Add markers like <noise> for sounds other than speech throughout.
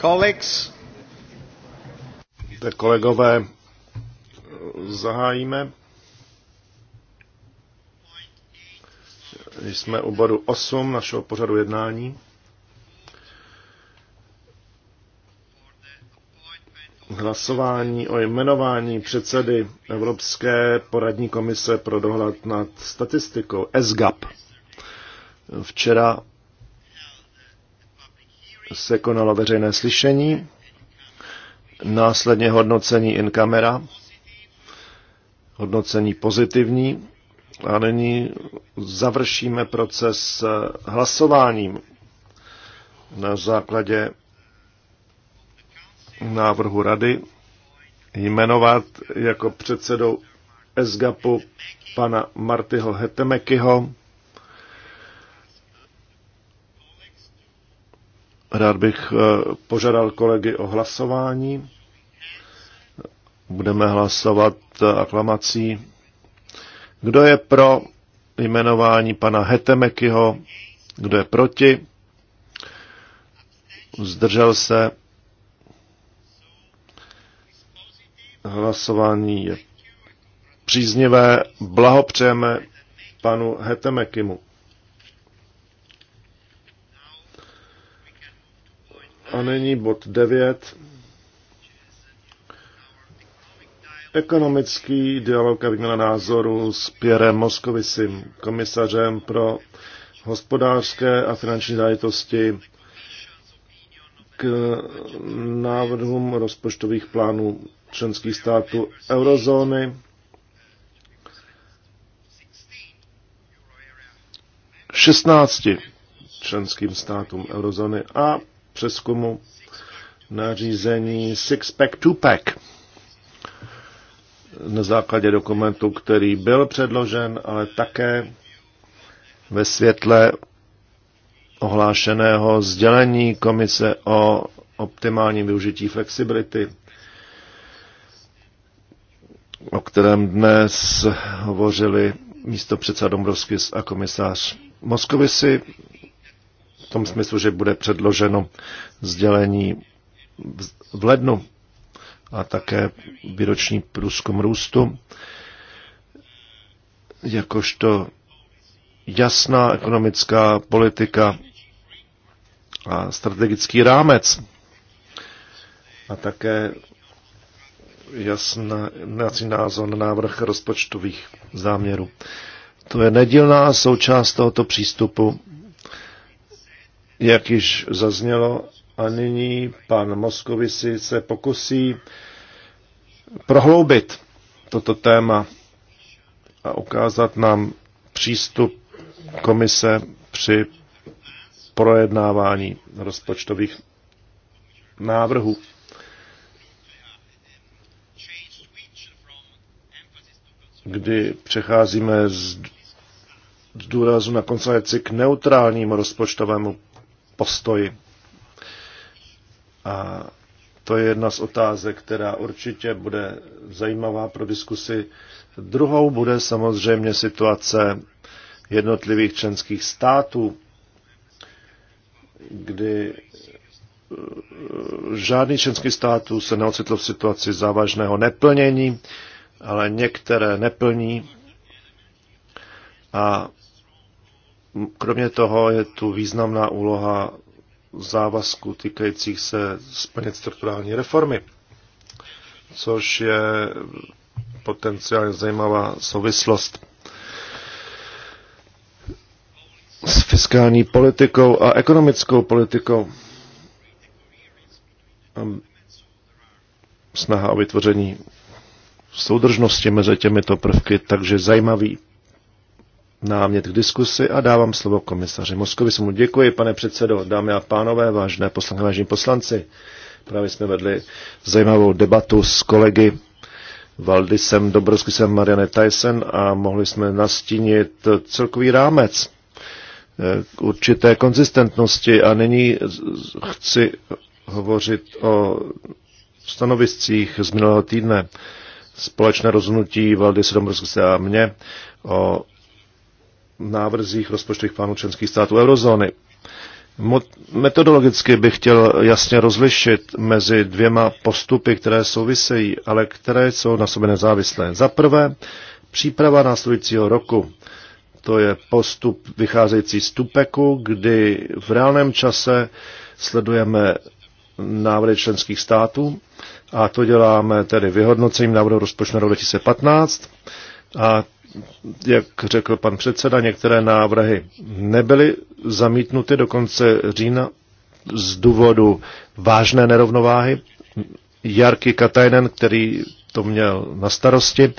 Colleagues. Tak kolegové, zahájíme. Jsme u bodu 8 našeho pořadu jednání. Hlasování o jmenování předsedy Evropské poradní komise pro dohled nad statistikou SGAP. Včera se konalo veřejné slyšení, následně hodnocení in camera, hodnocení pozitivní a nyní završíme proces hlasováním na základě návrhu rady jmenovat jako předsedou SGAPu pana Martyho Hetemekyho, Rád bych eh, požádal kolegy o hlasování. Budeme hlasovat eh, aklamací. Kdo je pro jmenování pana Hetemekyho? Kdo je proti? Zdržel se? Hlasování je příznivé. Blahopřejeme panu Hetemekymu. A není bod 9. Ekonomický dialog a výměna názoru s Pierrem Moskovisem, komisařem pro hospodářské a finanční záležitosti k návrhům rozpočtových plánů členských států eurozóny. šestnácti členským státům eurozóny a přeskumu nařízení two pack na základě dokumentu, který byl předložen, ale také ve světle ohlášeného sdělení komise o optimálním využití flexibility, o kterém dnes hovořili místo předseda Dombrovskis a komisář Moskovisi tom smyslu, že bude předloženo sdělení v lednu a také výroční průzkum růstu, jakožto jasná ekonomická politika a strategický rámec a také jasný názor na návrh rozpočtových záměrů. To je nedílná součást tohoto přístupu jak již zaznělo. A nyní pan Moskovici se pokusí prohloubit toto téma a ukázat nám přístup komise při projednávání rozpočtových návrhů. kdy přecházíme z důrazu na konsolidaci k neutrálnímu rozpočtovému postoji. A to je jedna z otázek, která určitě bude zajímavá pro diskusi. Druhou bude samozřejmě situace jednotlivých členských států, kdy eh, žádný členský států se neocitl v situaci závažného neplnění, ale některé neplní a Kromě toho je tu významná úloha závazku týkajících se splnit strukturální reformy, což je potenciálně zajímavá souvislost s fiskální politikou a ekonomickou politikou. Snaha o vytvoření soudržnosti mezi těmito prvky, takže zajímavý námět k diskusi a dávám slovo komisaři Moskovi. Mu děkuji, pane předsedo, dámy a pánové, vážné poslanky, vážní poslanci. Právě jsme vedli zajímavou debatu s kolegy Valdisem Dobrovským, Marianne Tyson a mohli jsme nastínit celkový rámec k eh, určité konzistentnosti a nyní chci hovořit o stanoviscích z minulého týdne společné rozhodnutí Valdy Dombrovskise a mě o návrzích rozpočtových plánů členských států eurozóny. Metodologicky bych chtěl jasně rozlišit mezi dvěma postupy, které souvisejí, ale které jsou na sobě nezávislé. Za prvé, příprava následujícího roku. To je postup vycházející z TUPEKu, kdy v reálném čase sledujeme návrhy členských států a to děláme tedy vyhodnocením návrhu rozpočtu na 2015 a jak řekl pan předseda, některé návrhy nebyly zamítnuty do konce října z důvodu vážné nerovnováhy. Jarky Katajnen, který to měl na starosti,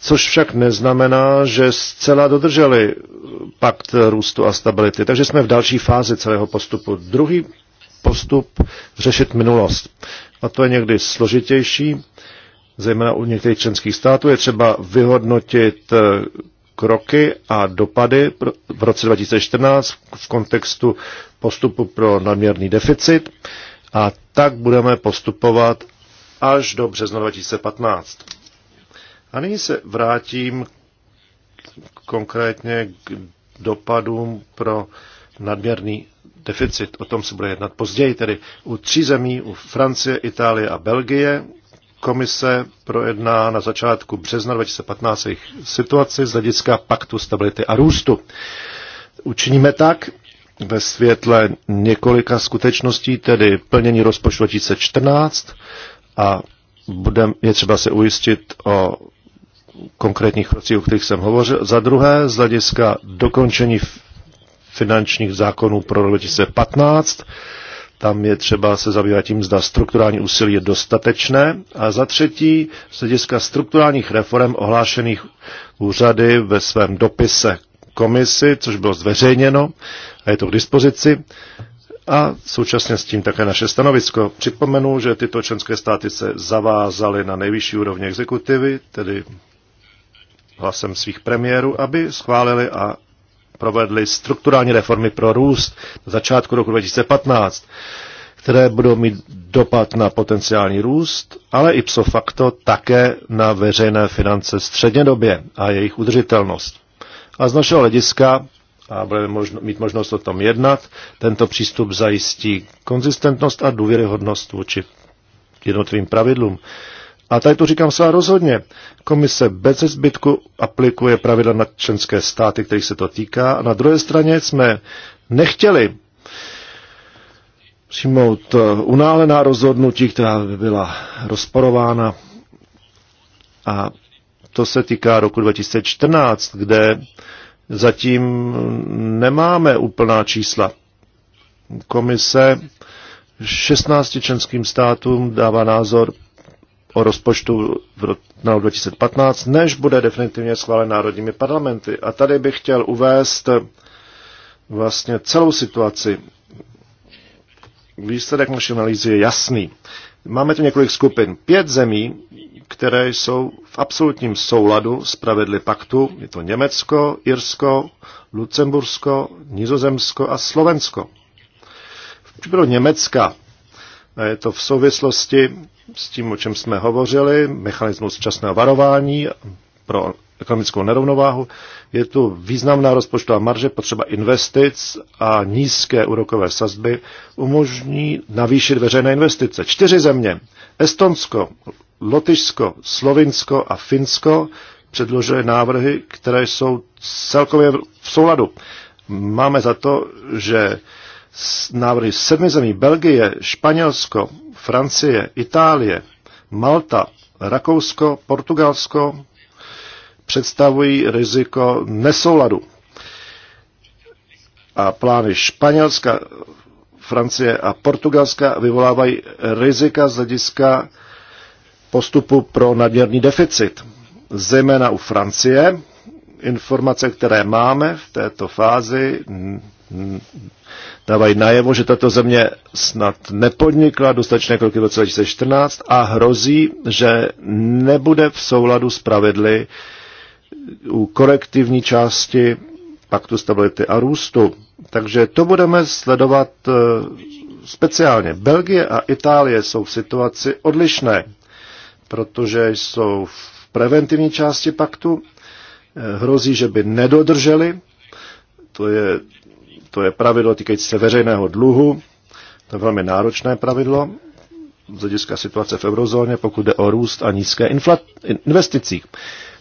což však neznamená, že zcela dodrželi pakt růstu a stability. Takže jsme v další fázi celého postupu. Druhý postup řešit minulost. A to je někdy složitější, zejména u některých členských států, je třeba vyhodnotit eh, kroky a dopady v roce 2014 v kontextu postupu pro nadměrný deficit a tak budeme postupovat až do března 2015. A nyní se vrátím konkrétně k dopadům pro nadměrný deficit. O tom se bude jednat později, tedy u tří zemí, u Francie, Itálie a Belgie, Komise projedná na začátku března 2015 jejich situaci z hlediska paktu stability a růstu. Učiníme tak ve světle několika skutečností, tedy plnění rozpočtu 2014 a budem, je třeba se ujistit o konkrétních krocích, o kterých jsem hovořil. Za druhé, z hlediska dokončení finančních zákonů pro 2015 tam je třeba se zabývat tím, zda strukturální úsilí je dostatečné. A za třetí, z hlediska strukturálních reform ohlášených úřady ve svém dopise komisi, což bylo zveřejněno a je to k dispozici, a současně s tím také naše stanovisko. Připomenu, že tyto členské státy se zavázaly na nejvyšší úrovni exekutivy, tedy hlasem svých premiérů, aby schválili a provedly strukturální reformy pro růst na začátku roku 2015, které budou mít dopad na potenciální růst, ale pso facto také na veřejné finance střednědobě a jejich udržitelnost. A z našeho hlediska, a budeme možno, mít možnost o tom jednat, tento přístup zajistí konzistentnost a důvěryhodnost vůči jednotlivým pravidlům. A tady to říkám zcela rozhodně. Komise bez zbytku aplikuje pravidla na členské státy, kterých se to týká. A na druhé straně jsme nechtěli přijmout eh, unálená rozhodnutí, která by byla rozporována. A to se týká roku 2014, kde zatím nemáme úplná čísla. Komise 16 členským státům dává názor o rozpočtu na rok 2015, než bude definitivně schválen národními parlamenty. A tady bych chtěl uvést vlastně celou situaci. Výsledek naší analýzy je jasný. Máme tu několik skupin. Pět zemí, které jsou v absolutním souladu s pravidly paktu. Je to Německo, Irsko, Lucembursko, Nizozemsko a Slovensko. V Německa je to v souvislosti s tím, o čem jsme hovořili, mechanismus časného varování pro ekonomickou nerovnováhu. Je tu významná rozpočtová marže, potřeba investic a nízké úrokové sazby umožní navýšit veřejné investice. Čtyři země, Estonsko, Lotyšsko, Slovinsko a Finsko, předložili návrhy, které jsou celkově v souladu. Máme za to, že návrhy sedmi zemí, Belgie, Španělsko, Francie, Itálie, Malta, Rakousko, Portugalsko představují riziko nesouladu. A plány Španělska, Francie a Portugalska vyvolávají rizika z hlediska postupu pro nadměrný deficit. Zejména u Francie, informace, které máme v této fázi, dávají najevo, že tato země snad nepodnikla dostatečné kroky v roce 2014 a hrozí, že nebude v souladu s pravidly u korektivní části paktu stability a růstu. Takže to budeme sledovat eh, speciálně. Belgie a Itálie jsou v situaci odlišné, protože jsou v preventivní části paktu, eh, hrozí, že by nedodrželi, to je to je pravidlo týkající se veřejného dluhu. To je velmi náročné pravidlo z hlediska situace v eurozóně, pokud jde o růst a nízké infla- investicích.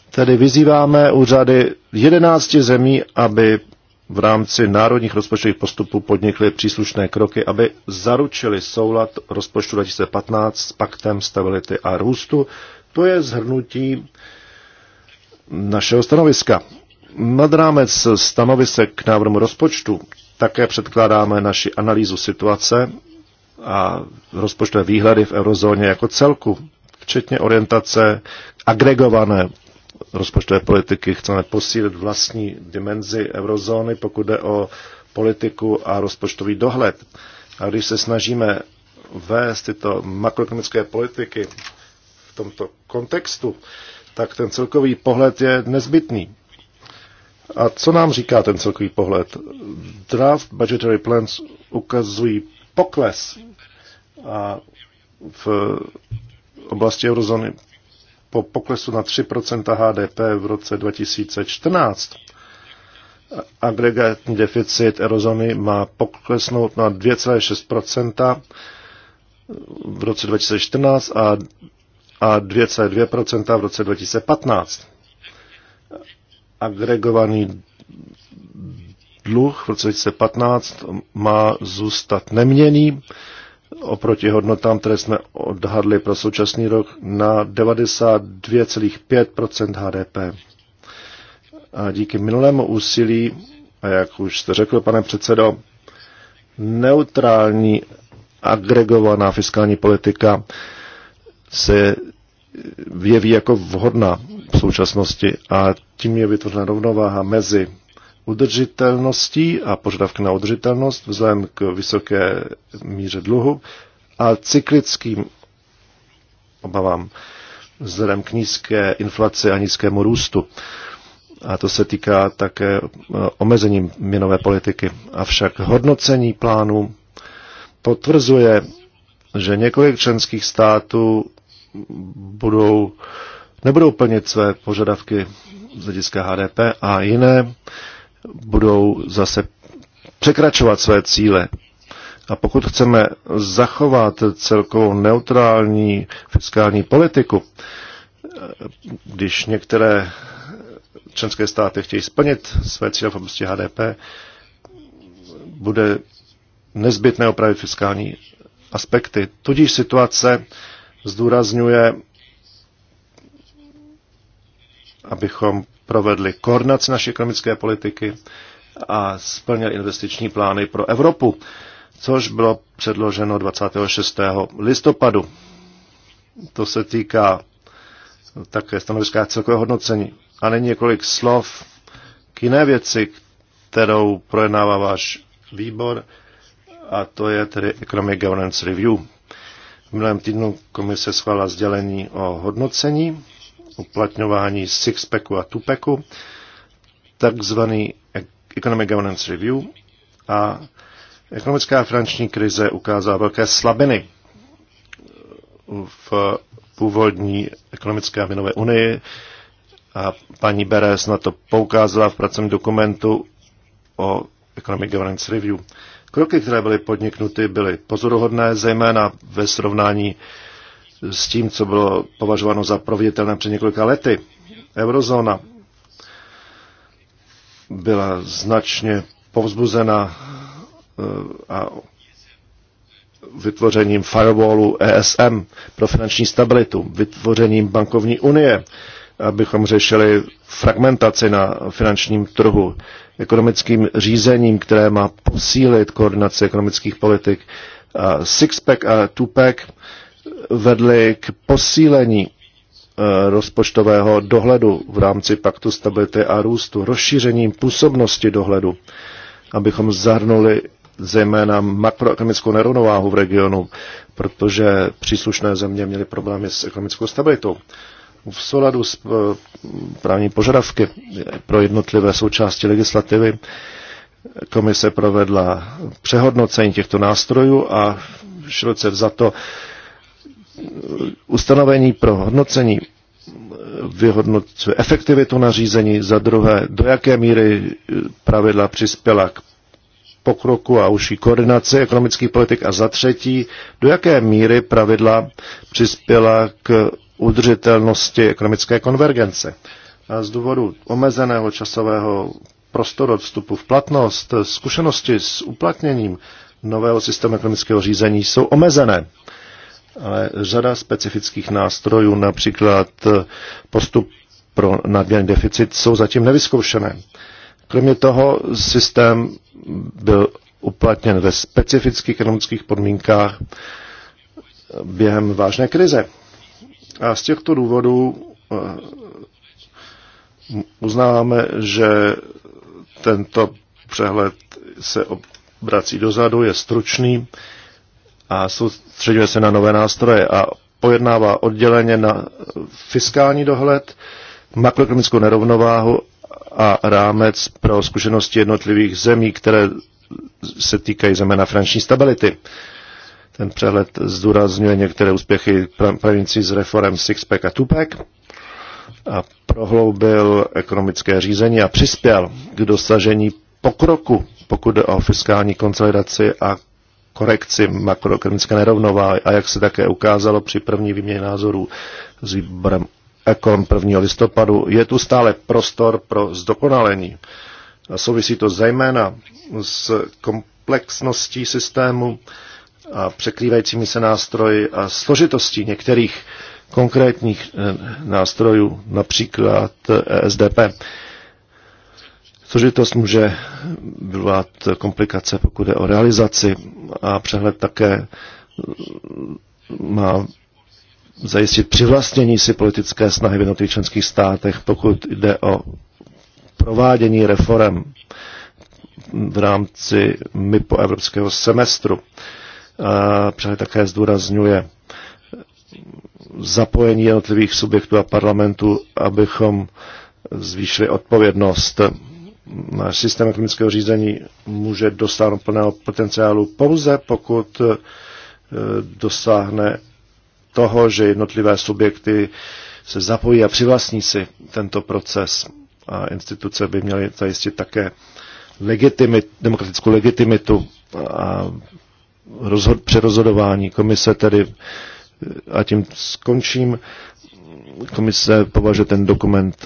Tedy vyzýváme úřady 11 zemí, aby v rámci národních rozpočtových postupů podnikly příslušné kroky, aby zaručili soulad rozpočtu 2015 s paktem stability a růstu. To je zhrnutí našeho stanoviska. Nad rámec stanovisek k návrhu rozpočtu také předkládáme naši analýzu situace a rozpočtové výhledy v eurozóně jako celku, včetně orientace agregované rozpočtové politiky. Chceme posílit vlastní dimenzi eurozóny, pokud jde o politiku a rozpočtový dohled. A když se snažíme vést tyto makroekonomické politiky v tomto kontextu, tak ten celkový pohled je nezbytný. A co nám říká ten celkový pohled? Draft budgetary plans ukazují pokles a v oblasti eurozóny po poklesu na 3% HDP v roce 2014. Agregátní deficit eurozóny má poklesnout na 2,6% v roce 2014 a, a 2,2% v roce 2015 agregovaný dluh v roce 2015 má zůstat neměný oproti hodnotám, které jsme odhadli pro současný rok, na 92,5 HDP. A díky minulému úsilí, a jak už jste řekl, pane předsedo, neutrální agregovaná fiskální politika se jeví jako vhodná v současnosti a tím je vytvořena rovnováha mezi udržitelností a požadavky na udržitelnost vzhledem k vysoké míře dluhu a cyklickým obavám vzhledem k nízké inflaci a nízkému růstu. A to se týká také eh, omezení měnové politiky. Avšak hodnocení plánu potvrzuje, že několik členských států budou, nebudou plnit své požadavky z hlediska HDP a jiné budou zase překračovat své cíle. A pokud chceme zachovat celkovou neutrální fiskální politiku, když některé členské státy chtějí splnit své cíle v oblasti HDP, bude nezbytné opravit fiskální aspekty. Tudíž situace zdůrazňuje abychom provedli koordinaci naší ekonomické politiky a splnili investiční plány pro Evropu, což bylo předloženo 26. listopadu. To se týká také stanoviská celkové hodnocení. A není několik slov k jiné věci, kterou projednává váš výbor, a to je tedy Economic Governance Review. V minulém týdnu komise schválila sdělení o hodnocení uplatňování sixpacku a tupeku, takzvaný Economic Governance Review a ekonomická a finanční krize ukázala velké slabiny v původní ekonomické a měnové unii a paní Beres na to poukázala v pracovním dokumentu o Economic Governance Review. Kroky, které byly podniknuty, byly pozoruhodné, zejména ve srovnání s tím, co bylo považováno za proveditelné před několika lety. Eurozóna byla značně povzbuzena eh, a vytvořením firewallu ESM pro finanční stabilitu, vytvořením bankovní unie, abychom řešili fragmentaci na finančním trhu, ekonomickým řízením, které má posílit koordinaci ekonomických politik, sixpack a twopack vedly k posílení eh, rozpočtového dohledu v rámci Paktu stability a růstu, rozšířením působnosti dohledu, abychom zahrnuli zejména makroekonomickou nerovnováhu v regionu, protože příslušné země měly problémy s ekonomickou stabilitou. V souladu s eh, právní požadavky pro jednotlivé součásti legislativy komise provedla přehodnocení těchto nástrojů a široce za to ustanovení pro hodnocení vyhodnocuje efektivitu nařízení, za druhé, do jaké míry e, pravidla přispěla k pokroku a užší koordinaci ekonomických politik a za třetí, do jaké míry pravidla přispěla k udržitelnosti ekonomické konvergence. A z důvodu omezeného časového prostoru vstupu v platnost, zkušenosti s uplatněním nového systému ekonomického řízení jsou omezené ale řada specifických nástrojů, například postup pro nadměrný deficit, jsou zatím nevyzkoušené. Kromě toho systém byl uplatněn ve specifických ekonomických podmínkách během vážné krize. A z těchto důvodů eh, uznáváme, že tento přehled se obrací dozadu, je stručný a soustředuje se na nové nástroje a pojednává odděleně na fiskální dohled, makroekonomickou nerovnováhu a rámec pro zkušenosti jednotlivých zemí, které se týkají zejména finanční stability. Ten přehled zdůrazňuje některé úspěchy pravinci z reform Sixpack a Tupac a prohloubil ekonomické řízení a přispěl k dosažení pokroku, pokud jde o fiskální konsolidaci a korekci makroekonomické nerovnováhy a jak se také ukázalo při první výměně názorů s výborem Ekon 1. listopadu, je tu stále prostor pro zdokonalení. A souvisí to zejména s komplexností systému a překrývajícími se nástroji a složitostí některých konkrétních eh, nástrojů, například eh, SDP. Složitost může vyvolat komplikace, pokud je o realizaci a přehled také má zajistit přivlastnění si politické snahy v jednotlivých členských státech, pokud jde o provádění reform v rámci MIPO evropského semestru. A přehled také zdůrazňuje zapojení jednotlivých subjektů a parlamentu, abychom zvýšili odpovědnost náš systém ekonomického řízení může dosáhnout plného potenciálu pouze, pokud eh, dosáhne toho, že jednotlivé subjekty se zapojí a přivlastní si tento proces a instituce by měly zajistit také legitimit, demokratickou legitimitu a rozhod, přerozhodování komise tedy, eh, a tím skončím, komise považuje ten dokument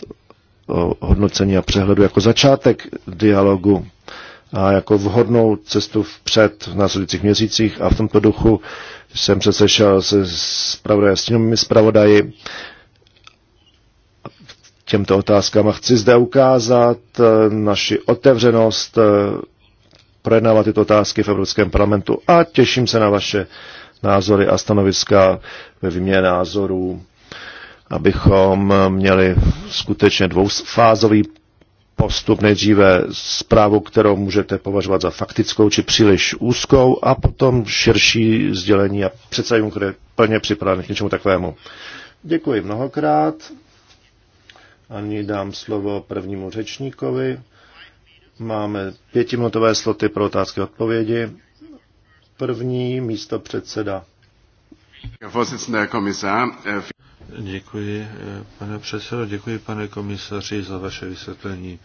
hodnocení a přehledu jako začátek dialogu a jako vhodnou cestu vpřed v následujících měsících a v tomto duchu jsem se sešel se spravodajskými spravodaji těmto otázkám a chci zde ukázat eh, naši otevřenost eh, projednávat tyto otázky v Evropském parlamentu a těším se na vaše názory a stanoviska ve výměně názorů abychom měli skutečně dvoufázový postup, nejdříve zprávu, kterou můžete považovat za faktickou či příliš úzkou a potom širší sdělení a představím, které plně připravené k něčemu takovému. Děkuji mnohokrát. Ani dám slovo prvnímu řečníkovi. Máme pětiminutové sloty pro otázky a odpovědi. První místo předseda. Děkuji, eh, pane předsedo, děkuji, pane komisaři, za vaše vysvětlení.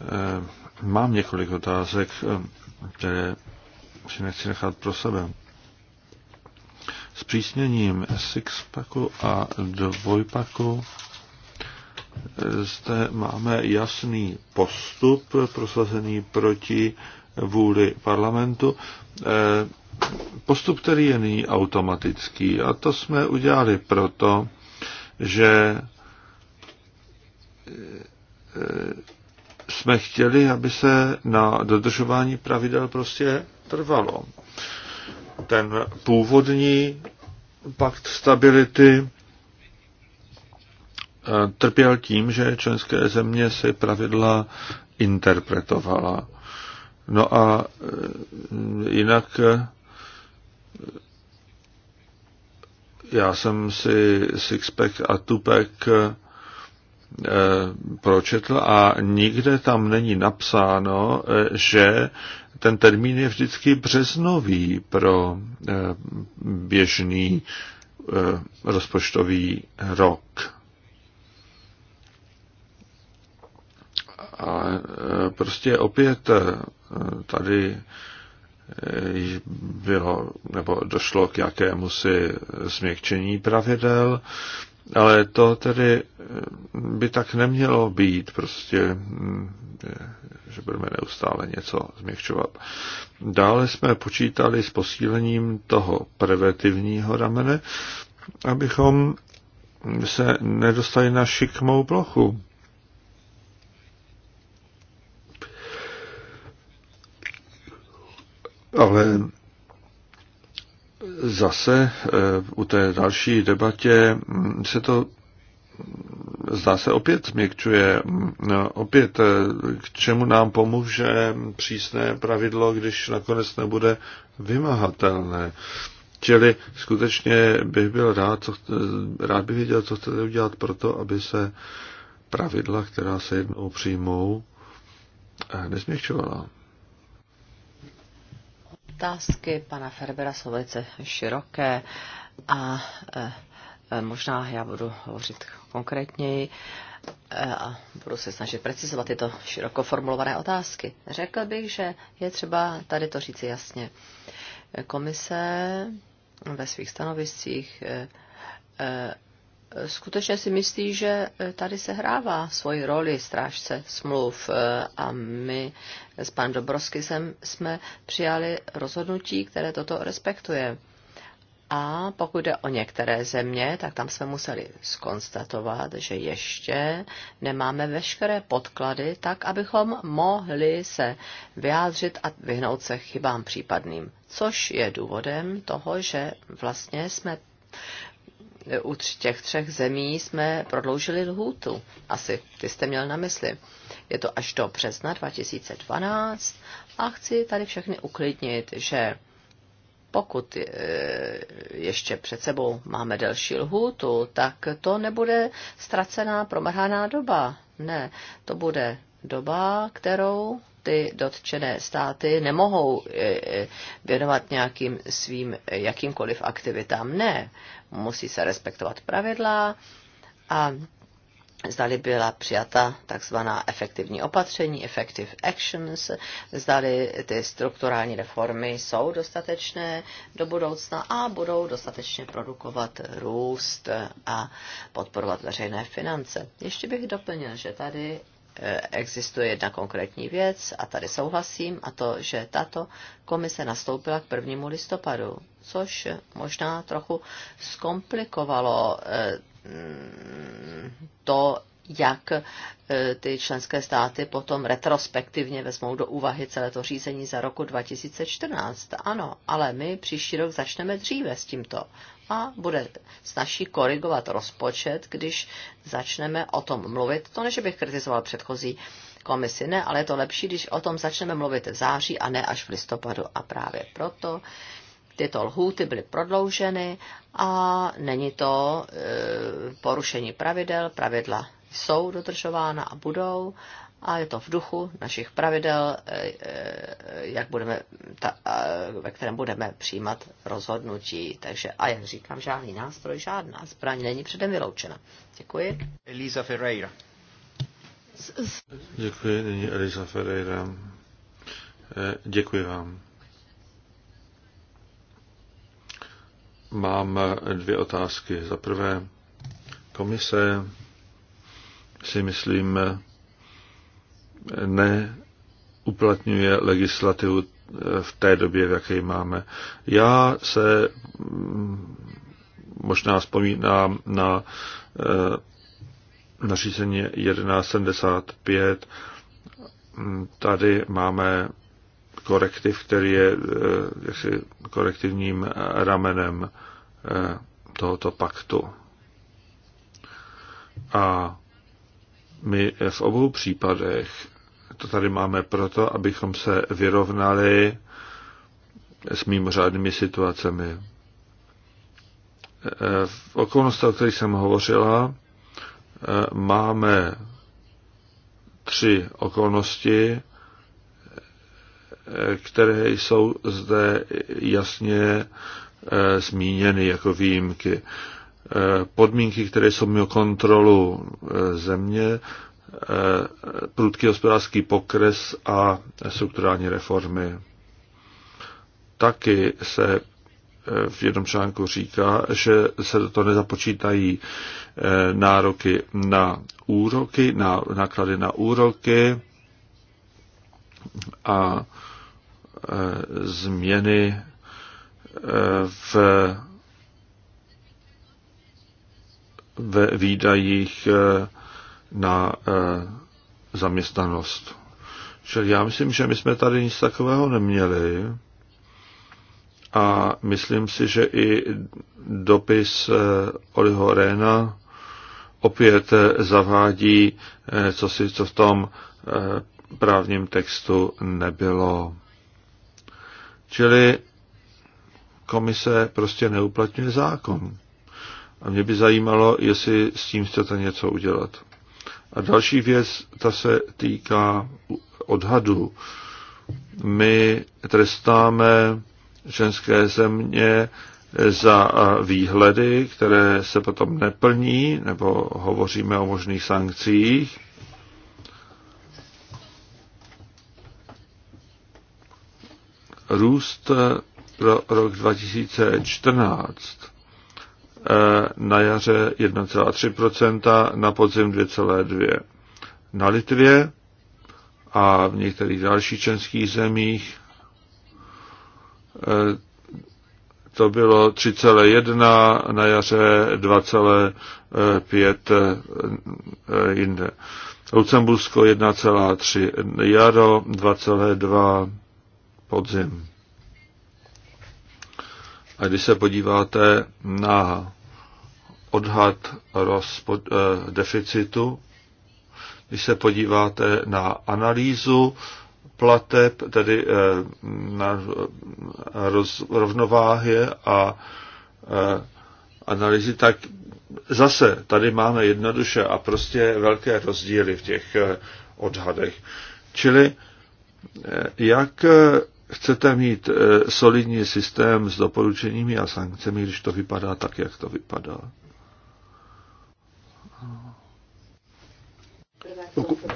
Eh, mám několik otázek, eh, které si nechci nechat pro sebe. S přísněním sixpaku a dvojpaku zde máme jasný postup prosazený proti vůli parlamentu. Postup, který je nyní automatický a to jsme udělali proto, že e, e, jsme chtěli, aby se na dodržování pravidel prostě trvalo. Ten původní pakt stability e, trpěl tím, že členské země si pravidla interpretovala. No a jinak já jsem si Sixpack a Tupek eh, pročetl a nikde tam není napsáno, eh, že ten termín je vždycky březnový pro eh, běžný rozpočtový rok. A prostě opět tady bylo nebo došlo k si změkčení pravidel, ale to tedy eh, by tak nemělo být, prostě, hm, eh, že budeme neustále něco změkčovat. Dále jsme počítali s posílením toho preventivního ramene, abychom se nedostali na šikmou plochu. Ale zase eh, u té další debatě mm, se to mm, zdá se opět změkčuje. Mm, no, opět, eh, k čemu nám pomůže přísné pravidlo, když nakonec nebude vymahatelné. Čili skutečně bych byl rád, co, rád bych věděl, co chcete udělat to, aby se pravidla, která se jednou přijmou, eh, nezměkčovala. Otázky pana Ferbera jsou velice široké a e, e, možná já budu hovořit konkrétněji e, a budu se snažit precizovat tyto široko formulované otázky. Řekl bych, že je třeba tady to říci jasně. Komise ve svých stanoviscích skutečně si myslí, že e, tady se hrává svoji roli strážce smluv e, a my s pan Dobrovsky jsme přijali rozhodnutí, které toto respektuje. A pokud jde o některé země, tak tam jsme museli skonstatovat, že ještě nemáme veškeré podklady tak, abychom mohli se vyjádřit a vyhnout se chybám případným. Což je důvodem toho, že vlastně jsme u těch třech zemí jsme prodloužili lhůtu. Asi ty jste měl na mysli. Je to až do března 2012 a chci tady všechny uklidnit, že pokud e, ještě před sebou máme delší lhůtu, tak to nebude ztracená, promrhaná doba. Ne, to bude doba, kterou ty dotčené státy nemohou e, e, věnovat nějakým svým jakýmkoliv aktivitám. Ne, musí se respektovat pravidla a zdali byla přijata takzvaná efektivní opatření, effective actions, zdali ty strukturální reformy jsou dostatečné do budoucna a budou dostatečně produkovat růst a podporovat veřejné finance. Ještě bych doplnil, že tady eh, existuje jedna konkrétní věc a tady souhlasím a to, že tato komise nastoupila k 1. listopadu což možná trochu zkomplikovalo eh, to, jak eh, ty členské státy potom retrospektivně vezmou do úvahy celé to řízení za roku 2014. Ano, ale my příští rok začneme dříve s tímto a bude snaží korigovat rozpočet, když začneme o tom mluvit. To ne, že bych kritizoval předchozí komisi, ne, ale je to lepší, když o tom začneme mluvit v září a ne až v listopadu. A právě proto tyto lhůty byly prodlouženy a není to e, porušení pravidel, pravidla jsou dodržována a budou a je to v duchu našich pravidel, e, e, jak budeme, ta, ve kterém budeme přijímat rozhodnutí. Takže a jak říkám, žádný nástroj, žádná zbraň není předem vyloučena. Děkuji. Elisa Ferreira. Děkuji, nyní Elisa Ferreira. Děkuji vám. Mám dvě otázky. Za prvé, komise si myslím neuplatňuje legislativu v té době, v jaké máme. Já se mm, možná vzpomínám na eh, nařízení 1175. Mm, tady máme korektiv, který je eh, jaksi korektivním ramenem eh, tohoto paktu. A my v obou případech to tady máme proto, abychom se vyrovnali s mimořádnými situacemi. Eh, v okolnosti, o kterých jsem hovořila, máme tři okolnosti, které jsou zde jasně eh, zmíněny jako výjimky. Eh, podmínky, které jsou mimo kontrolu eh, země, prudký hospodářský pokres a strukturální reformy. Taky se v jednom článku říká, že se do toho nezapočítají nároky na úroky, na náklady na úroky a změny eh, v ve výdajích eh, na eh, zaměstnanost. Čili já myslím, že my jsme tady nic takového neměli a myslím si, že i dopis Oliho Réna opět zavádí, co si co v tom právním textu nebylo. Čili komise prostě neuplatňuje zákon. A mě by zajímalo, jestli s tím chcete něco udělat. A další věc, ta se týká odhadu. My trestáme ženské země za výhledy, které se potom neplní, nebo hovoříme o možných sankcích. růst pro eh, rok 2014 eh, na jaře 1,3%, na podzim 2,2%. Na Litvě a v některých dalších českých zemích eh, to bylo 3,1, na jaře 2,5 jinde. Lucembursko 1,3, jaro 2,2, podzim. A když se podíváte na odhad rozpo, eh, deficitu, když se podíváte na analýzu plateb, tedy eh, na roz, rovnováhy a eh, analýzy, tak zase tady máme jednoduše a prostě velké rozdíly v těch eh, odhadech. Čili eh, jak chcete mít eh, solidní systém s doporučeními a sankcemi, když to vypadá tak, jak to vypadá.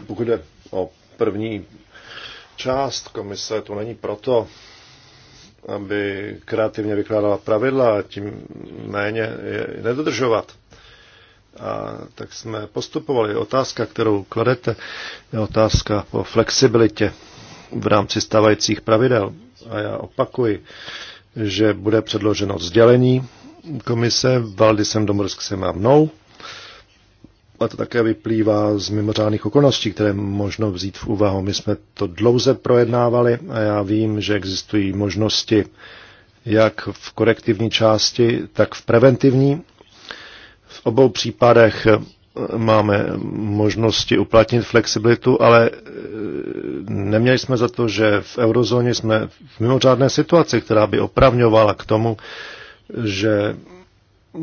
Pokud, jde o první část komise, to není proto, aby kreativně vykládala pravidla, a tím méně je nedodržovat. A tak jsme postupovali. Otázka, kterou kladete, je otázka o flexibilitě v rámci stávajících pravidel. A já opakuji, že bude předloženo sdělení komise Valdisem Domorsk se má mnou. A to také vyplývá z mimořádných okolností, které možno vzít v úvahu. My jsme to dlouze projednávali a já vím, že existují možnosti jak v korektivní části, tak v preventivní. V obou případech máme možnosti uplatnit flexibilitu, ale e, neměli jsme za to, že v eurozóně jsme v mimořádné situaci, která by opravňovala k tomu, že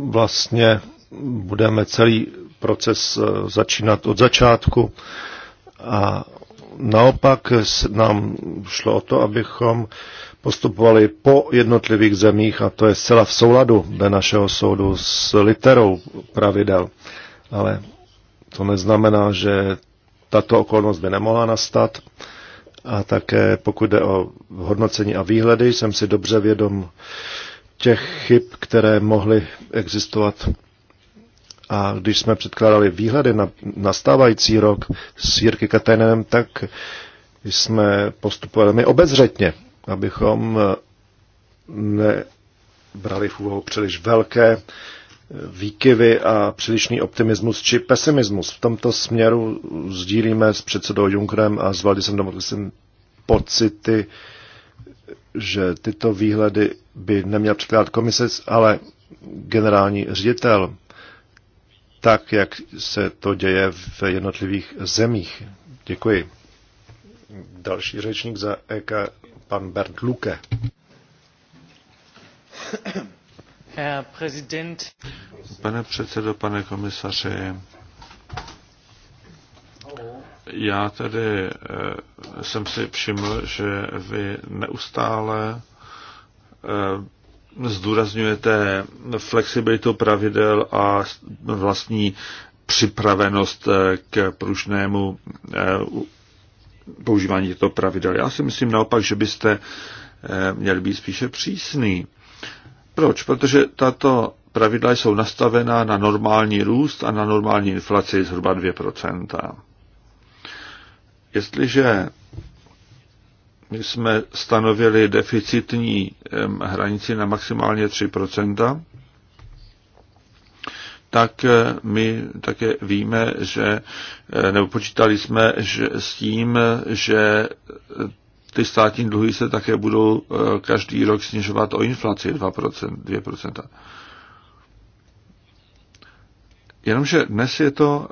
vlastně budeme celý proces e, začínat od začátku a naopak nám šlo o to, abychom postupovali po jednotlivých zemích a to je zcela v souladu dle našeho soudu s literou pravidel ale to neznamená, že tato okolnost by nemohla nastat. A také pokud jde o hodnocení a výhledy, jsem si dobře vědom těch chyb, které mohly existovat. A když jsme předkládali výhledy na nastávající rok s Jirky Katajnem, tak jsme postupovali my obezřetně, abychom nebrali v úvahu příliš velké výkyvy a přílišný optimismus či pesimismus. V tomto směru sdílíme s předsedou Junkrem a s Valdisem Domotlisem pocity, že tyto výhledy by neměl předkládat komise, ale generální ředitel, tak, jak se to děje v jednotlivých zemích. Děkuji. Další řečník za EK, pan Bernd Luke. Pane předsedo, pane komisaři, já tedy eh, jsem si všiml, že vy neustále eh, zdůrazňujete flexibilitu pravidel a vlastní připravenost eh, k pružnému používání těchto pravidel. Já si myslím naopak, že byste měli být spíše přísný. Proč? Protože tato pravidla jsou nastavená na normální růst a na normální inflaci zhruba 2%. Jestliže my jsme stanovili deficitní hranici na maximálně 3%, tak eh, my také víme, že, eh, nebo počítali jsme že s tím, že ty státní dluhy se také budou e, každý rok snižovat o inflaci 2%, 2%. Jenomže dnes je to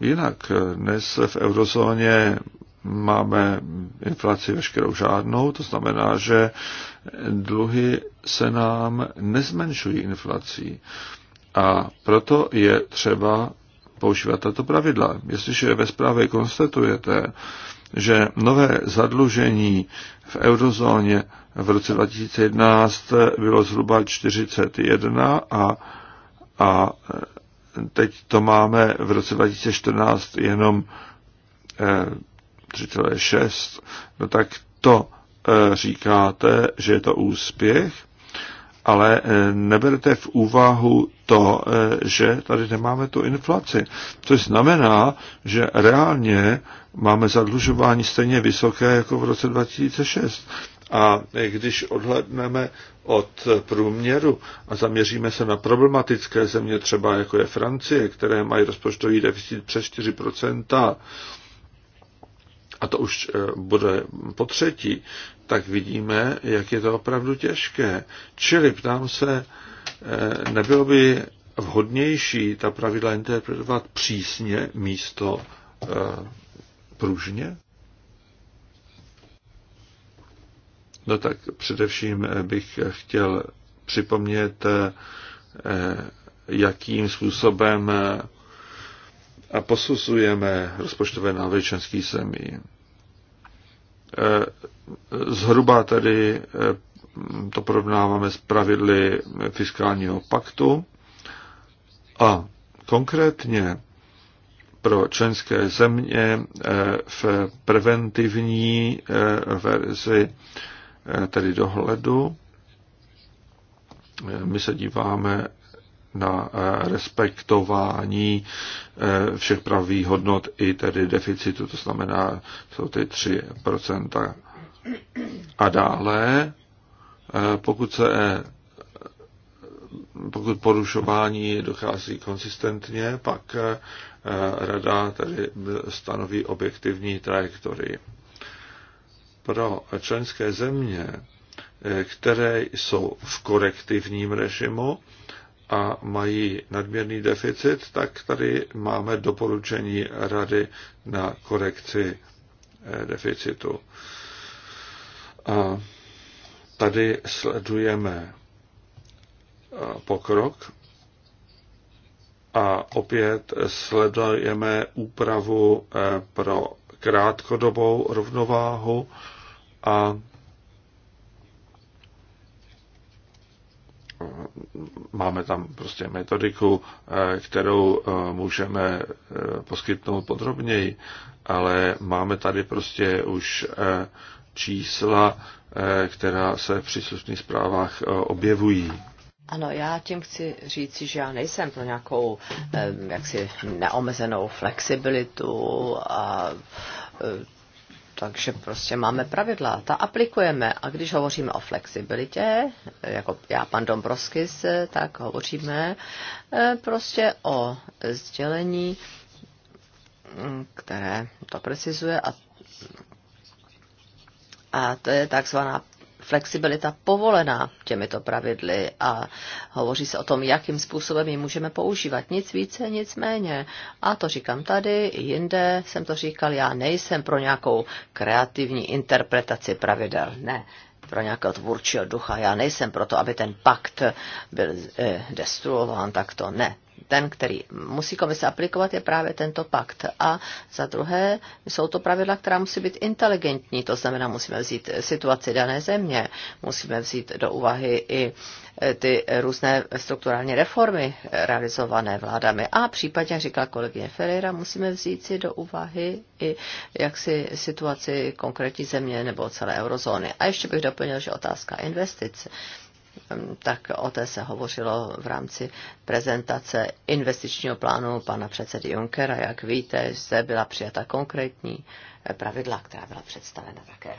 jinak. Dnes v eurozóně máme inflaci veškerou žádnou, to znamená, že dluhy se nám nezmenšují inflací. A proto je třeba používat tato pravidla. Jestliže ve zprávě konstatujete, že nové zadlužení v eurozóně v roce 2011 bylo zhruba 41 a, a teď to máme v roce 2014 jenom 3,6, eh, no tak to eh, říkáte, že je to úspěch, ale eh, neberte v úvahu to, že tady nemáme tu inflaci. Což znamená, že reálně máme zadlužování stejně vysoké jako v roce 2006. A když odhledneme od průměru a zaměříme se na problematické země, třeba jako je Francie, které mají rozpočtový deficit přes 4%, a to už eh, bude po třetí, tak vidíme, jak je to opravdu těžké. Čili ptám se, eh, nebylo by vhodnější ta pravidla interpretovat přísně místo eh, pružně? No tak především eh, bych chtěl připomnět, eh, eh, jakým způsobem a posuzujeme rozpočtové návrhy členských zemí. Zhruba tedy to porovnáváme s pravidly fiskálního paktu a konkrétně pro členské země eh, v preventivní eh, verzi eh, tedy dohledu. My se díváme na respektování všech pravých hodnot i tedy deficitu, to znamená, jsou ty 3%. A dále, pokud se pokud porušování dochází konsistentně, pak rada tedy stanoví objektivní trajektorii. Pro členské země, které jsou v korektivním režimu a mají nadměrný deficit, tak tady máme doporučení rady na korekci eh, deficitu. A tady sledujeme eh, pokrok a opět sledujeme úpravu eh, pro krátkodobou rovnováhu a eh, máme tam prostě metodiku, eh, kterou můžeme poskytnout podrobněji, ale máme tady prostě už čísla, která se v příslušných zprávách objevují. Ano, já tím chci říci, že já nejsem pro nějakou jaksi neomezenou flexibilitu a e, takže prostě máme pravidla, ta aplikujeme. A když hovoříme o flexibilitě, jako já, pan Dombrovskis, e, tak hovoříme e, prostě o sdělení, které to precizuje a a to je takzvaná flexibilita povolená těmito pravidly a hovoří se o tom, jakým způsobem ji můžeme používat. Nic více, nic méně. A to říkám tady, jinde jsem to říkal, já nejsem pro nějakou kreativní interpretaci pravidel. Ne pro nějakého tvůrčího ducha. Já nejsem proto, aby ten pakt byl eh, destruován, tak to ne ten, který musí komise aplikovat, je právě tento pakt. A za druhé jsou to pravidla, která musí být inteligentní, to znamená, musíme vzít situaci dané země, musíme vzít do úvahy i e, ty různé strukturální reformy e, realizované vládami. A případně, jak říkala kolegyně Ferreira, musíme vzít si do úvahy i jaksi situaci konkrétní země nebo celé eurozóny. A ještě bych doplnil, že otázka investice. Ehm, tak o té se hovořilo v rámci prezentace investičního plánu pana předsedy Junckera. Jak víte, zde byla přijata konkrétní eh, pravidla, která byla představena také.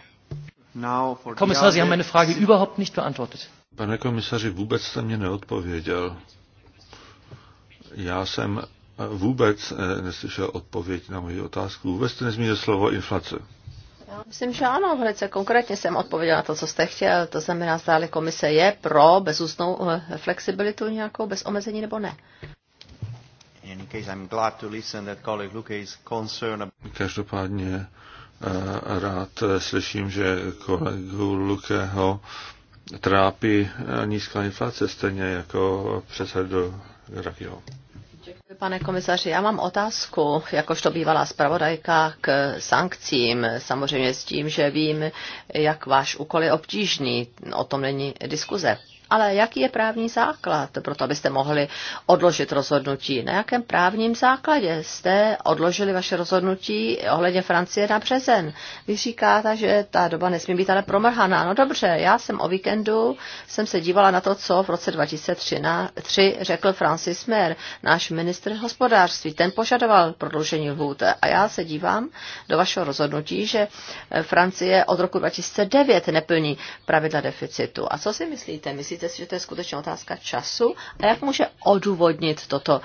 Komisar, já mě meine Frage überhaupt nicht beantwortet. Pane komisaři, vůbec jste mě neodpověděl. Já jsem eh, vůbec eh, neslyšel odpověď na moji otázku. Vůbec jste nezmínil slovo inflace. Já myslím, že ano, velice konkrétně jsem odpověděla na to, co jste chtěl. To znamená, zdáli komise je pro bezúznou eh, flexibilitu nějakou, bez omezení nebo ne. Každopádně eh, rád eh, slyším, že kolegu Lukeho trápí nízká inflace, stejně jako předsedu Draghiho pane komisaři. Já mám otázku, jakožto bývalá zpravodajka, k sankcím. Samozřejmě s tím, že vím, jak váš úkol je obtížný. O tom není diskuze ale jaký je právní základ pro to, abyste mohli odložit rozhodnutí? Na jakém právním základě jste odložili vaše rozhodnutí ohledně Francie na březen? Vy říkáte, že ta doba nesmí být ale promrhaná. No dobře, já jsem o víkendu jsem se dívala na to, co v roce 2003 řekl Francis Mer, náš ministr hospodářství. Ten požadoval prodloužení lhůt a já se dívám do vašeho rozhodnutí, že Francie od roku 2009 neplní pravidla deficitu. A co si myslíte? Myslíte Myslíte si, že to je skutečně otázka času? A jak může odůvodnit toto?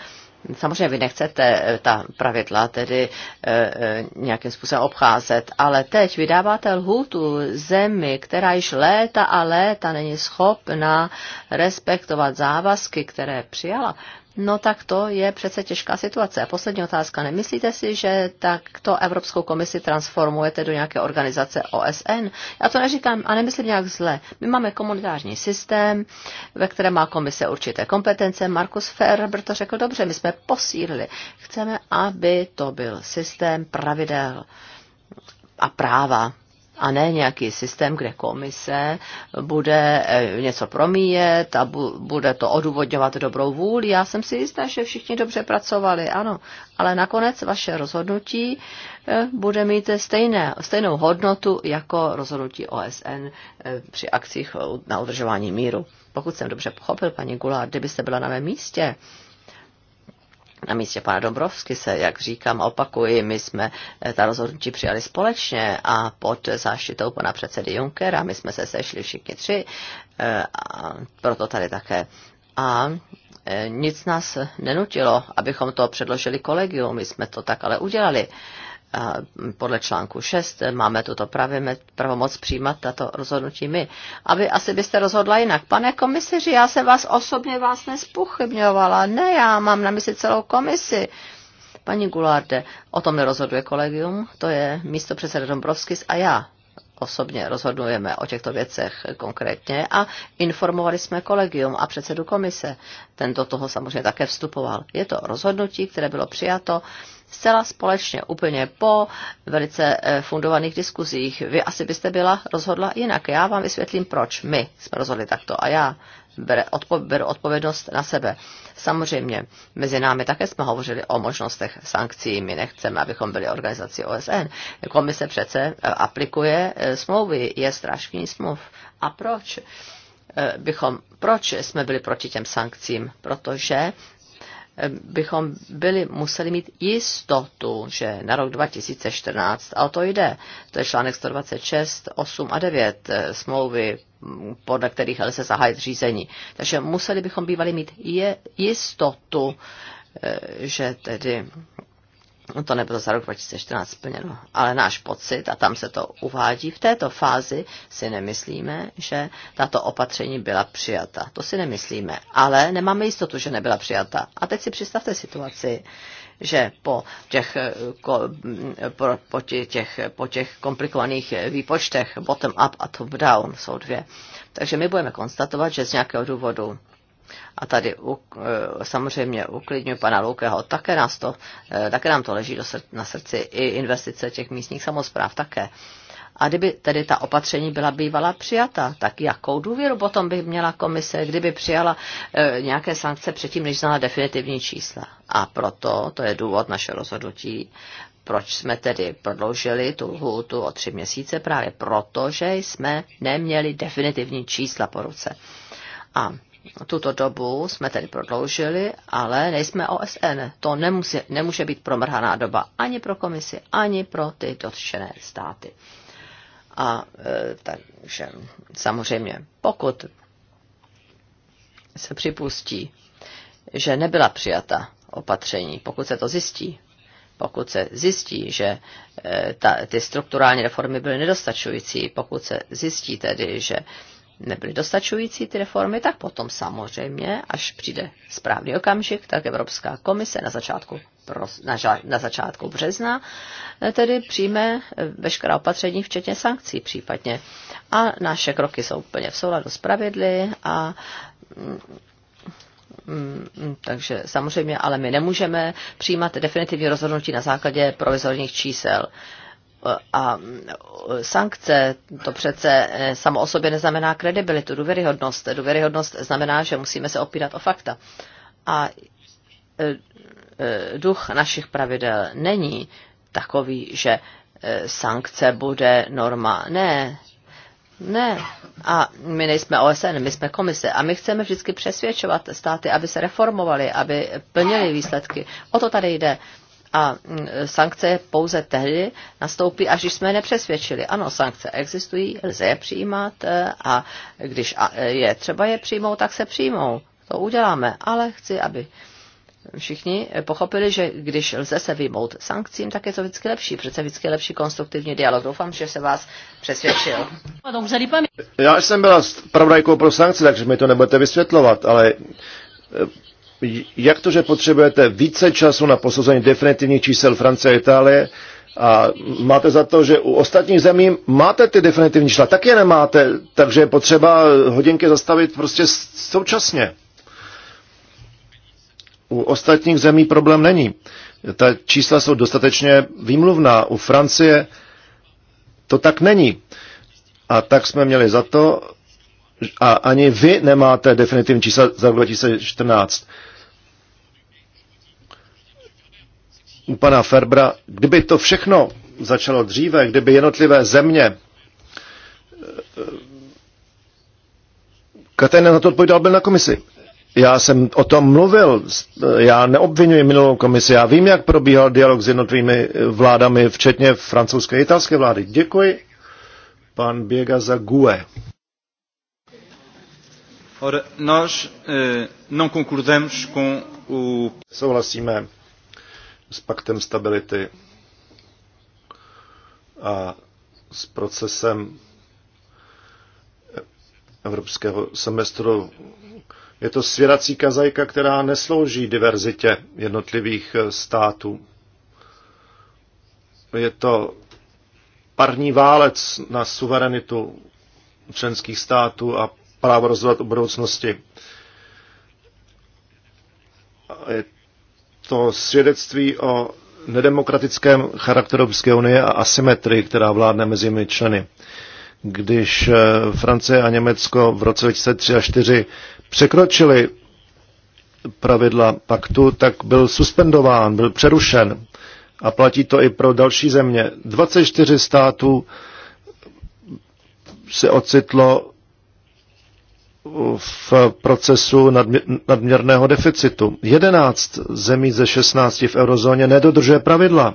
Samozřejmě vy nechcete eh, ta pravidla tedy e, nějakým způsobem obcházet, ale teď vydáváte lhůtu zemi, která již léta a léta není schopna respektovat závazky, které přijala. No tak to je přece těžká situace. A poslední otázka. Nemyslíte si, že tak to Evropskou komisi transformujete do nějaké organizace OSN? Já to neříkám a nemyslím nějak zle. My máme komunitární systém, ve kterém má komise určité kompetence. Markus Ferber to řekl dobře, my jsme posílili. Chceme, aby to byl systém pravidel a práva a ne nějaký systém, kde komise bude eh, něco promíjet a bude to odůvodňovat dobrou vůli. Já jsem si jistá, že všichni dobře pracovali, ano, ale nakonec vaše rozhodnutí eh, bude mít stejné, stejnou hodnotu jako rozhodnutí OSN eh, při akcích na udržování míru. Pokud jsem dobře pochopil, paní Gula, kdybyste byla na mém místě, na místě pana Dobrovsky se, jak říkám, opakuji, my jsme eh, ta rozhodnutí přijali společně a pod záštitou pana předsedy Junckera, my jsme se sešli všichni tři, eh, a proto tady také. A eh, nic nás nenutilo, abychom to předložili kolegium, my jsme to tak ale udělali podle článku 6 máme tuto pravomoc přijímat tato rozhodnutí my. Aby, asi byste rozhodla jinak. Pane komisiři, já se vás osobně vás nespochybňovala. Ne, já mám na mysli celou komisi. Paní Gularde, o tom nerozhoduje kolegium, to je místo předseda Dombrovskis a já osobně rozhodujeme o těchto věcech konkrétně a informovali jsme kolegium a předsedu komise. Ten do toho samozřejmě také vstupoval. Je to rozhodnutí, které bylo přijato zcela společně, úplně po velice eh, fundovaných diskuzích. Vy asi byste byla rozhodla jinak. Já vám vysvětlím, proč my jsme rozhodli takto a já bere, odpo, beru odpovědnost na sebe. Samozřejmě, mezi námi také jsme hovořili o možnostech sankcí. My nechceme, abychom byli organizací OSN. Komise přece e, aplikuje e, smlouvy, je strašný smluv. A proč? E, bychom, proč jsme byli proti těm sankcím? Protože bychom byli museli mít jistotu, že na rok 2014, a o to jde, to je článek 126, 8 a 9 eh, smlouvy, mm, podle kterých lze zahájit řízení. Takže museli bychom bývali mít je jistotu, eh, že tedy no to nebylo za rok 2014 splněno, ale náš pocit, a tam se to uvádí, v této fázi si nemyslíme, že tato opatření byla přijata. To si nemyslíme, ale nemáme jistotu, že nebyla přijata. A teď si představte situaci, že po těch, ko, po, po, těch, po těch komplikovaných výpočtech bottom-up a top-down jsou dvě. Takže my budeme konstatovat, že z nějakého důvodu a tady eh, samozřejmě uklidňuji pana Loukého, také, nás to, eh, také nám to leží na srdci i investice těch místních samozpráv také. A kdyby tedy ta opatření byla bývala přijata, tak jakou důvěru potom by měla komise, kdyby přijala e, nějaké sankce předtím, než znala definitivní čísla. A proto, to je důvod naše rozhodnutí, proč jsme tedy prodloužili tu lhůtu o tři měsíce, právě proto, že jsme neměli definitivní čísla po ruce. A tuto dobu jsme tedy prodloužili, ale nejsme OSN. To nemusí, nemůže být promrhaná doba ani pro komisi, ani pro ty dotčené státy. A e, takže samozřejmě, pokud se připustí, že nebyla přijata opatření, pokud se to zjistí, pokud se zjistí, že e, ta, ty strukturální reformy byly nedostačující, pokud se zjistí tedy, že nebyly dostačující ty reformy, tak potom samozřejmě, až přijde správný okamžik, tak Evropská komise na začátku, na začátku března eh, tedy přijme eh, veškerá opatření, včetně sankcí případně. A naše kroky jsou úplně v souladu s pravidly a mm, mm, mm, takže samozřejmě, ale my nemůžeme přijímat definitivní rozhodnutí na základě provizorních čísel a sankce, to přece eh, samo o sobě neznamená kredibilitu, důvěryhodnost. Důvěryhodnost znamená, že musíme se opírat o fakta. A eh, eh, duch našich pravidel není takový, že sankce bude norma. Ne, ne. A my nejsme OSN, my jsme komise. A my chceme vždycky přesvědčovat státy, aby se reformovali, aby plnili výsledky. O to tady jde. A mm, sankce pouze tehdy nastoupí, až jsme je nepřesvědčili. Ano, sankce existují, lze je přijímat eh, a když eh, je třeba je přijmout, tak se přijmou. To uděláme, ale chci, aby všichni pochopili, že když lze se vyjmout sankcím, tak je to vždycky lepší. Přece vždycky je lepší konstruktivní dialog. Doufám, že se vás přesvědčil. Já jsem byla pravdajkou pro sankce, takže mi to nebudete vysvětlovat, ale eh, jak to, že potřebujete více času na posouzení definitivních čísel Francie a Itálie a máte za to, že u ostatních zemí máte ty definitivní čísla, tak je nemáte, takže je potřeba hodinky zastavit prostě současně. U ostatních zemí problém není. Ta čísla jsou dostatečně výmluvná. U Francie to tak není. A tak jsme měli za to, a ani vy nemáte definitivní čísla za 2014. u pana Ferbra, kdyby to všechno začalo dříve, kdyby jednotlivé země eh, eh, Katajna na to odpovídal byl na komisi. Já jsem o tom mluvil, eh, já neobvinuji minulou komisi, já vím, jak probíhal dialog s jednotlivými vládami, včetně francouzské a italské vlády. Děkuji, pan Biega za GUE. Souhlasíme s paktem stability a s procesem evropského semestru. Je to svěrací kazajka, která neslouží diverzitě jednotlivých eh, států. Je to parní válec na suverenitu členských států a právo rozhodovat o budoucnosti. Je to svědectví o nedemokratickém charakteru Evropské unie a asymetrii, která vládne mezi jimi členy. Když eh, Francie a Německo v roce 2003 a 2004 překročili pravidla paktu, tak byl suspendován, byl přerušen. A platí to i pro další země. 24 států se ocitlo v procesu nadměrného deficitu. 11 zemí ze 16 v eurozóně nedodržuje pravidla.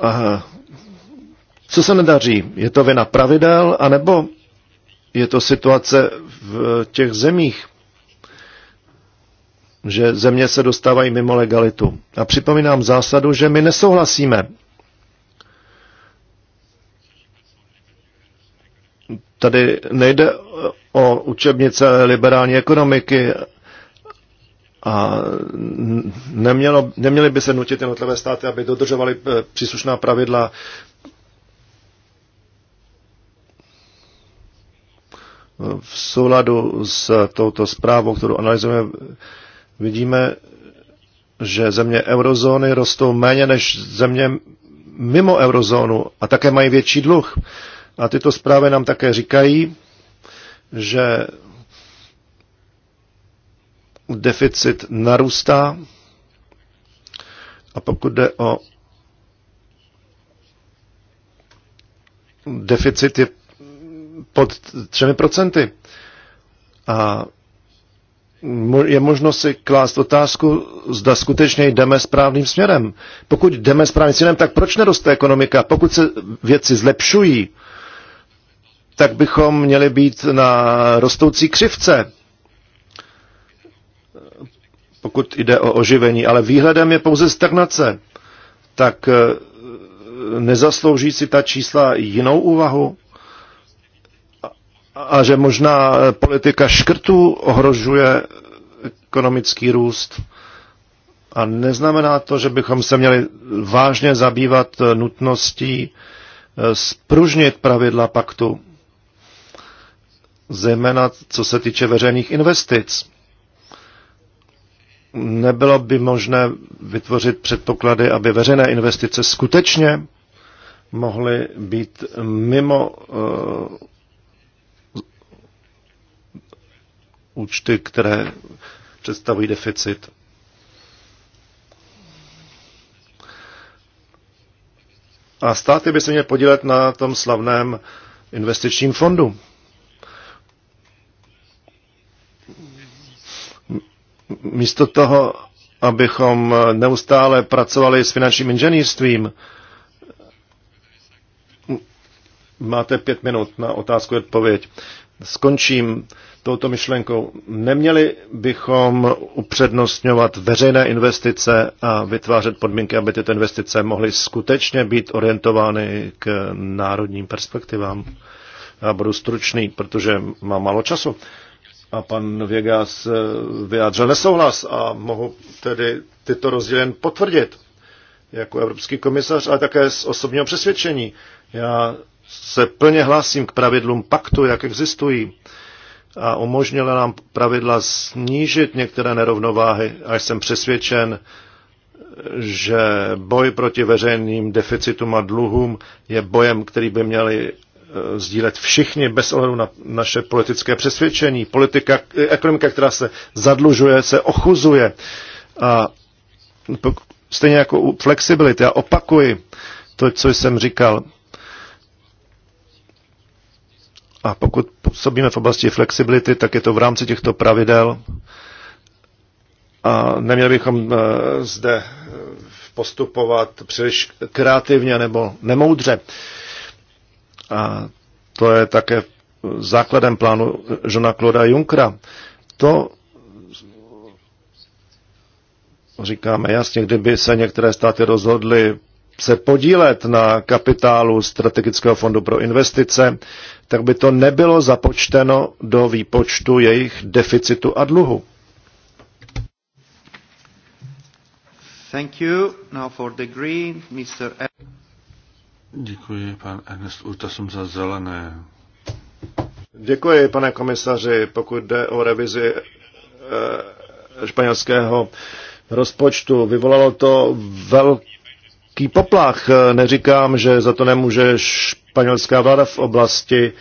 Aha. Co se nedaří? Je to vina pravidel, anebo je to situace v těch zemích, že země se dostávají mimo legalitu. A připomínám zásadu, že my nesouhlasíme Tady nejde o učebnice liberální ekonomiky a nemělo, neměly by se nutit jednotlivé státy, aby dodržovaly eh, příslušná pravidla. V souladu s touto zprávou, kterou analyzujeme, vidíme, že země eurozóny rostou méně než země mimo eurozónu a také mají větší dluh. A tyto zprávy nám také říkají, že deficit narůstá a pokud jde o deficit je pod třemi procenty. A je možno si klást otázku, zda skutečně jdeme správným směrem. Pokud jdeme správným směrem, tak proč neroste ekonomika? Pokud se věci zlepšují, tak bychom měli být na rostoucí křivce, pokud jde o oživení. Ale výhledem je pouze stagnace. Tak eh, nezaslouží si ta čísla jinou úvahu? A že možná politika škrtů ohrožuje ekonomický růst? A neznamená to, že bychom se měli vážně zabývat nutností spružnit eh, pravidla paktu zejména co se týče veřejných investic. Nebylo by možné vytvořit předpoklady, aby veřejné investice skutečně mohly být mimo uh, účty, které představují deficit. A státy by se měly podílet na tom slavném investičním fondu. místo toho, abychom neustále pracovali s finančním inženýrstvím, máte pět minut na otázku a odpověď. Skončím touto myšlenkou. Neměli bychom upřednostňovat veřejné investice a vytvářet podmínky, aby tyto investice mohly skutečně být orientovány k národním perspektivám. Já budu stručný, protože mám málo času. Uh, a pan Vegas eh, vyjádřil nesouhlas a mohu tedy tyto rozdíly jen potvrdit jako evropský komisař, ale také z osobního přesvědčení. Já se plně hlásím k pravidlům paktu, jak existují a umožnila nám pravidla snížit některé nerovnováhy a jsem přesvědčen, že boj proti veřejným deficitům a dluhům je bojem, který by měli Eh, sdílet všichni bez ohledu na naše politické přesvědčení. Politika, eh, ekonomika, která se zadlužuje, se ochuzuje. A stejně jako u flexibility, já opakuji to, co jsem říkal. A pokud působíme v oblasti flexibility, tak je to v rámci těchto pravidel. A neměli bychom eh, zde postupovat příliš kreativně nebo nemoudře. A to je také základem plánu Žona Kloda Junkra. To říkáme jasně, kdyby se některé státy rozhodly se podílet na kapitálu Strategického fondu pro investice, tak by to nebylo započteno do výpočtu jejich deficitu a dluhu. Thank you. Now for the green, Mr. Děkuji, pan Ernest jsem za zelené. Děkuji, pane komisaři. Pokud jde o revizi eh, španělského rozpočtu, vyvolalo to velký poplach. Neříkám, že za to nemůže španělská vláda v oblasti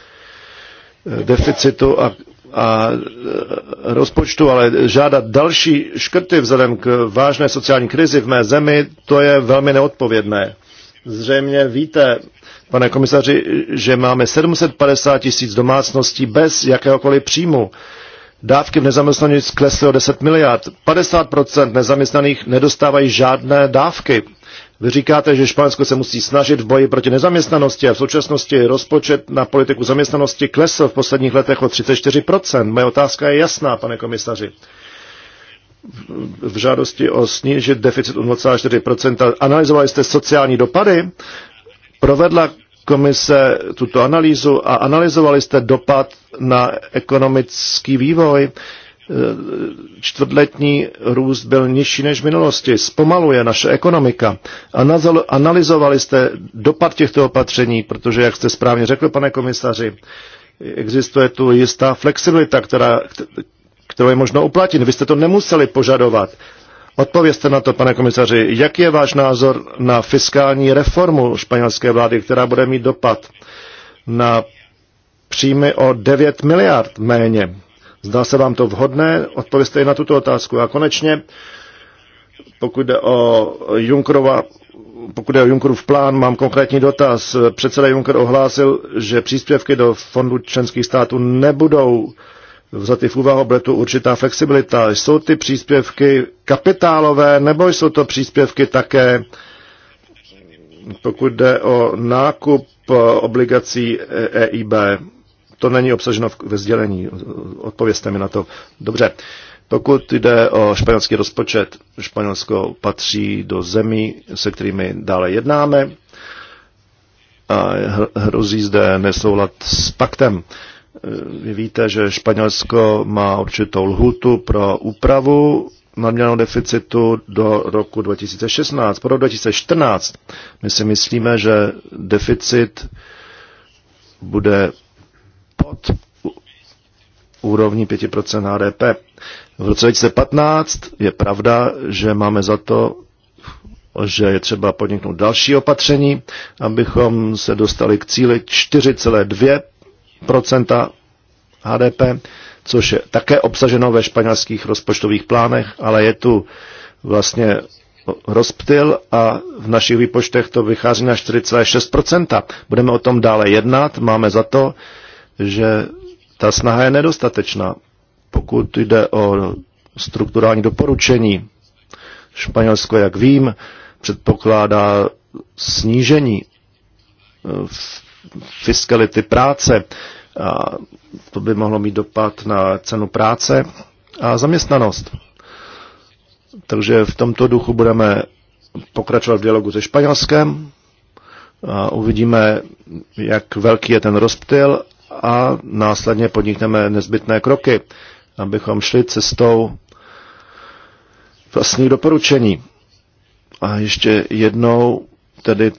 eh, deficitu a, a eh, rozpočtu, ale žádat další škrty vzhledem k vážné sociální krizi v mé zemi, to je velmi neodpovědné. Zřejmě víte, pane komisaři, že máme 750 tisíc domácností bez jakéhokoliv příjmu. Dávky v nezaměstnaní klesly o 10 miliard. 50% nezaměstnaných nedostávají žádné dávky. Vy říkáte, že Španělsko se musí snažit v boji proti nezaměstnanosti a v současnosti rozpočet na politiku zaměstnanosti klesl v posledních letech o 34%. Moje otázka je jasná, pane komisaři v žádosti o snížit deficit o 0,4%. Analyzovali jste sociální dopady? Provedla komise tuto analýzu a analyzovali jste dopad na ekonomický vývoj? Eh, čtvrtletní růst byl nižší než v minulosti, zpomaluje naše ekonomika. Analyzovali jste dopad těchto opatření, protože, jak jste správně řekl, pane komisaři, existuje tu jistá flexibilita, která, kterou je možno uplatit. Vy jste to nemuseli požadovat. Odpovězte na to, pane komisaři, jaký je váš názor na fiskální reformu španělské vlády, která bude mít dopad na příjmy o 9 miliard méně. Zdá se vám to vhodné? Odpovězte i na tuto otázku. A konečně, pokud jde o Junkrova pokud je o Junckerův plán, mám konkrétní dotaz. Předseda Juncker ohlásil, že příspěvky do fondu členských států nebudou vzaty v úvahu, bude tu určitá flexibilita. Jsou ty příspěvky kapitálové, nebo jsou to příspěvky také, pokud jde o nákup eh, obligací EIB? Eh, e to není obsaženo ve sdělení, odpovězte mi na to. Dobře, pokud jde o španělský rozpočet, Španělsko patří do zemí, se kterými dále jednáme a hrozí zde nesoulad s paktem. Uh, Eh, vy víte, že Španělsko má určitou lhutu pro úpravu nadměrného deficitu do roku 2016. Pro 2014 my si myslíme, že deficit bude pod úrovní 5% HDP. V roce 2015 je pravda, že máme za to, že je třeba podniknout další opatření, abychom se dostali k cíli 4,2 HDP, což je také obsaženo ve španělských rozpočtových plánech, ale je tu vlastně rozptyl a v našich výpočtech to vychází na 4,6%. Budeme o tom dále jednat, máme za to, že ta snaha je nedostatečná. Pokud jde o strukturální doporučení, Španělsko, jak vím, předpokládá snížení v fiskality práce. A to by mohlo mít dopad na cenu práce a zaměstnanost. Takže v tomto duchu budeme pokračovat v dialogu se Španělskem. A uvidíme, jak velký je ten rozptyl a následně podnikneme nezbytné kroky, abychom šli cestou vlastních doporučení. A ještě jednou tedy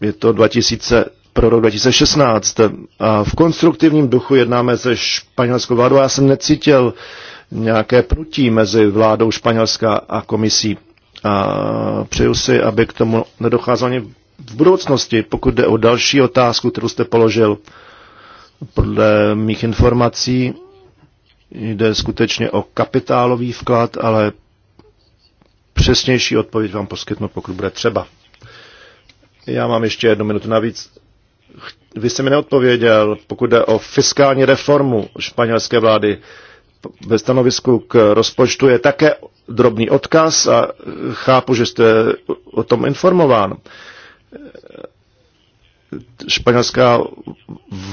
je to 2000, pro rok 2016. A v konstruktivním duchu jednáme se španělskou vládou. Já jsem necítil nějaké prutí mezi vládou Španělska a komisí. A přeju si, aby k tomu nedocházelo ani v budoucnosti, pokud jde o další otázku, kterou jste položil. Podle mých informací jde skutečně o kapitálový vklad, ale přesnější odpověď vám poskytnu, pokud bude třeba. Já mám ještě jednu minutu navíc. Vy jste mi neodpověděl, pokud jde o fiskální reformu španělské vlády. Ve stanovisku k rozpočtu je také drobný odkaz a chápu, že jste o tom informován. Španělská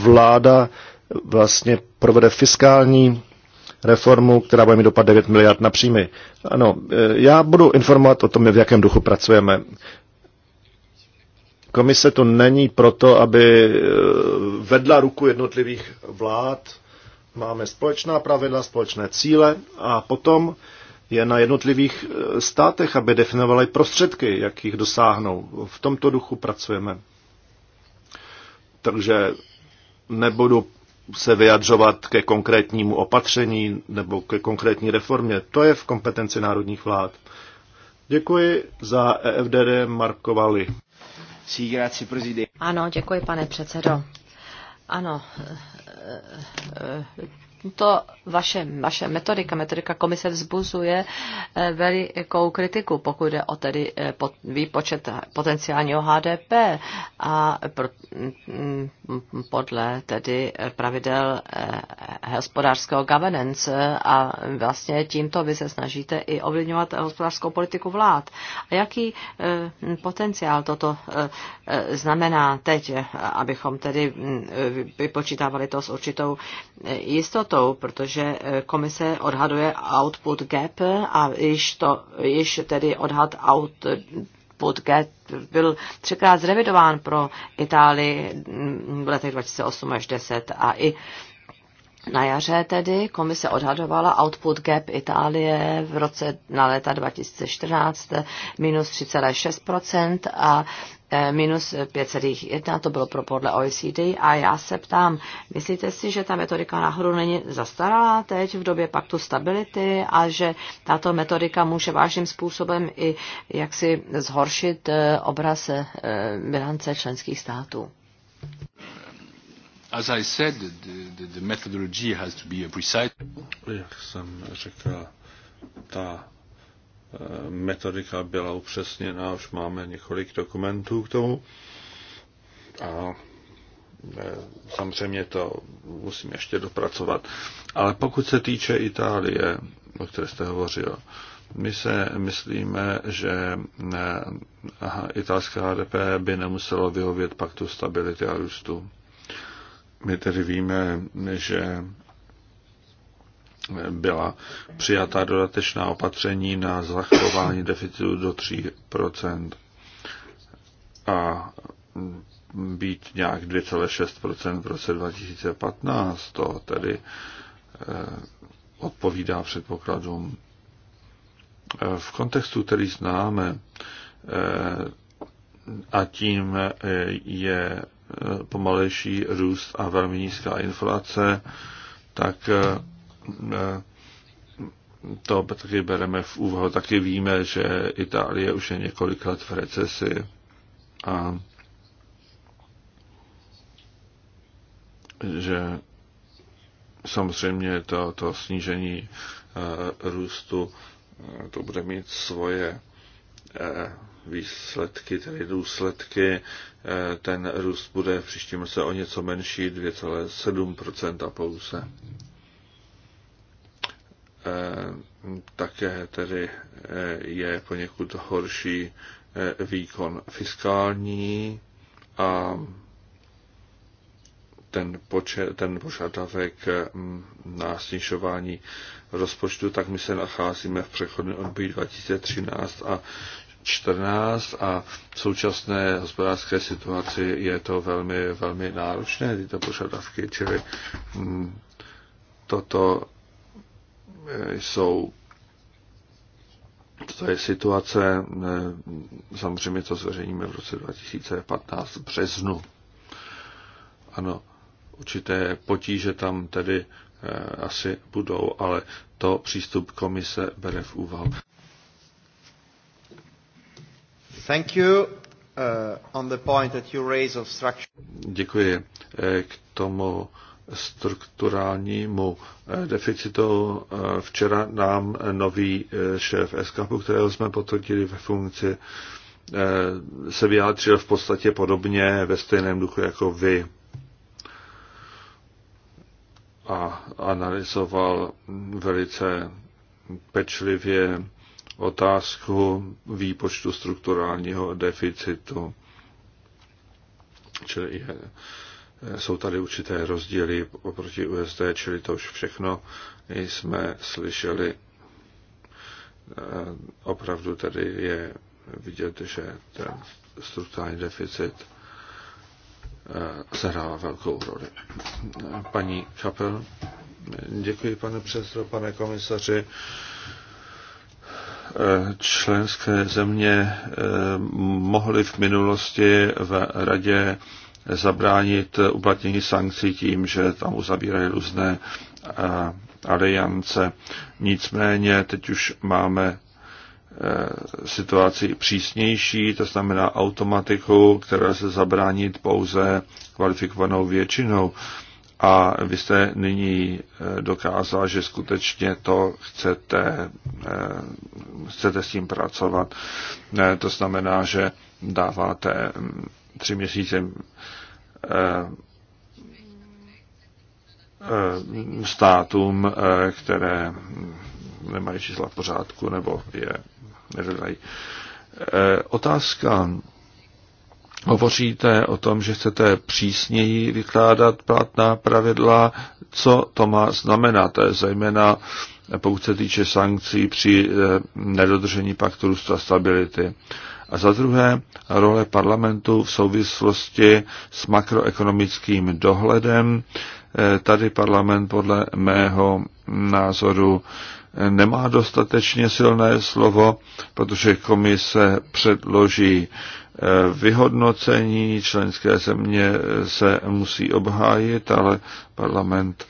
vláda vlastně provede fiskální reformu, která bude mít dopad 9 miliard na příjmy. Ano, já budu informovat o tom, v jakém duchu pracujeme. Komise to není proto, aby e, vedla ruku jednotlivých vlád. Máme společná pravidla, společné cíle a potom je na jednotlivých e, státech, aby definovali prostředky, jak jich dosáhnou. V tomto duchu pracujeme. Takže nebudu se vyjadřovat ke konkrétnímu opatření nebo ke konkrétní reformě. To je v kompetenci národních vlád. Děkuji za EFDD Markovali. Ano, děkuji, pane předsedo. Ano, eh, eh, to vaše, vaše metodika, metodika komise vzbuzuje eh, velikou kritiku, pokud jde o tedy eh, výpočet potenciálního HDP a mm, podle tedy pravidel eh, hospodářského governance a vlastně tímto vy se snažíte i ovlivňovat hospodářskou politiku vlád. A jaký potenciál toto znamená teď, abychom tedy mm, vypočítávali to s určitou jistotou? cestou, protože eh, komise odhaduje output gap a již, to, již tedy odhad output gap byl třikrát zrevidován pro Itálii mm, v letech 2008 až 2010 a i na jaře tedy komise odhadovala output gap Itálie v roce na léta 2014 minus 3,6% a Eh, minus 5,1, to bylo pro podle OECD a já se ptám, myslíte si, že ta metodika nahoru není zastaralá teď v době paktu stability a že tato metodika může vážným způsobem i jaksi zhoršit eh, obraz eh, bilance členských států? As I said, the, the methodology has to be a precise. Jak jsem řekl, ta metodika byla upřesněna, už máme několik dokumentů k tomu. A e, samozřejmě to musím ještě dopracovat. Ale pokud se týče Itálie, o které jste hovořil, my se myslíme, že e, italská HDP by nemuselo vyhovět paktu stability a růstu. My tedy víme, že byla přijatá dodatečná opatření na zachování deficitu do 3 a být nějak 2,6 v roce 2015, to tedy eh, odpovídá předpokladům. Eh, v kontextu, který známe, eh, a tím je pomalejší růst a velmi nízká inflace, tak to taky bereme v úvahu. Taky víme, že Itálie už je několik let v recesi a že samozřejmě to, to snížení eh, růstu eh, to bude mít svoje eh, výsledky, tedy důsledky. Ten růst bude v příštím roce o něco menší, 2,7% pouze. Eh, také tedy eh, je poněkud horší eh, výkon fiskální a ten, počet, ten požadavek mm, na snižování rozpočtu, tak my se nacházíme v přechodném období 2013 a 14 a v současné hospodářské situaci je to velmi, velmi náročné, tyto požadavky, čili mm, toto jsou to je situace, samozřejmě to zveřejníme v roce 2015 v březnu. Ano, určité potíže tam tedy eh, asi budou, ale to přístup komise bere v úvahu. Thank you. Uh, on the point that you raise of structure. Děkuji. Eh, k tomu uh, strukturálnímu eh, deficitu. Eh, včera nám eh, nový šéf SKP, kterého jsme potvrdili ve funkci, se vyjádřil v podstatě podobně ve stejném duchu jako vy a analyzoval velice pečlivě otázku výpočtu strukturálního deficitu. Čili je jsou tady určité rozdíly oproti USD, čili to už všechno jsme slyšeli. Eh, opravdu tady je vidět, že ten strukturální deficit eh, sehrává velkou roli. Paní Kapel, děkuji pane předsedo, pane komisaři. Eh, členské země mohly v minulosti v radě zabránit uplatnění sankcí tím, že tam uzabírají různé eh, aliance. Nicméně teď už máme eh, situaci přísnější, to znamená automatiku, která se zabránit pouze kvalifikovanou většinou. A vy jste nyní eh, dokázal, že skutečně to chcete, chcete s tím pracovat. To znamená, že dáváte mm, tři měsíce eh, eh, státům, eh, které nemají čísla v pořádku nebo je nedodají. Otázka. Hovoříte o tom, že chcete přísněji vykládat platná pravidla. Co to má znamenat? Zejména pokud se týče sankcí při nedodržení paktu růstu a stability a za druhé role parlamentu v souvislosti s makroekonomickým dohledem. Eh, tady parlament podle mého názoru eh, nemá dostatečně silné slovo, protože komise předloží eh, vyhodnocení, členské země se musí obhájit, ale parlament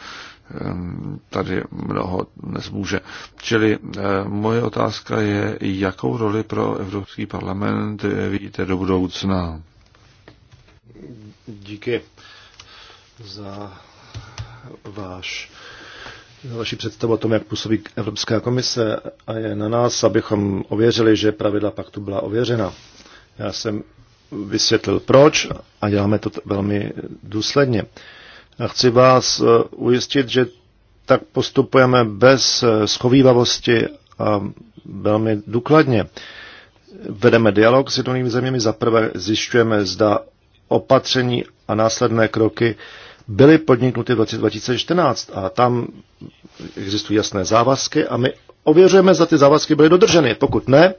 Ehm, tady mnoho nezmůže. Čili ehm, moje otázka je, jakou roli pro Evropský parlament vidíte do budoucna? Díky za váš za vaši představu o tom, jak působí Evropská komise a je na nás, abychom ověřili, že pravidla paktu byla ověřena. Já jsem vysvětlil proč a děláme to velmi důsledně. A chci vás eh, ujistit, že tak postupujeme bez eh, schovývavosti a velmi důkladně. Vedeme dialog s jednotlivými zeměmi, zaprvé zjišťujeme, zda opatření a následné kroky byly podniknuty v roce 2014 a tam existují jasné závazky a my ověřujeme, zda ty závazky byly dodrženy. Pokud ne,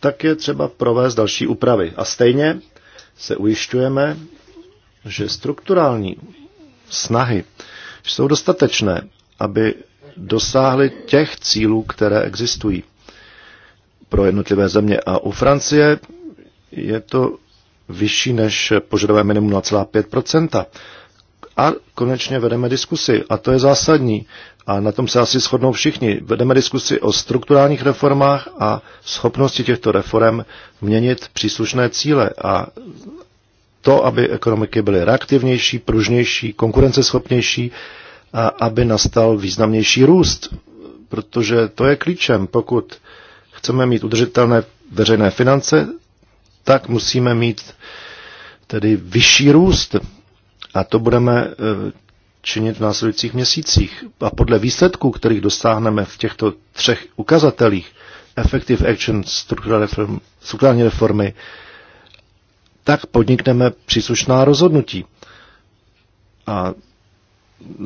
tak je třeba provést další úpravy. A stejně se ujišťujeme, že strukturální snahy jsou dostatečné, aby dosáhly těch cílů, které existují pro jednotlivé země. A u Francie je to vyšší než požadové minimum 0,5%. A konečně vedeme diskusy, a to je zásadní, a na tom se asi shodnou všichni. Vedeme diskusy o strukturálních reformách a schopnosti těchto reform měnit příslušné cíle a to, aby ekonomiky byly reaktivnější, pružnější, konkurenceschopnější a aby nastal významnější růst. Protože to je klíčem. Pokud chceme mít udržitelné veřejné finance, tak musíme mít tedy vyšší růst. A to budeme eh, činit v následujících měsících. A podle výsledků, kterých dosáhneme v těchto třech ukazatelích, Effective Action, strukturální reformy tak podnikneme příslušná rozhodnutí. A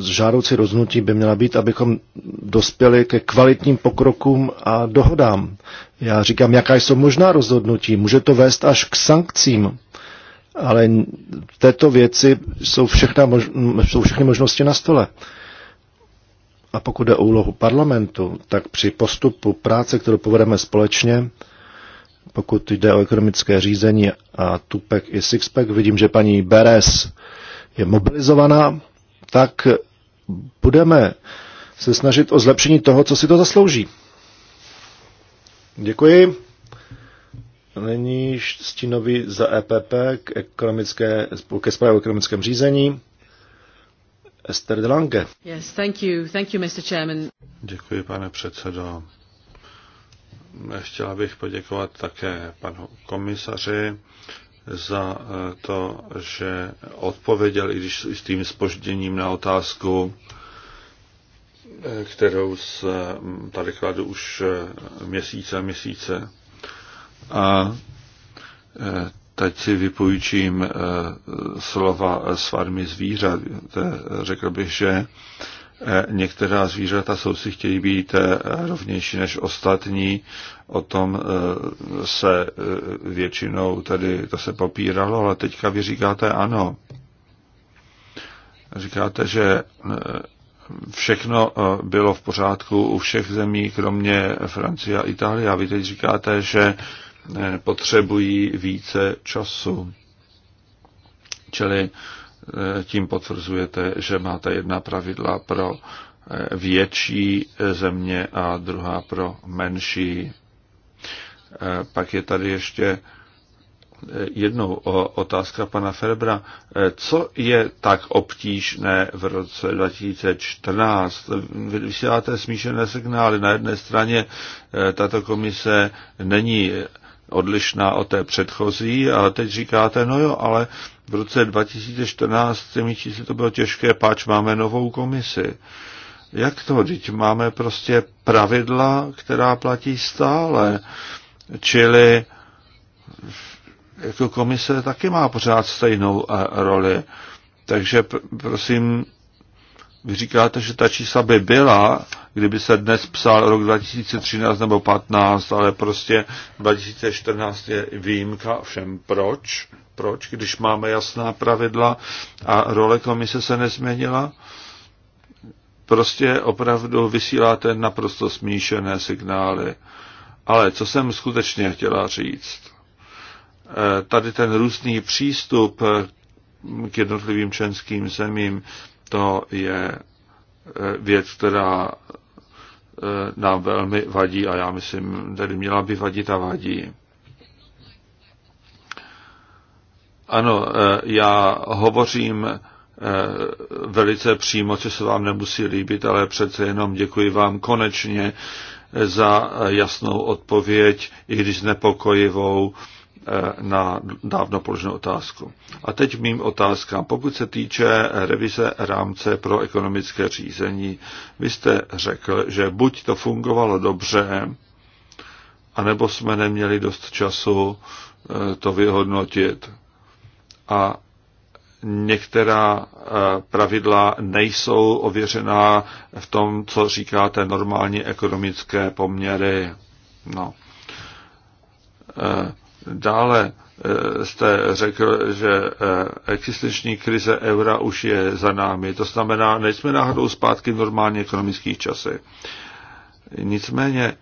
žádoucí rozhodnutí by měla být, abychom dospěli ke kvalitním pokrokům a dohodám. Já říkám, jaká jsou možná rozhodnutí. Může to vést až k sankcím, ale v této věci jsou, všechna, jsou všechny možnosti na stole. A pokud jde o úlohu parlamentu, tak při postupu práce, kterou povedeme společně, pokud jde o ekonomické řízení a Tupek i Sixpack, vidím, že paní Beres je mobilizovaná, tak budeme se snažit o zlepšení toho, co si to zaslouží. Děkuji. Není stínový za EPP k, ekonomické, ke zprávě o ekonomickém řízení. Esther Delange. Yes, thank you. Thank you, Mr. Chairman. Děkuji, pane předsedo chtěla bych poděkovat také panu komisaři za eh, to, že odpověděl, i když s tím spožděním na otázku, eh, kterou se mm, tady kladu už eh, měsíce a měsíce. A teď si vypůjčím slova s farmy zvířat. Řekl bych, že některá zvířata jsou si chtějí být eh, rovnější než ostatní. O tom eh, se eh, většinou tady to se popíralo, ale teďka vy říkáte ano. Říkáte, že všechno bylo v pořádku u všech zemí, kromě Francie a Itálie. A vy teď říkáte, že potřebují více času. Čili tím potvrzujete, že máte jedna pravidla pro eh, větší eh, země a druhá pro menší. Eh, pak je tady ještě jednou otázka pana Ferbra. Co je tak obtížné v roce 2014? vysíláte smíšené signály. Na jedné straně tato komise není odlišná od té předchozí, ale teď říkáte, no jo, ale v roce 2014 s těmi že to bylo těžké, páč máme novou komisi. Jak to? Teď máme prostě pravidla, která platí stále. Čili jako komise taky má pořád stejnou eh, roli. Takže prosím, vy říkáte, že ta čísla by byla, kdyby se dnes psal rok 2013 nebo 2015, ale prostě 2014 je výjimka, všem proč? Proč, když máme jasná pravidla a role komise se nezměnila? Prostě opravdu vysíláte naprosto smíšené signály. Ale co jsem skutečně chtěla říct? Eh, tady ten různý přístup eh, k jednotlivým členským zemím, to je eh, věc, která nám velmi vadí a já myslím, tedy měla by vadit a vadí. Ano, eh, já hovořím eh, velice přímo, co se vám nemusí líbit, ale přece jenom děkuji vám konečně eh, za jasnou odpověď, i když nepokojivou, na dávno položenou otázku. A teď mým otázkám. Pokud se týče revize rámce pro ekonomické řízení, vy jste řekl, že buď to fungovalo dobře, anebo jsme neměli dost času to vyhodnotit a některá eh, pravidla nejsou ověřená v tom, co říkáte normální ekonomické poměry. No. Eh, dále eh, jste řekl, že existenční krize eura už je za námi. To znamená, nejsme náhodou zpátky v normální ekonomických časy. Nicméně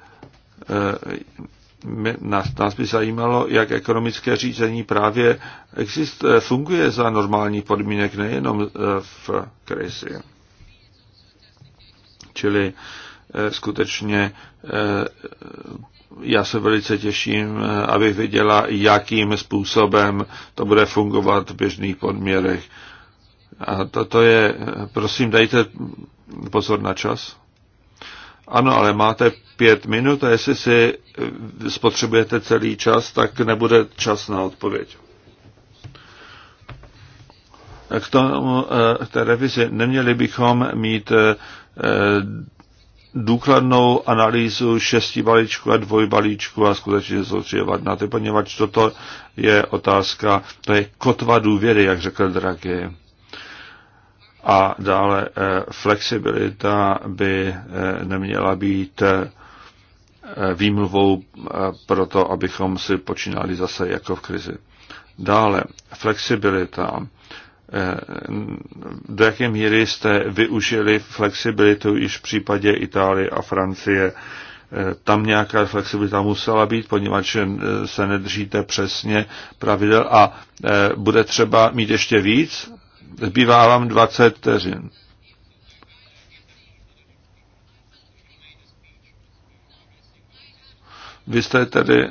my, nás, nás by zajímalo, jak ekonomické řízení právě exist, eh, funguje za normálních podmínek, nejenom eh, v krizi. Čili eh, skutečně já se velice těším, abych viděla, jakým způsobem to bude fungovat v běžných podměrech. A toto je, prosím, dejte pozor na čas. Ano, ale máte pět minut a jestli si eh, spotřebujete celý čas, tak nebude čas na odpověď. K, tomu, k eh, té revizi neměli bychom mít eh, důkladnou analýzu šesti balíčku a dvoj balíčku a skutečně zotřívat na ty, poněvadž toto je otázka, to je kotva důvěry, jak řekl Draghi. A dále eh, flexibilita by eh, neměla být eh, výmluvou pro to, abychom si počínali zase jako v krizi. Dále flexibilita. Do jaké míry jste využili flexibilitu již v případě Itálie a Francie? Tam nějaká flexibilita musela být, poněvadž se nedržíte přesně pravidel a bude třeba mít ještě víc Zbývá vám 20 vteřin. Vy jste tedy...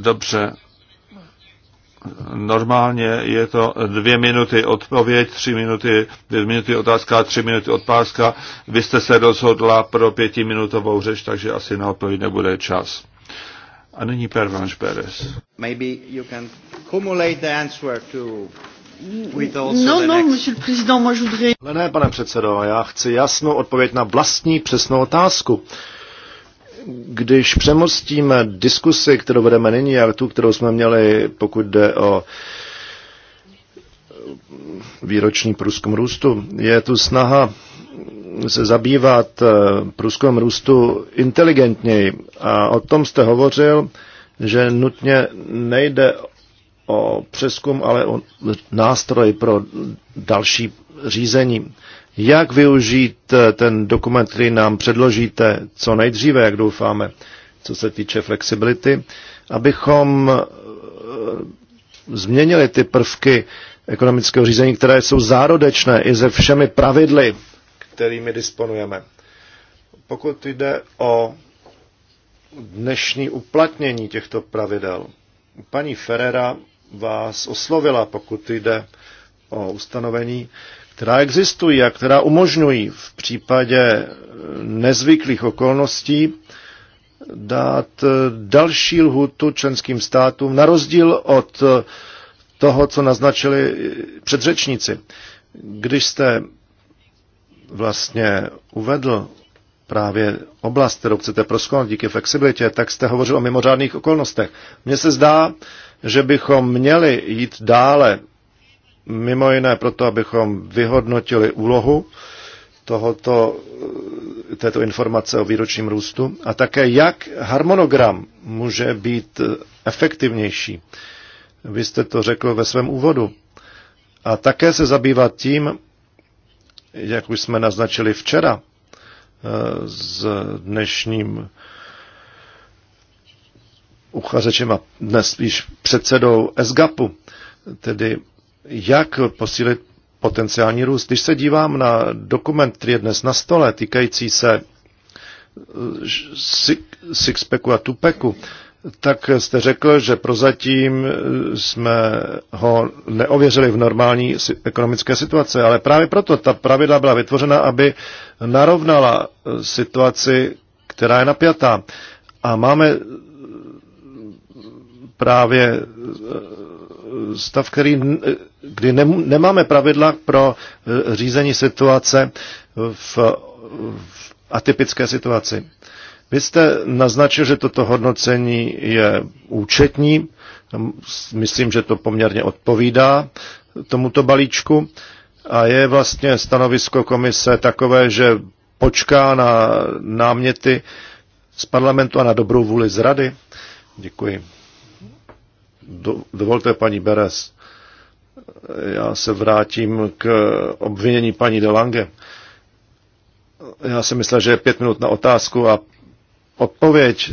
Dobře. Normálně je to dvě minuty odpověď, tři minuty, dvě minuty otázka, tři minuty odpázka. Vy jste se rozhodla pro pětiminutovou řeč, takže asi na odpověď nebude čas. A nyní Pervanš Beres. Maybe you can cumulate the answer to No, no, monsieur le président, moi je voudrais... Ale ne, pane předsedo, já chci jasnou odpověď na vlastní přesnou otázku. Když přemostíme diskusi, kterou vedeme nyní a tu, kterou jsme měli, pokud jde o výroční průzkum růstu, je tu snaha se zabývat eh, průzkum růstu inteligentněji. A o tom jste hovořil, že nutně nejde o přeskum, ale o nástroj pro další řízení. Jak využít eh, ten dokument, který nám předložíte co nejdříve, jak doufáme, co se týče flexibility, abychom eh, změnili ty prvky ekonomického řízení, které jsou zárodečné i se všemi pravidly kterými disponujeme. Pokud jde o dnešní uplatnění těchto pravidel, paní Ferrera vás oslovila, pokud jde o ustanovení, která existují a která umožňují v případě nezvyklých okolností dát další lhutu členským státům, na rozdíl od toho, co naznačili předřečníci. Když jste vlastně uvedl právě oblast, kterou chcete proskoumat díky flexibilitě, tak jste hovořil o mimořádných okolnostech. Mně se zdá, že bychom měli jít dále, mimo jiné proto, abychom vyhodnotili úlohu tohoto, této informace o výročním růstu a také jak harmonogram může být efektivnější. Vy jste to řekl ve svém úvodu. A také se zabývat tím, jak už jsme naznačili včera eh, s dnešním uchazečem a dnes spíš předsedou SGAPu, tedy jak posílit potenciální růst. Když se dívám na dokument, který je dnes na stole, týkající se eh, sixpacku a tupeku, tak jste řekl, že prozatím jsme ho neověřili v normální ekonomické situaci, ale právě proto ta pravidla byla vytvořena, aby narovnala situaci, která je napjatá. A máme právě eh, stav, který, kdy ne, nemáme pravidla pro eh, řízení situace v, v atypické situaci. Vy jste naznačil, že toto hodnocení je účetní. Myslím, že to poměrně odpovídá tomuto balíčku. A je vlastně stanovisko komise takové, že počká na náměty z parlamentu a na dobrou vůli z rady? Děkuji. Do, dovolte, paní Beres, já se vrátím k obvinění paní Delange. Já jsem myslel, že je pět minut na otázku a odpověď,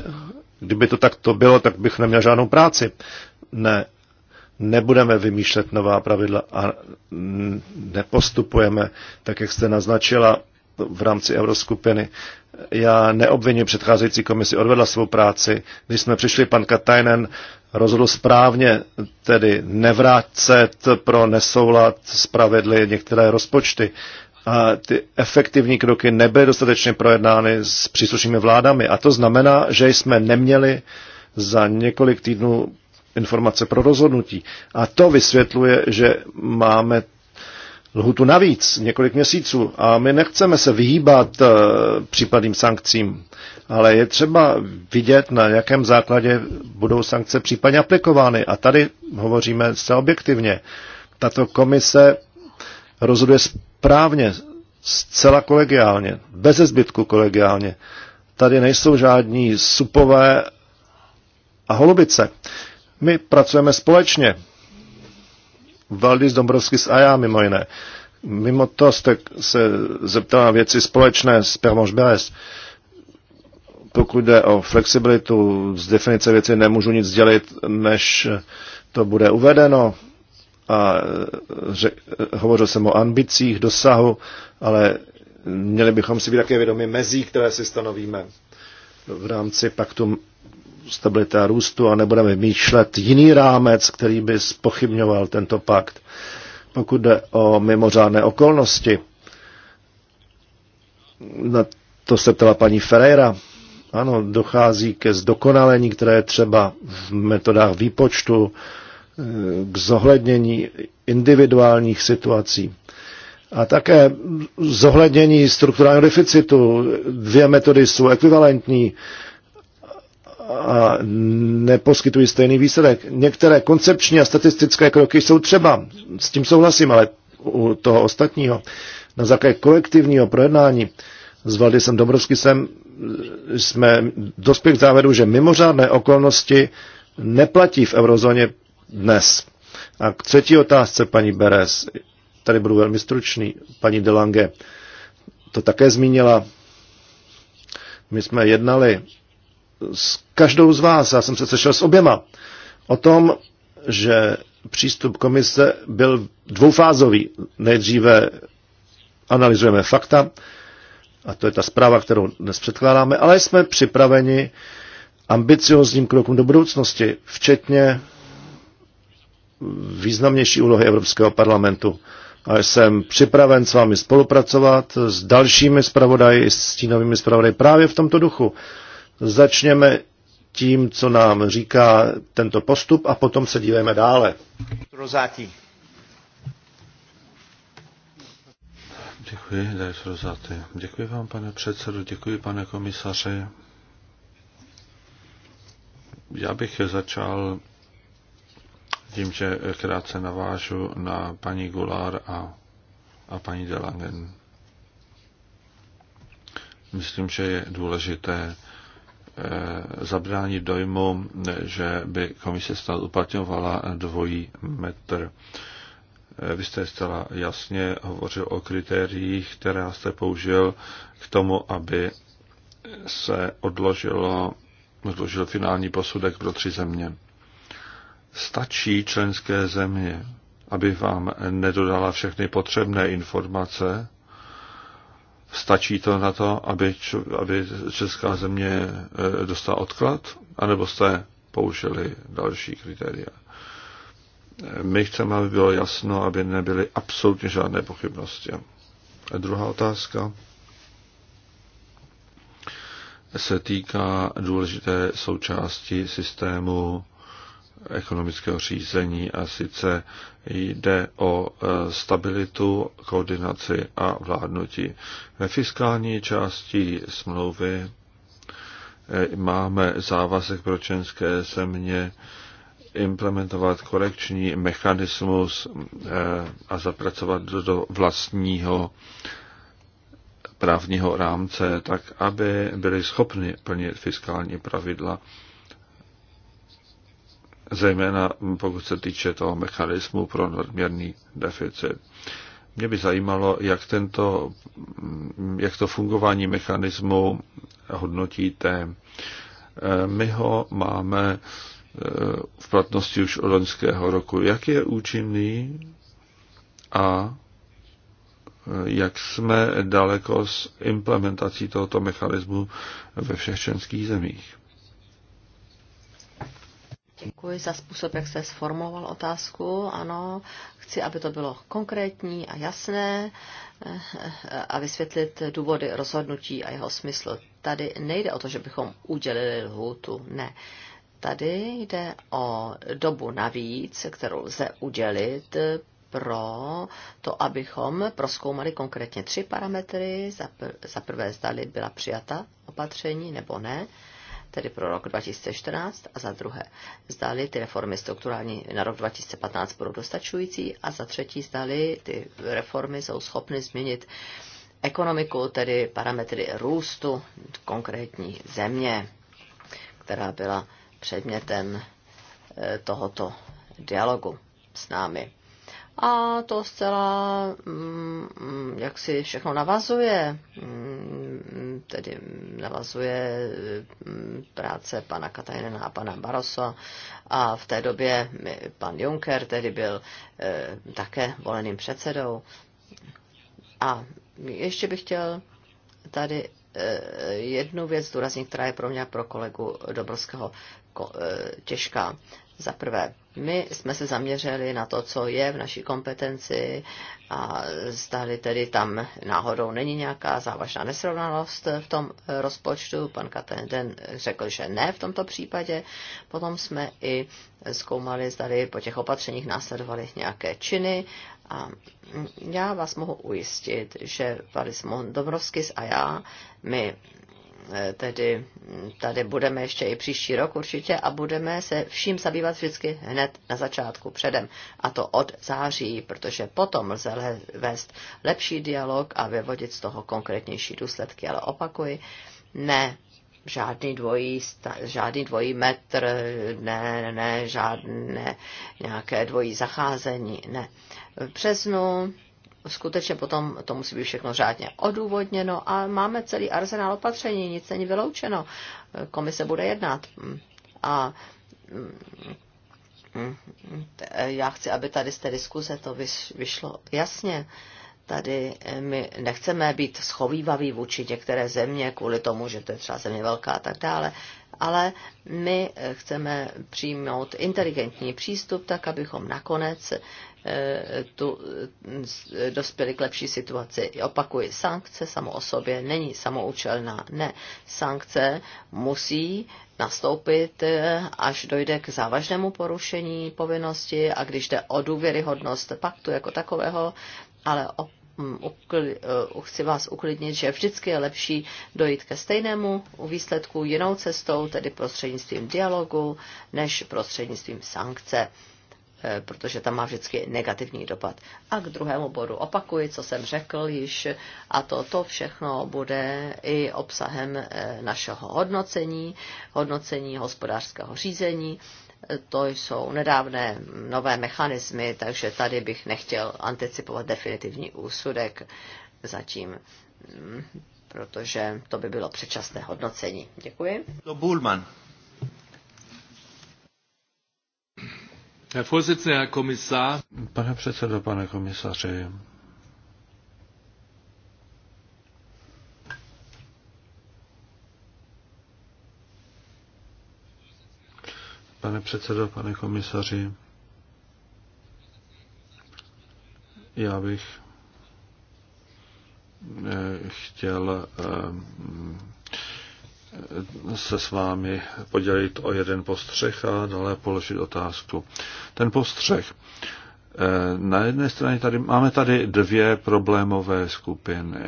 kdyby to takto bylo, tak bych neměl žádnou práci. Ne, nebudeme vymýšlet nová pravidla a nepostupujeme, tak jak jste naznačila v rámci Euroskupiny. Já neobviním předcházející komisi, odvedla svou práci. Když jsme přišli, pan Katajnen rozhodl správně, tedy nevrátit pro nesoulad s pravidly některé rozpočty a ty efektivní kroky nebyly dostatečně projednány s příslušnými vládami. A to znamená, že jsme neměli za několik týdnů informace pro rozhodnutí. A to vysvětluje, že máme lhutu navíc, několik měsíců. A my nechceme se vyhýbat eh, případným sankcím, ale je třeba vidět, na jakém základě budou sankce případně aplikovány. A tady hovoříme zcela objektivně. Tato komise rozhoduje správně, zcela kolegiálně, bez zbytku kolegiálně. Tady nejsou žádní supové a holubice. My pracujeme společně. Valdis Dombrovskis a já mimo jiné. Mimo to jste se zeptal na věci společné s Permož Beres. Pokud jde o flexibilitu, z definice věci nemůžu nic dělit, než to bude uvedeno a řek, hovořil jsem o ambicích, dosahu, ale měli bychom si být také vědomi mezí, které si stanovíme v rámci paktu stability a růstu a nebudeme vymýšlet jiný rámec, který by spochybňoval tento pakt. Pokud jde o mimořádné okolnosti, na to se ptala paní Ferreira, ano, dochází ke zdokonalení, které je třeba v metodách výpočtu, k zohlednění individuálních situací. A také zohlednění strukturálního deficitu. Dvě metody jsou ekvivalentní a neposkytují stejný výsledek. Některé koncepční a statistické kroky jsou třeba, s tím souhlasím, ale u toho ostatního, na základě kolektivního projednání s Valdisem Dobrovským jsem, jsme dospěli k závěru, že mimořádné okolnosti neplatí v eurozóně dnes. A k třetí otázce, paní Beres, tady budu velmi stručný, paní Delange to také zmínila. My jsme jednali s každou z vás, já jsem se sešel s oběma, o tom, že přístup komise byl dvoufázový. Nejdříve analyzujeme fakta, a to je ta zpráva, kterou dnes předkládáme, ale jsme připraveni ambiciozním krokům do budoucnosti, včetně významnější úlohy Evropského parlamentu. A jsem připraven s vámi spolupracovat s dalšími zpravodaji, s stínovými zpravodaji právě v tomto duchu. Začněme tím, co nám říká tento postup a potom se dívejme dále. Rozátí. Děkuji, Dajs Rozáty. Děkuji vám, pane předsedo, děkuji, pane komisaři. Já bych začal tím, že krátce navážu na paní Gulár a, a paní Delangen. Myslím, že je důležité eh, zabránit dojmu, že by komise snad uplatňovala dvojí metr. Eh, vy jste zcela jasně hovořil o kritériích, která jste použil k tomu, aby se odložilo, odložil finální posudek pro tři země stačí členské země, aby vám nedodala všechny potřebné informace, stačí to na to, aby, aby česká země eh, dostala odklad, anebo jste použili další kritéria. Eh, my chceme, aby bylo jasno, aby nebyly absolutně žádné pochybnosti. A druhá otázka se týká důležité součásti systému ekonomického řízení a sice jde o e, stabilitu, koordinaci a vládnutí. Ve fiskální části smlouvy e, máme závazek pro členské země implementovat korekční mechanismus e, a zapracovat do vlastního právního rámce, tak aby byli schopni plnit fiskální pravidla zejména pokud se týče toho mechanismu pro nadměrný deficit. Mě by zajímalo, jak, tento, jak to fungování mechanismu hodnotíte. My ho máme eh, v platnosti už od loňského roku. Jak je účinný a eh, jak jsme daleko s implementací tohoto mechanismu ve všech členských zemích? Děkuji za způsob, jak jste sformoval otázku. Ano, chci, aby to bylo konkrétní a jasné eh, a vysvětlit důvody rozhodnutí a jeho smysl. Tady nejde o to, že bychom udělili lhůtu, ne. Tady jde o dobu navíc, kterou lze udělit eh, pro to, abychom proskoumali konkrétně tři parametry. Za prvé, zdali byla přijata opatření nebo ne tedy pro rok 2014, a za druhé, zdali ty reformy strukturální na rok 2015 budou dostačující, a za třetí, zdali ty reformy jsou schopny změnit ekonomiku, tedy parametry růstu konkrétní země, která byla předmětem eh, tohoto dialogu s námi. A to zcela, mm, jak si všechno navazuje, mm, tedy navazuje mm, práce pana Katajnena a pana Barosa. A v té době pan Juncker tedy byl eh, také voleným předsedou. A ještě bych chtěl tady eh, jednu věc zdůraznit, která je pro mě pro kolegu Dobrovského eh, těžká. Za prvé, my jsme se zaměřili na to, co je v naší kompetenci a zdali tedy tam náhodou není nějaká závažná nesrovnalost v tom rozpočtu. Pan Katenden řekl, že ne v tomto případě. Potom jsme i zkoumali, zdali po těch opatřeních následovaly nějaké činy a já vás mohu ujistit, že Valis Dobrovskis a já, my Eh, tedy hm, tady budeme ještě i příští rok určitě a budeme se vším zabývat vždycky hned na začátku předem. A to od září, protože potom lze vést lepší dialog a vyvodit z toho konkrétnější důsledky. Ale opakuji, ne žádný dvojí, žádný dvojí metr, ne, ne, žádné nějaké dvojí zacházení, ne. V březnu skutečně potom to musí být všechno řádně odůvodněno a máme celý arzenál opatření, nic není vyloučeno. Komise bude jednat. A já chci, aby tady z té diskuze to vyšlo jasně. Tady eh, my nechceme být schovývaví vůči některé země kvůli tomu, že to je třeba země velká a tak dále, ale my eh, chceme přijmout inteligentní přístup tak, abychom nakonec tu eh, dospěli k lepší situaci. Opakuji, sankce samo o sobě není samoučelná. Ne, sankce musí nastoupit, eh, až dojde k závažnému porušení povinnosti a když jde o důvěryhodnost paktu jako takového, ale o mm, eh, chci vás uklidnit, že vždycky je lepší dojít ke stejnému výsledku jinou cestou, tedy prostřednictvím dialogu, než prostřednictvím sankce. Eh, protože tam má vždycky negativní dopad. A k druhému bodu opakuji, co jsem řekl již, a to, to všechno bude i obsahem eh, našeho hodnocení, hodnocení hospodářského řízení. Eh, to jsou nedávné nové mechanismy, takže tady bych nechtěl anticipovat definitivní úsudek zatím, mm, protože to by bylo předčasné hodnocení. Děkuji. To Bulman. Pane předsedo, pane komisaři, pane předsedo, pane komisaři, já bych eh, chtěl eh, se s vámi podělit o jeden postřeh a dále položit otázku. Ten postřeh. Eh, na jedné straně tady máme tady dvě problémové skupiny.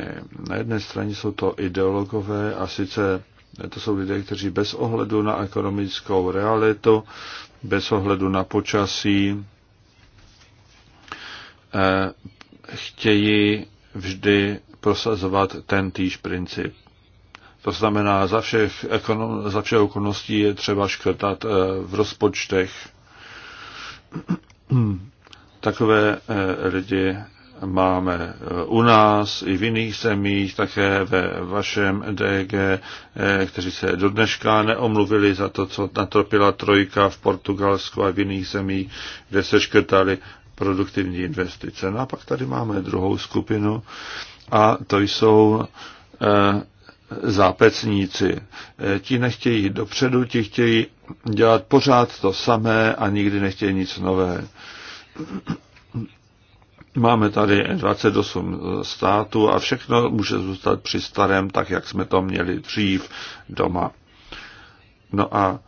Na jedné straně jsou to ideologové a sice to jsou lidé, kteří bez ohledu na ekonomickou realitu, bez ohledu na počasí, eh, chtějí vždy prosazovat ten týž princip. To znamená, za všech, za všech okolností je třeba škrtat eh, v rozpočtech. <clears throat> Takové eh, lidi máme eh, u nás i v jiných zemích, také ve vašem DG, kteří se do dneška neomluvili za to, co natropila trojka v Portugalsku a v jiných zemích, kde se škrtali produktivní investice. No a pak tady máme druhou skupinu a to jsou zápecníci. Eh, ti nechtějí jít dopředu, ti chtějí dělat pořád to samé a nikdy nechtějí nic nové. <clears throat> Máme tady 28 států a všechno může zůstat při starém, tak jak jsme to měli dřív doma. No a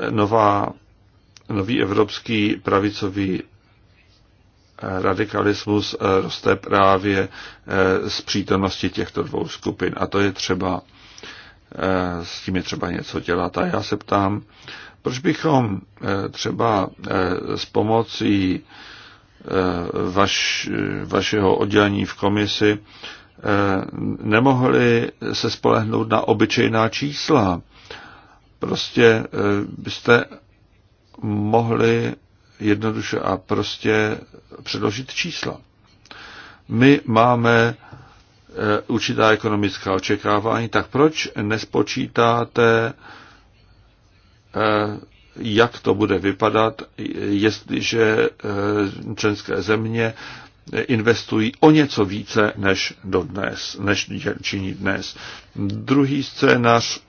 e, nová, nový evropský pravicový radikalismus eh, roste právě eh, z přítomnosti těchto dvou skupin. A to je třeba, eh, s tím je třeba něco dělat. A já se ptám, proč bychom třeba s pomocí vaš, vašeho oddělení v komisi nemohli se spolehnout na obyčejná čísla. Prostě byste mohli jednoduše a prostě předložit čísla. My máme e, určitá ekonomická očekávání, tak proč nespočítáte, e, jak to bude vypadat, jestliže e, členské země investují o něco více než do dnes, než činí dnes. Druhý scénář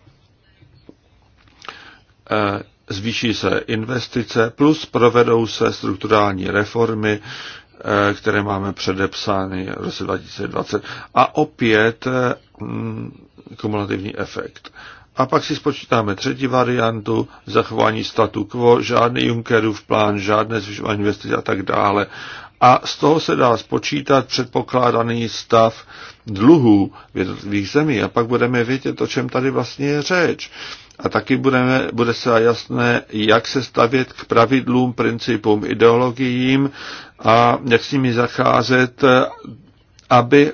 zvýší se investice, plus provedou se strukturální reformy, eh, které máme předepsány v roce 2020. A opět eh, mm, kumulativní efekt. A pak si spočítáme třetí variantu, zachování statu quo, žádný Junckerův plán, žádné zvyšování investic a tak dále. A z toho se dá spočítat předpokládaný stav dluhů v jednotlivých zemí a pak budeme vědět, o čem tady vlastně je řeč. A taky budeme, bude se jasné, jak se stavět k pravidlům, principům, ideologiím a jak s nimi zacházet, aby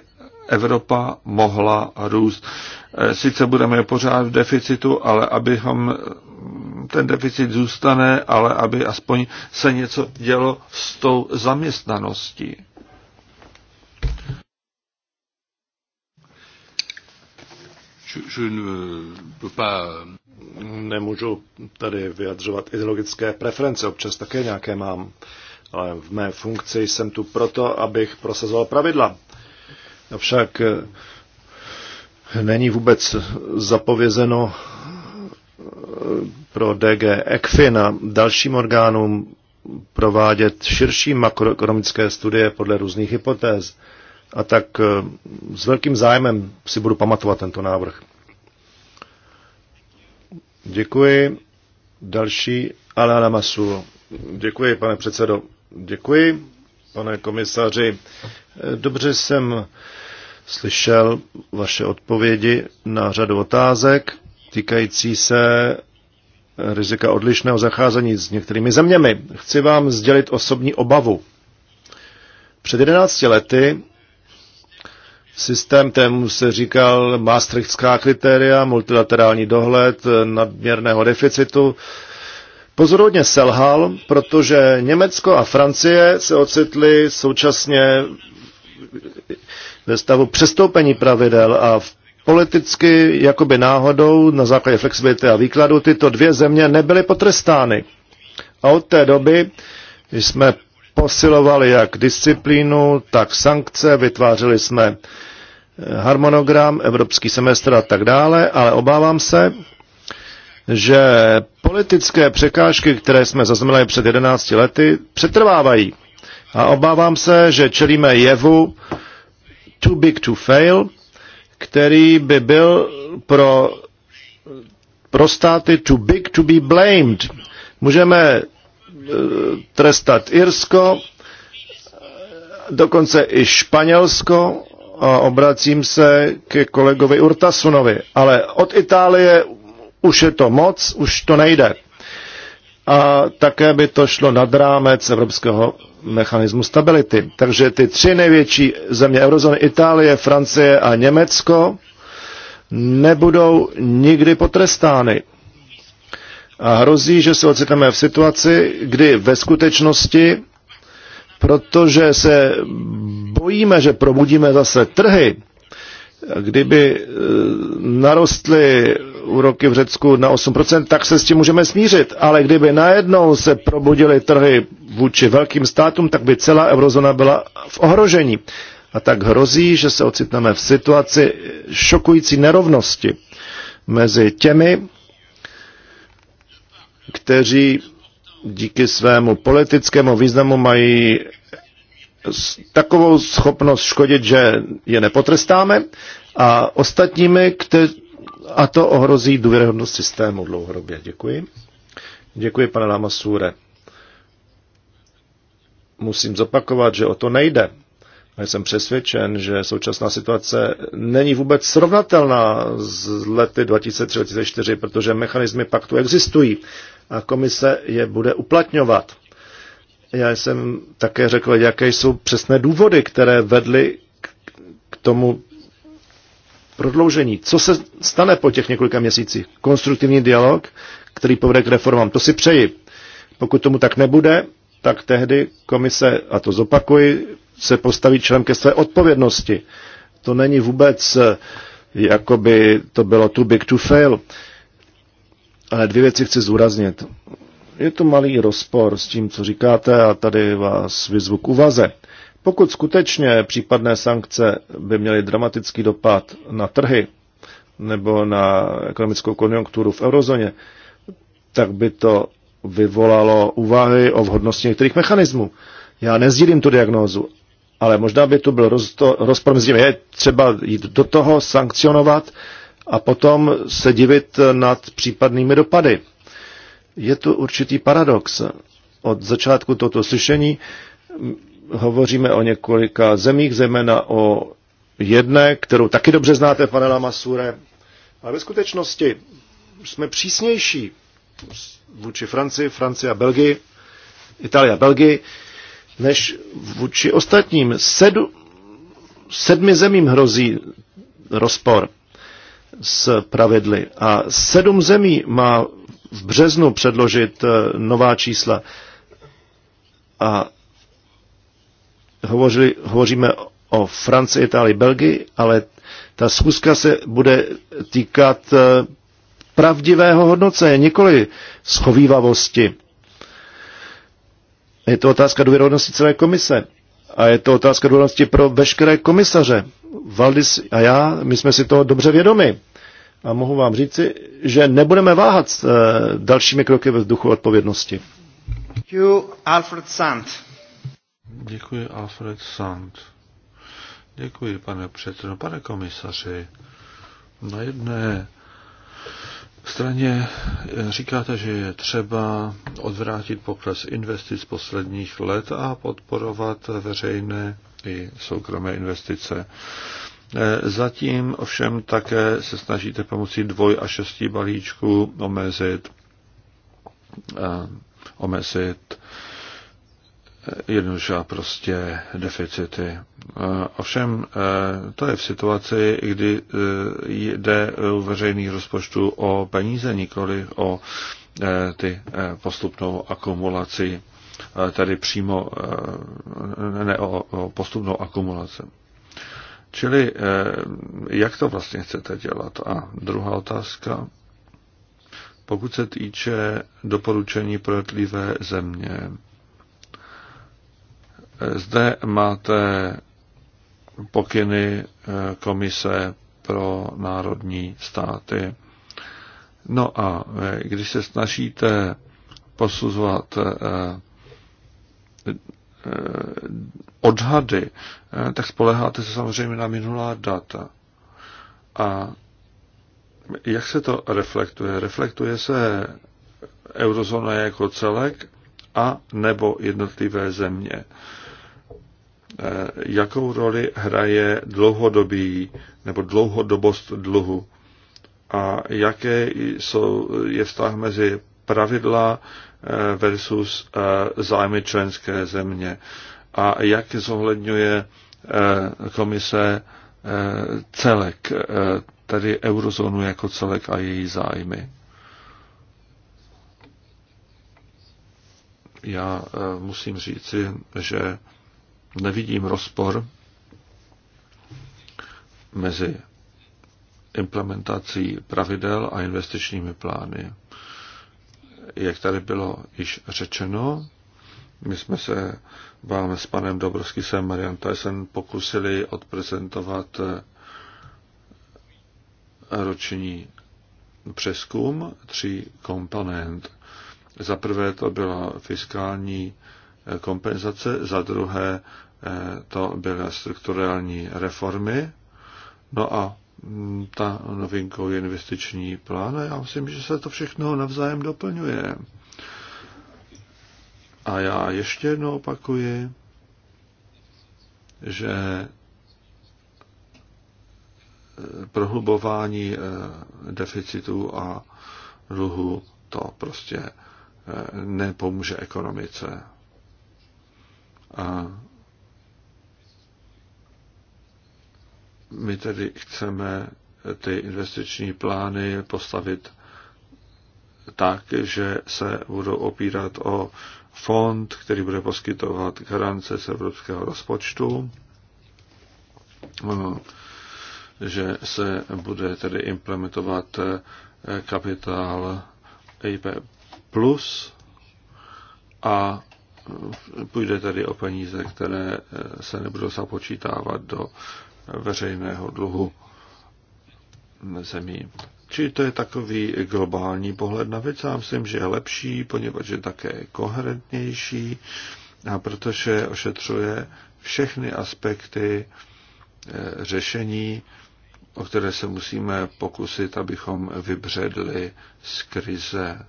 Evropa mohla růst. Eh, sice budeme pořád v deficitu, ale abychom mm, ten deficit zůstane, ale aby aspoň se něco dělo s tou zaměstnaností. je, je ne peux pas... Nemůžu tady vyjadřovat ideologické preference, občas také nějaké mám, ale v mé funkci jsem tu proto, abych prosazoval pravidla. Avšak eh, není vůbec zapovězeno eh, pro DG ECFIN a dalším orgánům provádět širší makroekonomické studie podle různých hypotéz. A tak eh, s velkým zájmem si budu pamatovat tento návrh. Děkuji. Další Alana Masu. Děkuji, pane předsedo. Děkuji, pane komisaři. Eh, dobře jsem slyšel vaše odpovědi na řadu otázek týkající se rizika odlišného zacházení s některými zeměmi. Chci vám sdělit osobní obavu. Před 11 lety systém, tému se říkal Maastrichtská kritéria, multilaterální dohled nadměrného deficitu. Pozorodně selhal, protože Německo a Francie se ocitly současně ve stavu přestoupení pravidel a v politicky jakoby náhodou na základě flexibility a výkladu tyto dvě země nebyly potrestány. A od té doby jsme posilovali jak disciplínu, tak sankce, vytvářeli jsme Eh, harmonogram, evropský semestr a tak dále, ale obávám se, že politické překážky, které jsme zaznamenali před 11 lety, přetrvávají. A obávám se, že čelíme jevu too big to fail, který by byl pro, pro státy too big to be blamed. Můžeme eh, trestat Irsko, dokonce i Španělsko a obracím se ke kolegovi Urtasunovi, ale od Itálie už je to moc, už to nejde. A také by to šlo nad rámec evropského mechanismu stability. Takže ty tři největší země eurozóny, Itálie, Francie a Německo, nebudou nikdy potrestány. A hrozí, že se ocitneme v situaci, kdy ve skutečnosti protože se bojíme, že probudíme zase trhy. Kdyby e, narostly úroky v Řecku na 8%, tak se s tím můžeme smířit. Ale kdyby najednou se probudily trhy vůči velkým státům, tak by celá eurozona byla v ohrožení. A tak hrozí, že se ocitneme v situaci šokující nerovnosti mezi těmi, kteří díky svému politickému významu mají takovou schopnost škodit, že je nepotrestáme a ostatními, kte- a to ohrozí důvěryhodnost systému dlouhodobě. Děkuji. Děkuji, pane Lamasure. Musím zopakovat, že o to nejde. A jsem přesvědčen, že současná situace není vůbec srovnatelná s lety 2003-2004, protože mechanismy paktu existují a komise je bude uplatňovat. Já jsem také řekl, jaké jsou přesné důvody, které vedly k tomu prodloužení. Co se stane po těch několika měsících? Konstruktivní dialog, který povede k reformám. To si přeji. Pokud tomu tak nebude, tak tehdy komise, a to zopakuji, se postaví člen ke své odpovědnosti. To není vůbec, eh, jakoby to bylo too big to fail. Ale dvě věci chci zúraznit. Je to malý rozpor s tím, co říkáte a tady vás vyzvu k uvaze. Pokud skutečně případné sankce by měly dramatický dopad na trhy nebo na ekonomickou konjunkturu v eurozóně, tak by to vyvolalo úvahy o vhodnosti některých mechanismů. Já nezdílím tu diagnózu, ale možná by tu byl rozpor mezi je třeba jít do toho, sankcionovat a potom se divit nad případnými dopady. Je tu určitý paradox. Od začátku toto slyšení hovoříme o několika zemích, zejména o jedné, kterou taky dobře znáte, pane Lamasure. Ale ve skutečnosti jsme přísnější vůči Francii, Francie a Belgii, Itálie a Belgii, než vůči ostatním. Sedu, sedmi zemím hrozí rozpor s pravidly. A sedm zemí má v březnu předložit eh, nová čísla. A hovořili, hovoříme o Francii, Itálii, Belgii, ale ta schůzka se bude týkat eh, pravdivého hodnocení, nikoli schovývavosti. Je to otázka důvěrohodnosti celé komise. A je to otázka důležitosti pro veškeré komisaře. Valdis a já, my jsme si toho dobře vědomi. A mohu vám říci, že nebudeme váhat s eh, dalšími kroky ve vzduchu odpovědnosti. Děkuji, Alfred Sand. Děkuji, Alfred Sand. Děkuji, pane předsedo. Pane komisaři, na jedné straně eh, říkáte, že je třeba odvrátit pokles investic posledních let a podporovat veřejné i soukromé investice. Eh, zatím ovšem také se snažíte pomocí dvoj a šestí balíčku omezit, eh, omezit jednoduše a prostě deficity. Ovšem, e, to je v situaci, kdy e, jde u veřejných rozpočtů o peníze, nikoli o e, ty postupnou akumulaci, tedy přímo ne o postupnou akumulaci. Čili jak to vlastně chcete dělat? A druhá otázka. Pokud se týče doporučení pro země, zde máte pokyny eh, komise pro národní státy. No a eh, když se snažíte posuzovat eh, odhady, tak spoleháte se samozřejmě na minulá data. A jak se to reflektuje? Reflektuje se eurozóna jako celek a nebo jednotlivé země. Eh, jakou roli hraje dlouhodobí nebo dlouhodobost dluhu a jaké jsou, je vztah mezi pravidla eh, versus eh, zájmy členské země a jak zohledňuje komise celek, tedy eurozónu jako celek a její zájmy. Já musím říci, že nevidím rozpor mezi implementací pravidel a investičními plány. Jak tady bylo již řečeno, my jsme se vám s panem Dobrovským Marian Tyson pokusili odprezentovat eh, roční přeskum tří komponent. Za prvé to byla fiskální kompenzace, za druhé eh, to byly strukturální reformy. No a mm, ta novinkou je investiční plán a já myslím, že se to všechno navzájem doplňuje. A já ještě jednou opakuji, že eh, prohlubování eh, deficitu a dluhu to prostě nepomůže ekonomice. A my tedy chceme ty investiční plány postavit tak, že se budou opírat o fond, který bude poskytovat garance z evropského rozpočtu, že se bude tedy implementovat eh, kapitál IP plus a Půjde tady o peníze, které eh, se nebudou započítávat do veřejného dluhu zemí. Či to je takový globální pohled na věc, já myslím, že je lepší, poněvadž je také koherentnější, a protože ošetřuje všechny aspekty eh, řešení, o které se musíme pokusit, abychom vybředli z krize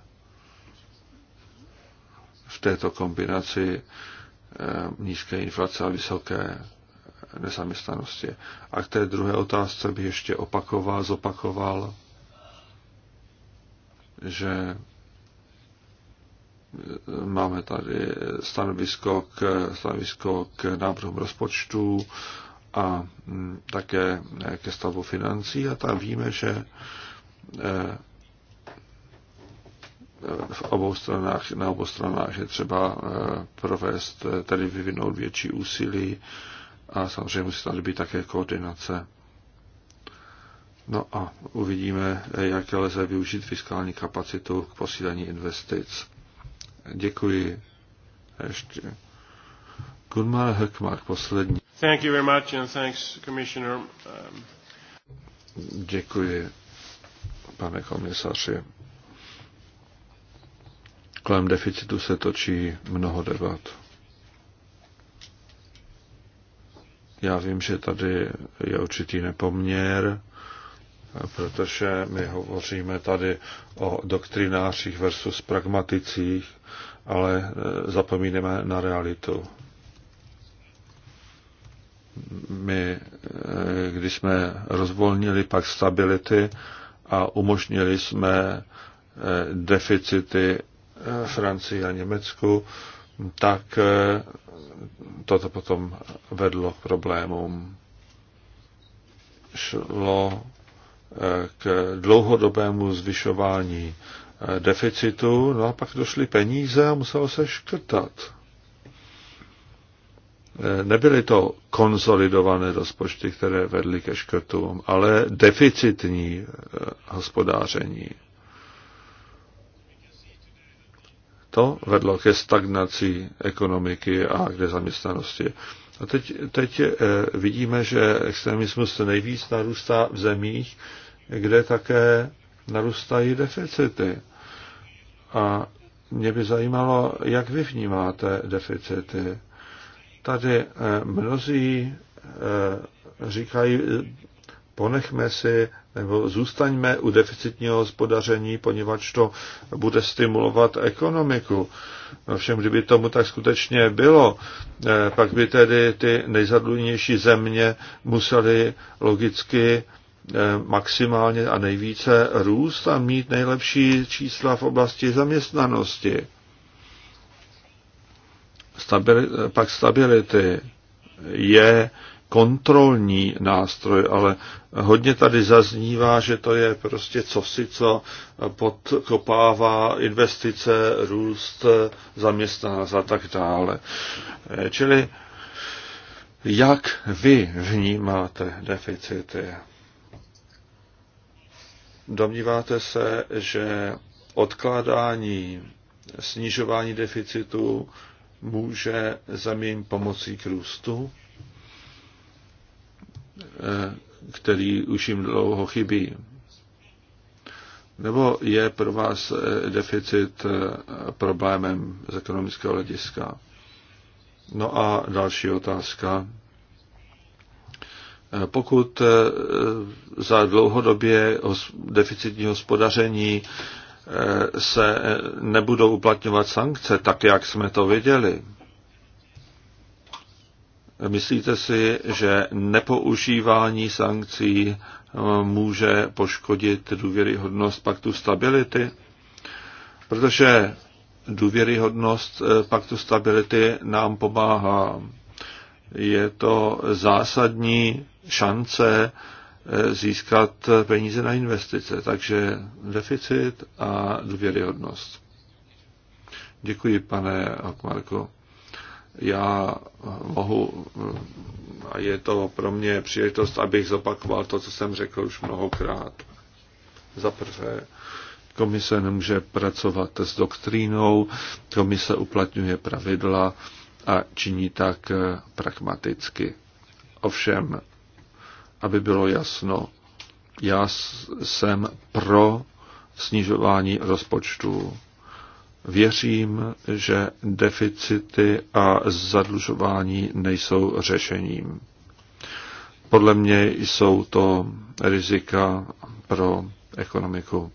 v této kombinaci eh, nízké inflace a vysoké nezaměstnanosti. A k té druhé otázce bych ještě opakoval, zopakoval, že eh, máme tady stanovisko k, stanovisko k návrhům rozpočtu a mm, také ke stavu financí a tam víme, že eh, v obou stranách, na obou stranách je třeba eh, provést, eh, tedy vyvinout větší úsilí a samozřejmě musí tady být také koordinace. No a uvidíme, eh, jak lze využít fiskální kapacitu k posílení investic. Děkuji. Ještě. Gunmar Hökmark, poslední. Thank you very much and thanks, Commissioner. Um... Děkuji, pane komisaři. Kolem deficitu se točí mnoho debat. Já vím, že tady je určitý nepoměr, protože my hovoříme tady o doktrinářích versus pragmaticích, ale e, zapomínáme na realitu. My, e, když jsme rozvolnili pak stability a umožnili jsme e, deficity Eh, Francii a Německu, tak eh, toto potom vedlo k problémům. Šlo eh, k dlouhodobému zvyšování deficitu, no a pak došly peníze a muselo se škrtat. Nebyly to konsolidované rozpočty, které vedly ke škrtům, ale deficitní hospodáření. To vedlo ke stagnaci ekonomiky a k nezaměstnanosti. A teď, teď eh, vidíme, že extremismus se nejvíc narůstá v zemích, kde také narůstají deficity. A mě by zajímalo, jak vy vnímáte deficity. Tady eh, mnozí eh, říkají, ponechme si nebo zůstaňme u deficitního hospodaření, poněvadž to bude stimulovat ekonomiku. Všem, kdyby tomu tak skutečně bylo, eh, pak by tedy ty nejzadlunější země musely logicky eh, maximálně a nejvíce růst a mít nejlepší čísla v oblasti zaměstnanosti. Stabil, pak stability je kontrolní nástroj, ale hodně tady zaznívá, že to je prostě cosi, co podkopává investice, růst, zaměstnanost a tak dále. Čili jak vy vnímáte deficity? Domníváte se, že odkládání, snižování deficitu může zeměm pomocí k růstu? Eh, který už jim dlouho chybí? Nebo je pro vás eh, deficit eh, problémem z ekonomického hlediska? No a další otázka. Pokud za dlouhodobě deficitní hospodaření se nebudou uplatňovat sankce, tak jak jsme to viděli, Myslíte si, že nepoužívání sankcí eh, může poškodit důvěryhodnost paktu stability? Protože důvěryhodnost eh, paktu stability nám pomáhá. Je to zásadní šance eh, získat peníze na investice, takže deficit a důvěryhodnost. Děkuji, pane Okmarko já mohu, a je to pro mě příležitost, abych zopakoval to, co jsem řekl už mnohokrát. Za prvé, komise nemůže pracovat s doktrínou, komise uplatňuje pravidla a činí tak pragmaticky. Ovšem, aby bylo jasno, já jsem pro snižování rozpočtu Věřím, že deficity a zadlužování nejsou řešením. Podle mě jsou to rizika pro ekonomiku.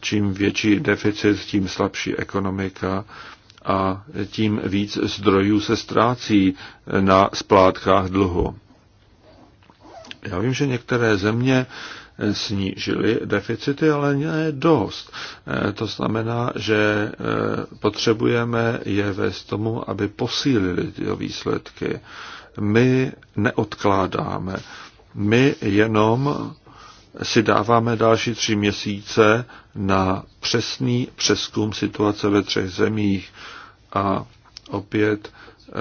Čím větší deficit, tím slabší ekonomika a tím víc zdrojů se ztrácí na splátkách dluhu. Já vím, že některé země snížili deficity, ale ne dost. E, to znamená, že e, potřebujeme je vést tomu, aby posílili ty výsledky. My neodkládáme. My jenom si dáváme další tři měsíce na přesný přeskum situace ve třech zemích a opět e,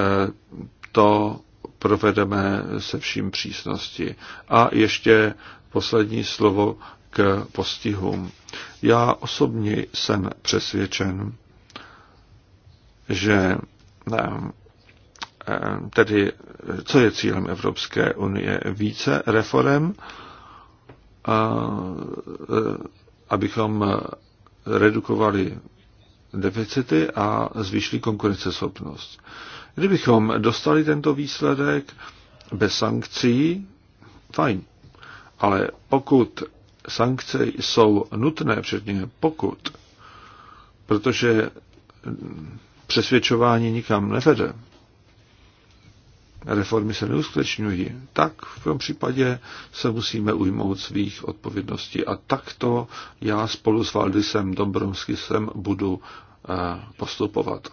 to provedeme se vším přísnosti. A ještě poslední slovo k postihům. Já osobně jsem přesvědčen, že tedy co je cílem Evropské unie? Více reform, e, abychom redukovali deficity a zvýšili konkurenceschopnost. Kdybychom dostali tento výsledek bez sankcí, fajn, ale pokud sankce jsou nutné, předně pokud, protože přesvědčování nikam nevede, reformy se neuskutečňují, tak v tom případě se musíme ujmout svých odpovědností. A takto já spolu s Valdisem Dobromskisem budu eh, postupovat.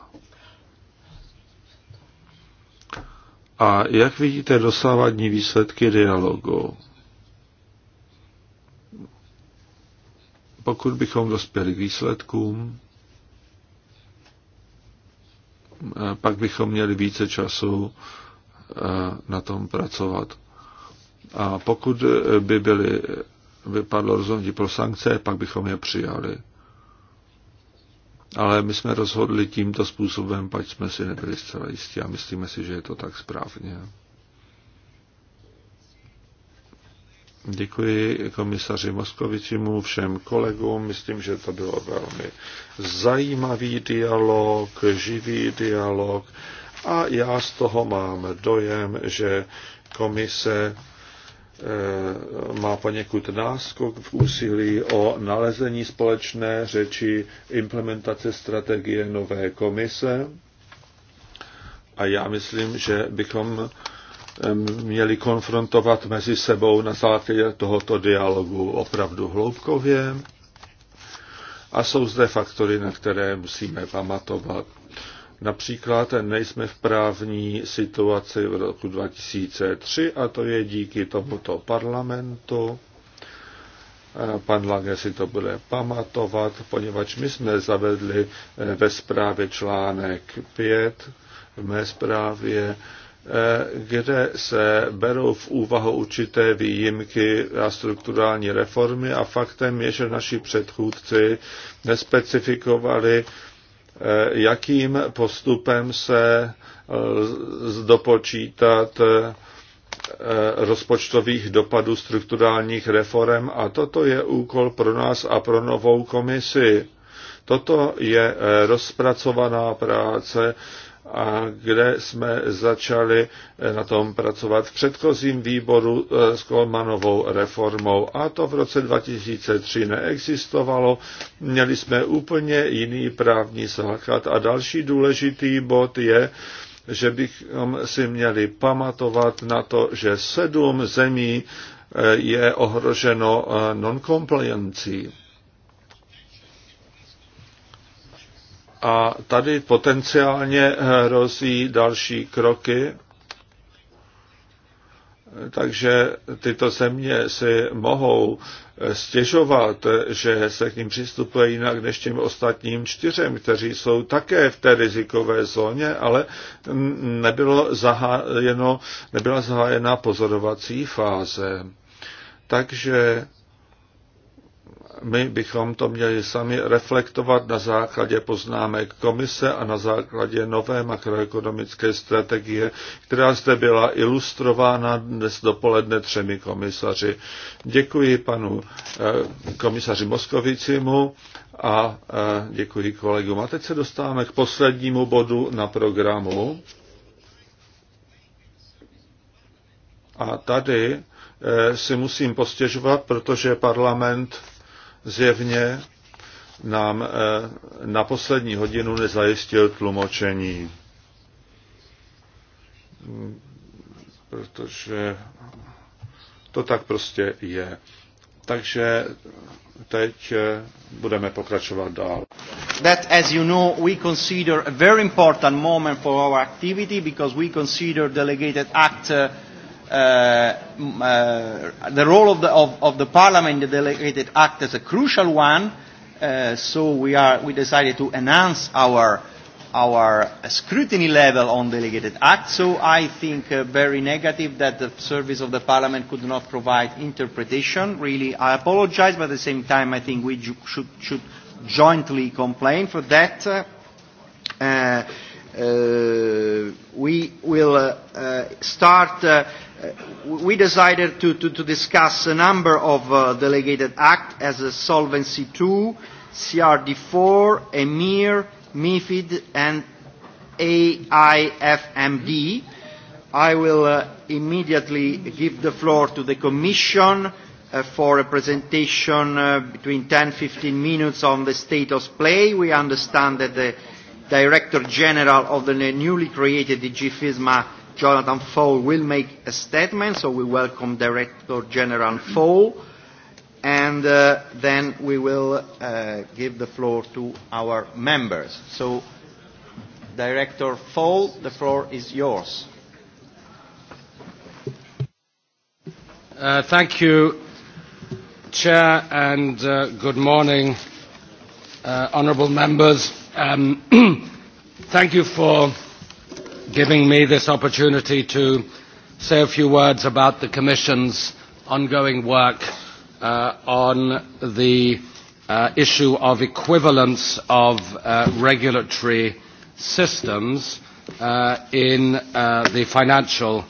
A jak vidíte dosávadní výsledky dialogu? Pokud bychom dospěli k výsledkům, eh, pak bychom měli více času eh, na tom pracovat. A pokud eh, by byly, vypadlo rozhodnutí pro sankce, pak bychom je přijali. Ale my jsme rozhodli tímto způsobem, pač jsme si nebyli zcela jistí a myslíme si, že je to tak správně. Děkuji komisaři Moskovičimu, všem kolegům. Myslím, že to bylo velmi zajímavý dialog, živý dialog a já z toho mám dojem, že komise eh, má poněkud náskok v úsilí o nalezení společné řeči implementace strategie nové komise. A já myslím, že bychom měli konfrontovat mezi sebou na základě tohoto dialogu opravdu hloubkově. A jsou zde faktory, na které musíme pamatovat. Například nejsme v právní situaci v roku 2003 a to je díky tomuto parlamentu. Pan Lange si to bude pamatovat, poněvadž my jsme zavedli eh, ve zprávě článek 5 v mé zprávě, Eh, kde se berou v úvahu určité výjimky a strukturální reformy a faktem je, že naši předchůdci nespecifikovali, eh, jakým postupem se eh, dopočítat rozpočtových dopadů strukturálních reform a toto je úkol pro nás a pro novou komisi. Toto je rozpracovaná práce, a kde jsme začali eh, na tom pracovat v předchozím výboru eh, s Kolmanovou reformou. A to v roce 2003 neexistovalo. Měli jsme úplně jiný právní základ. A další důležitý bod je, že bychom si měli pamatovat na to, že sedm zemí eh, je ohroženo non-compliancí. A tady potenciálně hrozí další kroky, takže tyto země si mohou stěžovat, že se k ním přistupuje jinak než těm ostatním čtyřem, kteří jsou také v té rizikové zóně, ale nebylo zahájeno, nebyla zahájena pozorovací fáze. Takže my bychom to měli sami reflektovat na základě poznámek komise a na základě nové makroekonomické strategie, která zde byla ilustrována dnes dopoledne třemi komisaři. Děkuji panu eh, komisaři Moskovicimu a eh, děkuji kolegům. A teď se dostáváme k poslednímu bodu na programu. A tady eh, si musím postěžovat, protože parlament zjevně nám eh, na poslední hodinu nezajistil tlumočení. Hmm, protože to tak prostě je. Takže teď eh, budeme pokračovat dál. That as you know we consider a very important moment for our activity because we consider delegated act uh, Uh, uh, the role of the, of, of the Parliament in the delegated act is a crucial one, uh, so we, are, we decided to enhance our, our scrutiny level on delegated acts. So I think uh, very negative that the service of the Parliament could not provide interpretation. Really, I apologize, but at the same time, I think we should, should jointly complain for that. Uh, uh, we will uh, uh, start uh, we decided to, to, to discuss a number of uh, delegated acts as a Solvency II, CRD4, EMIR, MIFID, and AIFMD. I will uh, immediately give the floor to the Commission uh, for a presentation uh, between 10-15 minutes on the state of play. We understand that the Director General of the newly created DG FISMA Jonathan Fowle will make a statement, so we welcome Director General Fowle, and uh, then we will uh, give the floor to our members. So, Director Fowle, the floor is yours. Uh, thank you, Chair, and uh, good morning, uh, honourable members. Um, <clears throat> thank you for giving me this opportunity to say a few words about the Commission's ongoing work uh, on the uh, issue of equivalence of uh, regulatory systems uh, in uh, the financial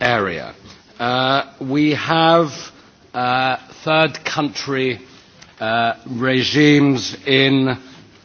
area. Uh, we have uh, third country uh, regimes in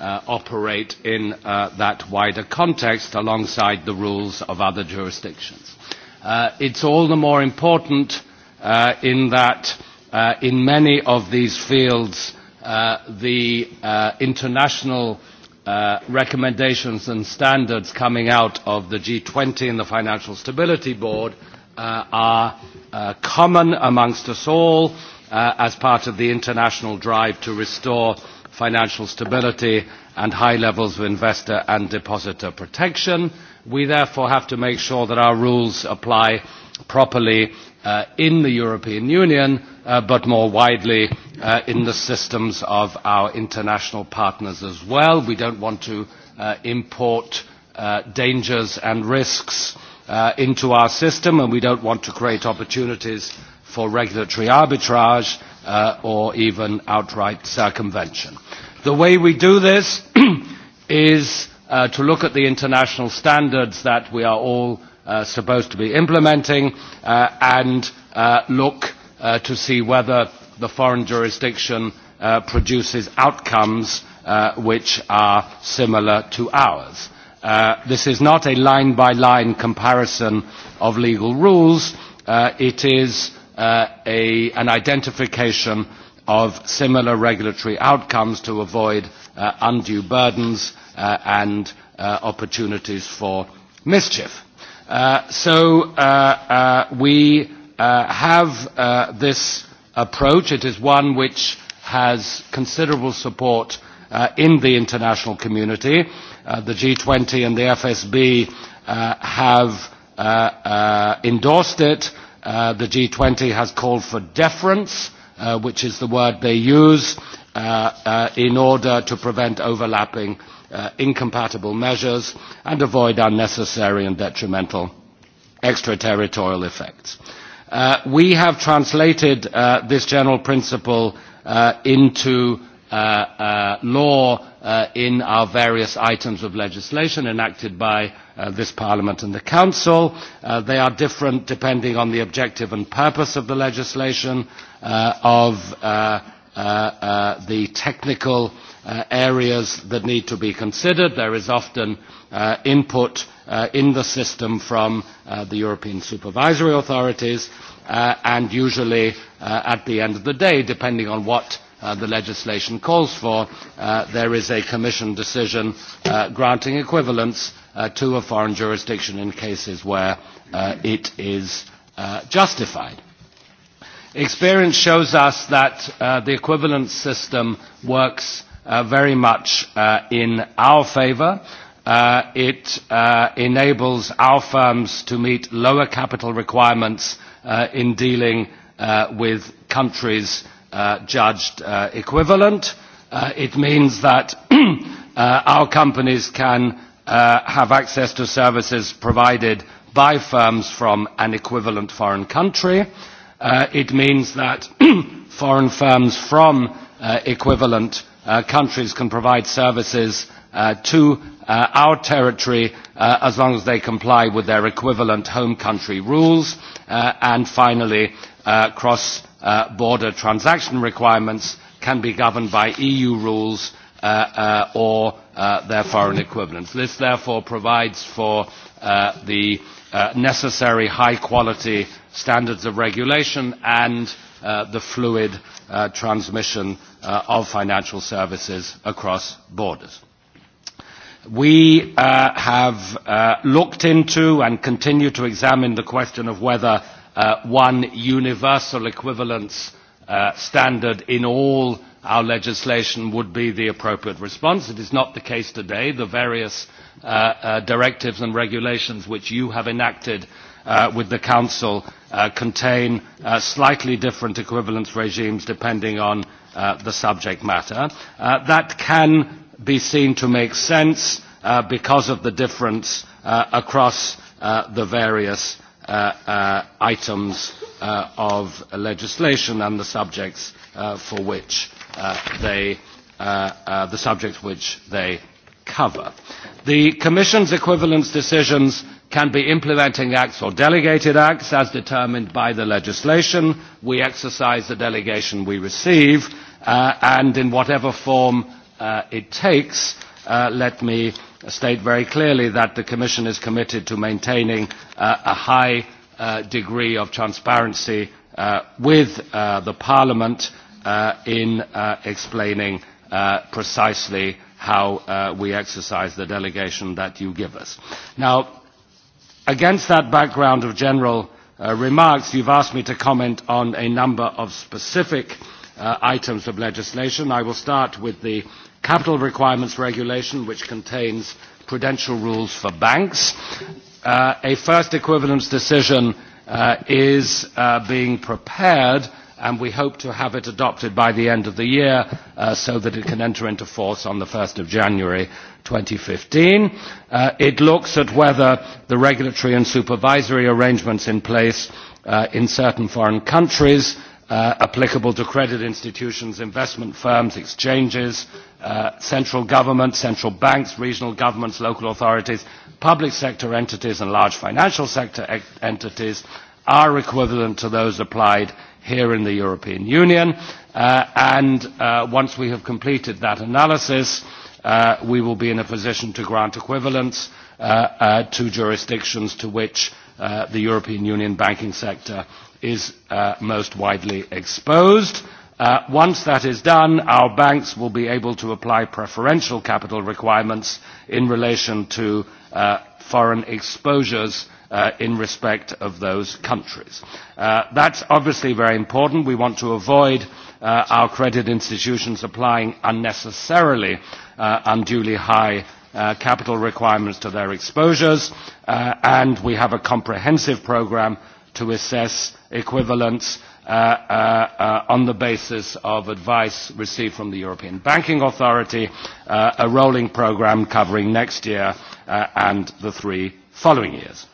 uh, operate in uh, that wider context alongside the rules of other jurisdictions. Uh, it's all the more important uh, in that uh, in many of these fields uh, the uh, international uh, recommendations and standards coming out of the G20 and the Financial Stability Board uh, are uh, common amongst us all uh, as part of the international drive to restore uh, financial stability and high levels of investor and depositor protection. We therefore have to make sure that our rules apply properly uh, in the European Union, uh, but more widely uh, in the systems of our international partners as well. We don't want to uh, import uh, dangers and risks uh, into our system, and we don't want to create opportunities for regulatory arbitrage uh, or even outright circumvention. The way we do this <clears throat> is uh, to look at the international standards that we are all uh, supposed to be implementing uh, and uh, look uh, to see whether the foreign jurisdiction uh, produces outcomes uh, which are similar to ours. Uh, this is not a line-by-line -line comparison of legal rules. Uh, it is uh, a, an identification of similar regulatory outcomes to avoid uh, undue burdens uh, and uh, opportunities for mischief. Uh, so uh, uh, we uh, have uh, this approach. It is one which has considerable support uh, in the international community. Uh, the G20 and the FSB uh, have uh, uh, endorsed it. Uh, the G20 has called for deference uh, which is the word they use, uh, uh, in order to prevent overlapping uh, incompatible measures and avoid unnecessary and detrimental extraterritorial effects. Uh, we have translated uh, this general principle uh, into uh, uh, law uh, in our various items of legislation enacted by Uh, this Parliament and the Council. Uh, they are different depending on the objective and purpose of the legislation, uh, of uh, uh, uh, the technical uh, areas that need to be considered. There is often uh, input uh, in the system from uh, the European supervisory authorities uh, and usually uh, at the end of the day, depending on what uh, the legislation calls for, uh, there is a Commission decision uh, granting equivalence uh, to a foreign jurisdiction in cases where uh, it is uh, justified. Experience shows us that uh, the equivalence system works uh, very much uh, in our favour. Uh, it uh, enables our firms to meet lower capital requirements uh, in dealing uh, with countries uh, judged uh, equivalent. Uh, it means that <clears throat> uh, our companies can Uh, have access to services provided by firms from an equivalent foreign country. Uh, it means that <clears throat> foreign firms from uh, equivalent uh, countries can provide services uh, to uh, our territory uh, as long as they comply with their equivalent home country rules. Uh, and finally, uh, cross-border uh, transaction requirements can be governed by EU rules uh, uh, or Uh, their foreign equivalents. This therefore provides for uh, the uh, necessary high quality standards of regulation and uh, the fluid uh, transmission uh, of financial services across borders. We uh, have uh, looked into and continue to examine the question of whether uh, one universal equivalence uh, standard in all our legislation would be the appropriate response. It is not the case today. The various uh, uh, directives and regulations which you have enacted uh, with the Council uh, contain uh, slightly different equivalence regimes depending on uh, the subject matter. Uh, that can be seen to make sense uh, because of the difference uh, across uh, the various uh, uh, items uh, of legislation and the subjects uh, for which Uh, they, uh, uh, the subject which they cover. The Commission's equivalence decisions can be implementing acts or delegated acts as determined by the legislation. We exercise the delegation we receive uh, and in whatever form uh, it takes, uh, let me state very clearly that the Commission is committed to maintaining uh, a high uh, degree of transparency uh, with uh, the Parliament Uh, in uh, explaining uh, precisely how we exercise the delegation that you give us. Now, against that background of general remarks, you've asked me to comment on a number of specific items of legislation. I will start with the Capital Requirements Regulation, which contains prudential rules for banks. a first equivalence decision is being prepared and we hope to have it adopted by the end of the year uh, so that it can enter into force on the 1st of January 2015. Uh, it looks at whether the regulatory and supervisory arrangements in place uh, in certain foreign countries uh, applicable to credit institutions, investment firms, exchanges, uh, central governments, central banks, regional governments, local authorities, public sector entities and large financial sector e-, entities are equivalent to those applied here in the European Union. Uh, and uh, once we have completed that analysis, uh, we will be in a position to grant equivalence uh, uh, to jurisdictions to which uh, the European Union banking sector is uh, most widely exposed. Uh, once that is done, our banks will be able to apply preferential capital requirements in relation to uh, foreign exposures uh, in respect of those countries. Uh, that's obviously very important. We want to avoid uh, our credit institutions applying unnecessarily uh, unduly high uh, capital requirements to their exposures, uh, and we have a comprehensive program to assess equivalence uh, uh, uh, on the basis of advice received from the European Banking Authority, uh, a rolling program covering next year uh, and the three following years.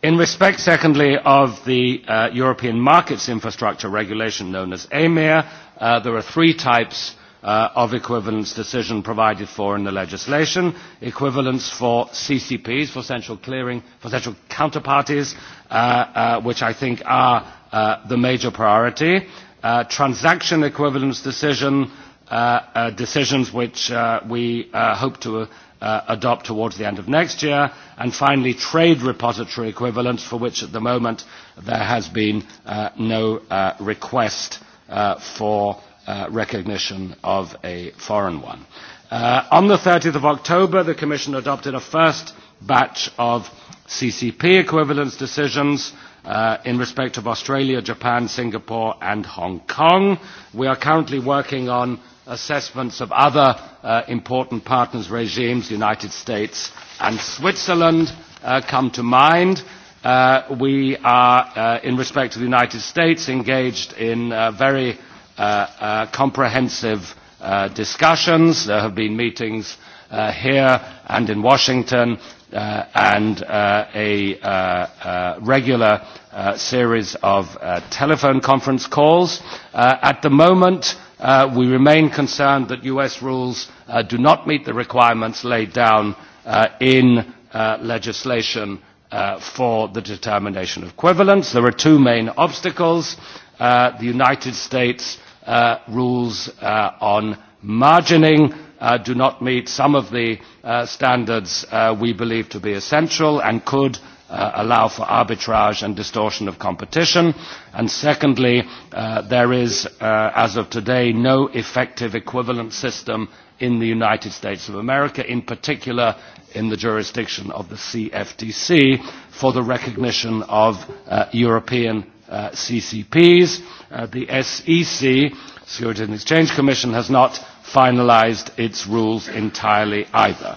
In respect, secondly, of the uh, European Markets Infrastructure Regulation, known as EMIR, uh, there are three types uh, of equivalence decision provided for in the legislation. Equivalence for CCPs, for central clearing, for central counterparties, uh, uh, which I think are uh, the major priority. Uh, transaction equivalence decision, uh, uh, decisions which uh, we uh, hope to uh, Uh, adopt towards the end of next year, and finally trade repository equivalents for which at the moment there has been uh, no uh, request uh, for uh, recognition of a foreign one. Uh, on the 30th of October, the Commission adopted a first batch of CCP equivalence decisions uh, in respect of Australia, Japan, Singapore and Hong Kong. We are currently working on assessments of other uh, important partners regimes, the United States and Switzerland, uh, come to mind. Uh, we are, uh, in respect to the United States, engaged in uh, very uh, uh, comprehensive uh, discussions. There have been meetings uh, here and in Washington uh, and uh, a uh, uh, regular uh, series of uh, telephone conference calls. Uh, at the moment, Uh, we remain concerned that US rules uh, do not meet the requirements laid down uh, in uh, legislation uh, for the determination of equivalence. There are two main obstacles. Uh, the United States uh, rules uh, on margining uh, do not meet some of the uh, standards uh, we believe to be essential and could uh, allow for arbitrage and distortion of competition. And secondly, uh, there is, uh, as of today, no effective equivalent system in the United States of America, in particular in the jurisdiction of the CFTC, for the recognition of uh, European uh, CCPs. Uh, the SEC, Securities and Exchange Commission, has not finalized its rules entirely either.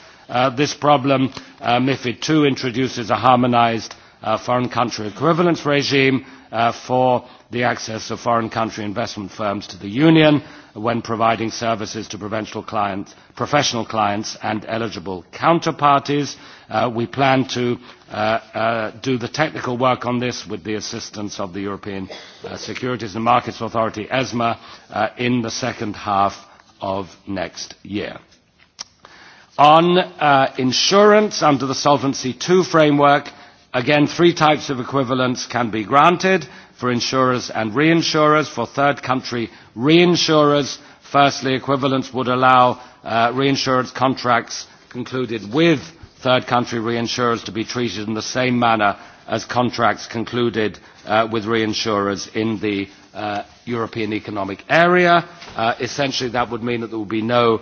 Uh, this problem. MIFID um, II introduces a harmonised uh, foreign country equivalence regime uh, for the access of foreign country investment firms to the Union when providing services to clients, professional clients and eligible counterparties. Uh, we plan to uh, uh, do the technical work on this with the assistance of the European uh, Securities and Markets Authority, ESMA, uh, in the second half of next year. On uh, insurance under the Solvency II framework, again, three types of equivalence can be granted for insurers and reinsurers. For third country reinsurers, firstly, equivalence would allow uh, reinsurance contracts concluded with third country reinsurers to be treated in the same manner as contracts concluded uh, with reinsurers in the uh, European Economic Area. Uh, essentially, that would mean that there would be no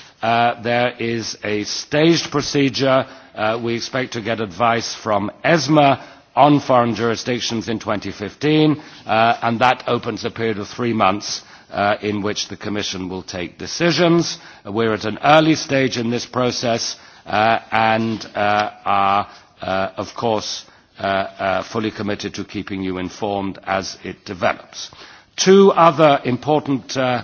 Uh, there is a staged procedure. Uh, we expect to get advice from ESMA on foreign jurisdictions in 2015, uh, and that opens a period of three months uh, in which the Commission will take decisions. Uh, we're at an early stage in this process uh, and uh, are, uh, of course, uh, uh, fully committed to keeping you informed as it develops. Two other important uh,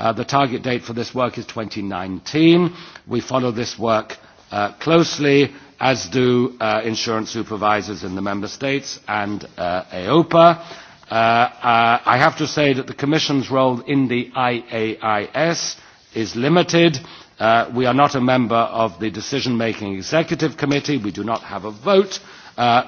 Uh, the target date for this work is 2019. We follow this work uh, closely, as do uh, insurance supervisors in the Member States and EIOPA. AOPA. I have to say that the Commission's role in the IAIS is limited. we are not a member of the decision-making executive committee. We do not have a vote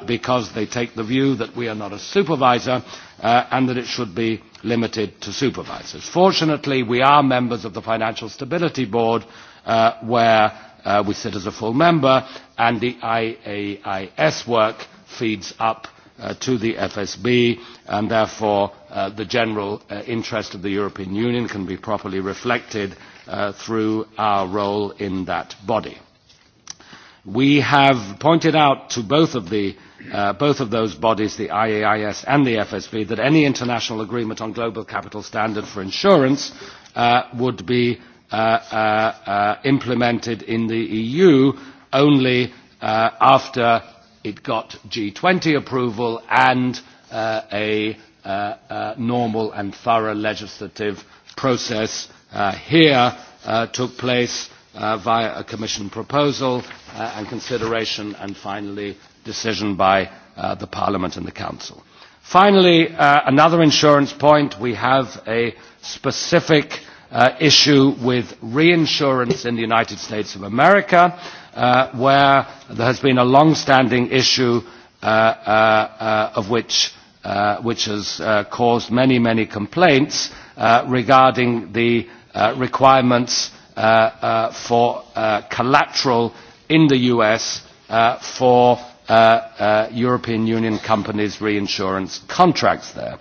because they take the view that we are not a supervisor and that it should be limited to supervisors. Fortunately, we are members of the Financial Stability Board, uh, where uh, we sit as a full member, and the IAIS work feeds up uh, to the FSB, and therefore uh, the general uh, interest of the European Union can be properly reflected uh, through our role in that body. We have pointed out to both of the uh, Uh, both of those bodies, the IAIS and the FSB, that any international agreement on global capital standard for insurance uh, would be uh, uh, uh, implemented in the EU only uh, after it got G20 approval and uh, a uh, uh, normal and thorough legislative process uh, here uh, took place uh, via a Commission proposal uh, and consideration and finally decision by uh, the Parliament and the Council. Finally, uh, another insurance point, we have a specific uh, issue with reinsurance in the United States of America, uh, where there has been a long-standing issue uh, uh, uh, of which, uh, which has uh, caused many, many complaints uh, regarding the uh, requirements uh, uh, for uh, collateral in the US uh, for Uh, uh, European Union companies' reinsurance contracts there.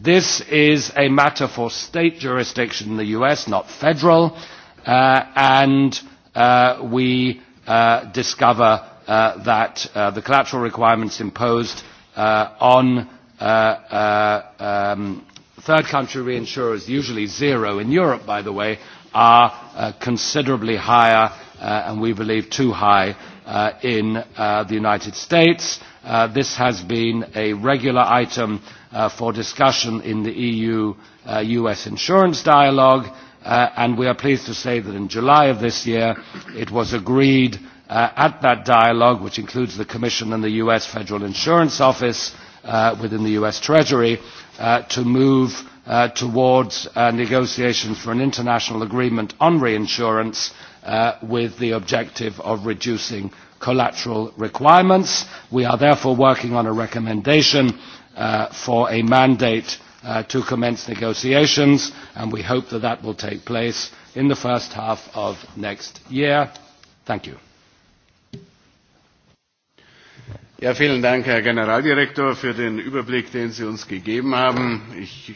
This is a matter for state jurisdiction in the US, not federal, uh, and uh, we uh, discover uh, that uh, the collateral requirements imposed uh, on uh, uh, um, third country reinsurers, usually zero in Europe, by the way, are uh, considerably higher uh, and we believe too high uh, in uh, the United States. Uh, this has been a regular item uh, for discussion in the EU-US uh, insurance dialogue, uh, and we are pleased to say that in July of this year it was agreed uh, at that dialogue, which includes the Commission and the US Federal Insurance Office uh, within the US Treasury, uh, to move uh, towards uh, negotiations for an international agreement on reinsurance Uh, with the objective of reducing collateral requirements. We are therefore working on a recommendation uh, for a mandate uh, to commence negotiations, and we hope that that will take place in the first half of next year. Thank you. Ja, vielen Dank, Herr Generaldirektor, für den Überblick, den Sie uns gegeben haben. Ich...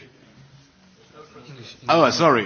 Oh, sorry.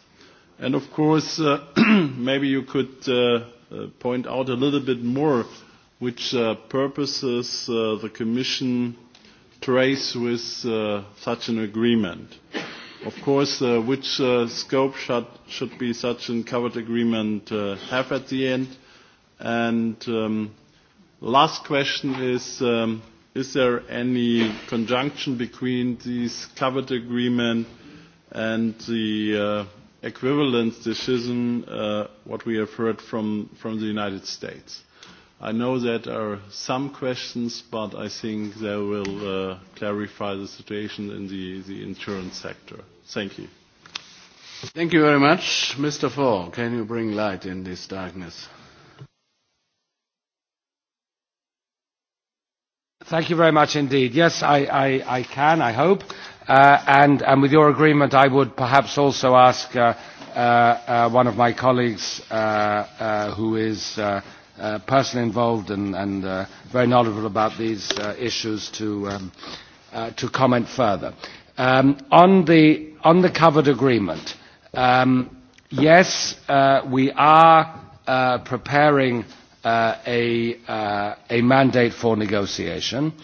And of course, uh, <clears throat> maybe you could uh, uh, point out a little bit more which uh, purposes uh, the Commission trace with uh, such an agreement. Of course, uh, which uh, scope should, should be such a covered agreement uh, have at the end? And um, last question is, um, is there any conjunction between this covered agreement and the uh, equivalence decision uh, what we have heard from, from the United States. I know that are some questions, but I think they will uh, clarify the situation in the, the insurance sector. Thank you. Thank you very much. Mr. Fall, can you bring light in this darkness? Thank you very much indeed. Yes, I, I, I can, I hope. Uh, and, and with your agreement, I would perhaps also ask uh, uh, uh, one of my colleagues uh, uh, who is uh, uh, personally involved and, and uh, very knowledgeable about these uh, issues to, um, uh, to comment further. Um, on, the, on the covered agreement, um, yes, uh, we are uh, preparing uh, a, uh, a mandate for negotiation. Uh,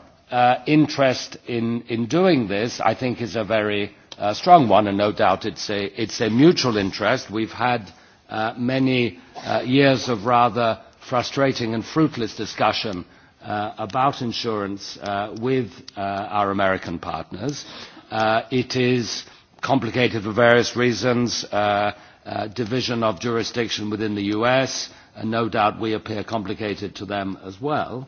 Uh, interest in, doing this, I think, is a very uh, strong one, and no doubt it is a mutual interest. we have had uh, many years of rather frustrating and fruitless discussion about insurance with our American partners. it is complicated for various reasons, uh, division of jurisdiction within the US, and no doubt we appear complicated to them as well.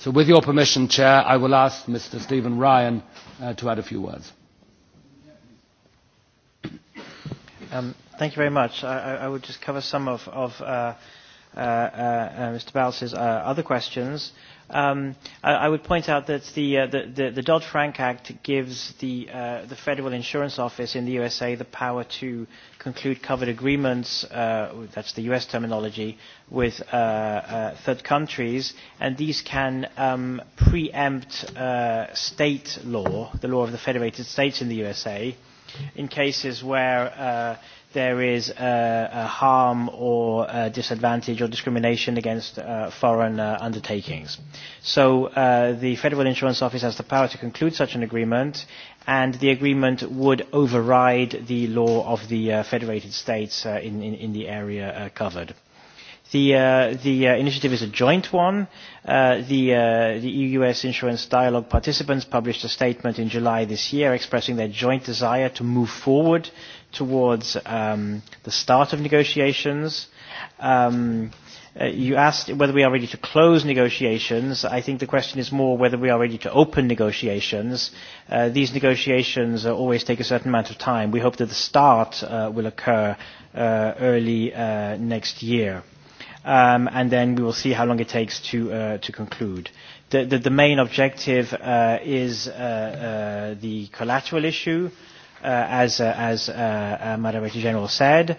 So with your permission, Chair, I will ask Mr. Stephen Ryan uh, to add a few words. Um, thank you very much. I, I would just cover some of, of uh, uh, uh, uh Mr. Bowles' uh, other questions. Um, I, I would point out that the, uh, the, the, the Dodd-Frank Act gives the, uh, the Federal Insurance Office in the USA the power to uh, conclude covered agreements, uh, that's the US terminology, with uh, uh, third countries, and these can um, preempt uh, state law, the law of the Federated States in the USA, in cases where uh, there is uh, a harm or a disadvantage or discrimination against uh, foreign uh, undertakings. So uh, the Federal Insurance Office has the power to conclude such an agreement and the agreement would override the law of the uh, federated states uh, in, in, in the area uh, covered. The, uh, the uh, initiative is a joint one. Uh, the, uh, the EU-US Insurance Dialogue participants published a statement in July this year expressing their joint desire to move forward towards um, the start of negotiations. Um, uh, you asked whether we are ready to close negotiations. I think the question is more whether we are ready to open negotiations. Uh, these negotiations uh, always take a certain amount of time. We hope that the start uh, will occur uh, early uh, next year um, and then we will see how long it takes to, uh, to conclude. The, the, the main objective uh, is uh, uh, the collateral issue, uh, as, uh, as uh, uh, Madam Director General said,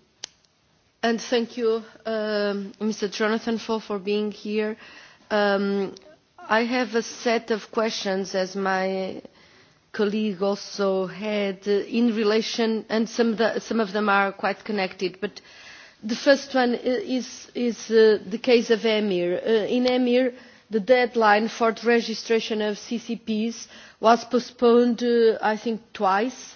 thank you, Mr. Um, Jonathan, for, for being here. Um, I have a set of questions, as my colleague also had, uh, in relation, and some of, them are quite connected. But the first one is, uh, the case of EMIR. Uh, in EMIR, the deadline for the registration of CCPs was postponed, I think, twice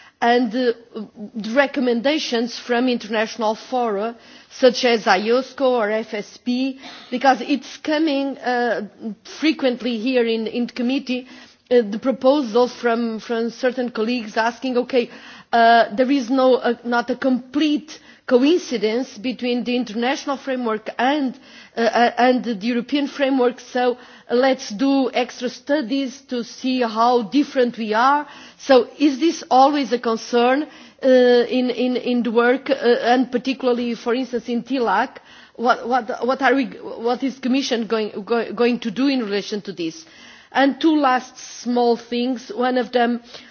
and the recommendations from international fora such as iosco or fsp because it is coming uh, frequently here in, in committee uh, the proposals from, from certain colleagues asking okay uh, there is no, uh, not a complete coincidence between the international framework and, uh, uh, the european framework so let us do extra studies to see how different we are. so is this always a concern uh, in, the work and particularly for instance in tlac? what, are we, what is the commission going, to do in relation to this? and two last small things one of them is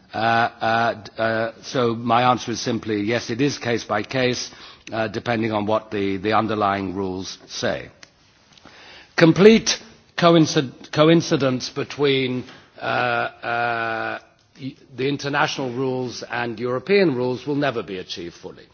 Uh, uh, uh, so my answer is simply, yes, it is case by case, depending on what the, the underlying rules say. Complete coincid coincidence between the international rules and European rules will never be achieved fully.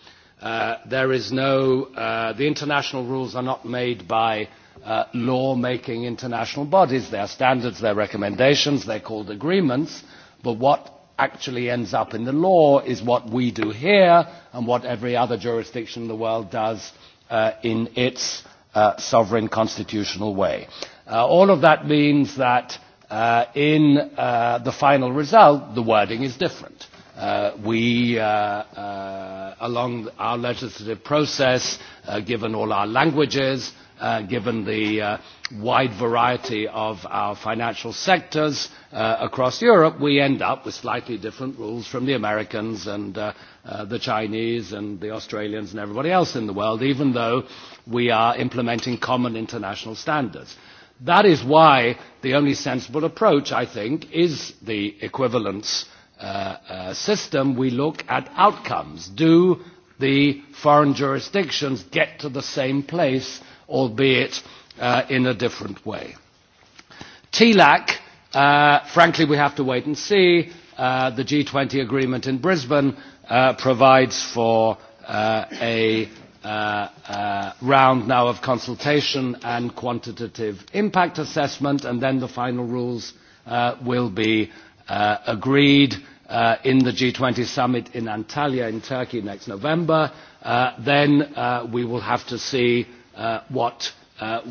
Uh, there is no, uh, the international rules are not made by uh, law-making international bodies. They are standards, they are recommendations, they are called agreements, but what actually ends up in the law is what we do here and what every other jurisdiction in the world does uh, in its uh, sovereign constitutional way. Uh, all of that means that uh, in uh, the final result, the wording is different. Uh, we, uh, uh, along our legislative process, uh, given all our languages, uh, given the uh, wide variety of our financial sectors, Uh, across Europe, we end up with slightly different rules from the Americans and uh, uh, the Chinese and the Australians and everybody else in the world, even though we are implementing common international standards. That is why the only sensible approach, I think, is the equivalence uh, uh, system. We look at outcomes. Do the foreign jurisdictions get to the same place, albeit uh, in a different way? TLAC Uh, frankly, we have to wait and see. Uh, the G20 agreement in Brisbane uh, provides for a round now of consultation and quantitative impact assessment, and then the final rules will be agreed in the G20 summit in Antalya in Turkey next November. then we will have to see what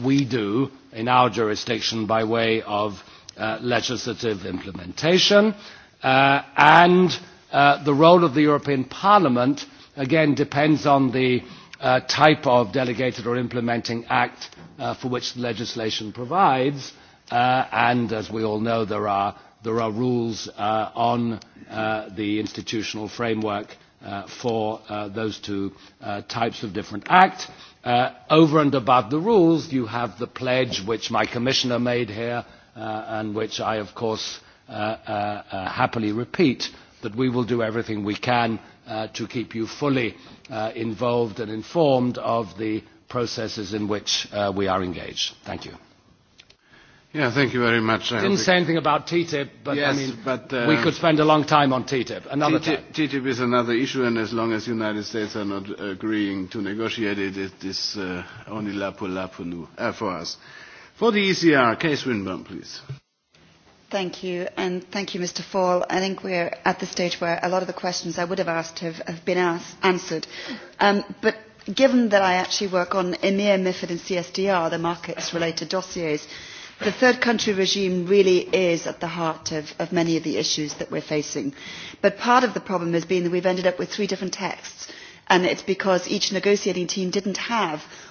we do in our jurisdiction by way of Uh, legislative implementation. Uh, and uh, the role of the European Parliament, again, depends on the uh, type of delegated or implementing act uh, for which the legislation provides. Uh, and as we all know, there are, there are rules uh, on uh, the institutional framework uh, for uh, those two uh, types of different act. Uh, over and above the rules, you have the pledge which my commissioner made here Uh, and which I, of course, uh, uh, happily repeat, that we will do everything we can to keep you fully involved and informed of the processes in which we are engaged. Thank you. Yeah, thank you very much. I didn't say anything about TTIP, but yes, I mean, but, uh, we could spend a long time on TTIP. Another TTIP, time. TTIP is another issue, and as long as the United States are not agreeing to negotiate it, it is uh, only la pour la pour nous, uh, for us. For the ECR, Case Winburn, please. Thank you, and thank you, Mr. Fall. I think we're at the stage where a lot of the questions I would have asked have, have been asked, answered. Um, but given that I actually work on EMIR, MIFID, and CSDR, the markets-related dossiers, the third country regime really is at the heart of, of many of the issues that we're facing. But part of the problem has been that we've ended up with three different texts, and it's because each negotiating team didn't have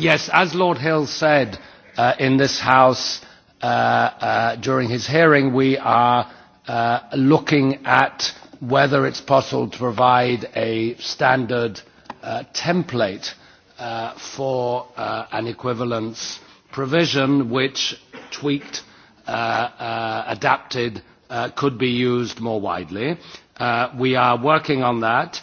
Yes, as Lord Hill said uh, in this House uh, uh, during his hearing, we are uh, looking at whether it's possible to provide a standard uh, template uh, for uh, an equivalence provision which tweaked, uh, uh, adapted, uh, could be used more widely. Uh, we are working on that.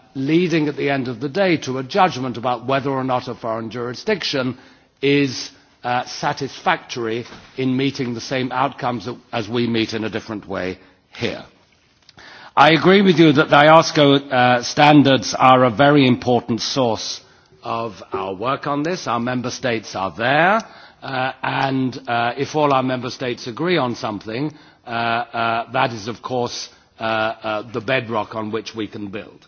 leading at the end of the day to a judgment about whether or not a foreign jurisdiction is uh, satisfactory in meeting the same outcomes as we meet in a different way here. I agree with you that the IOSCO uh, standards are a very important source of our work on this. Our member states are there, uh, and uh, if all our member states agree on something, uh, uh, that is, of course, uh, uh, the bedrock on which we can build.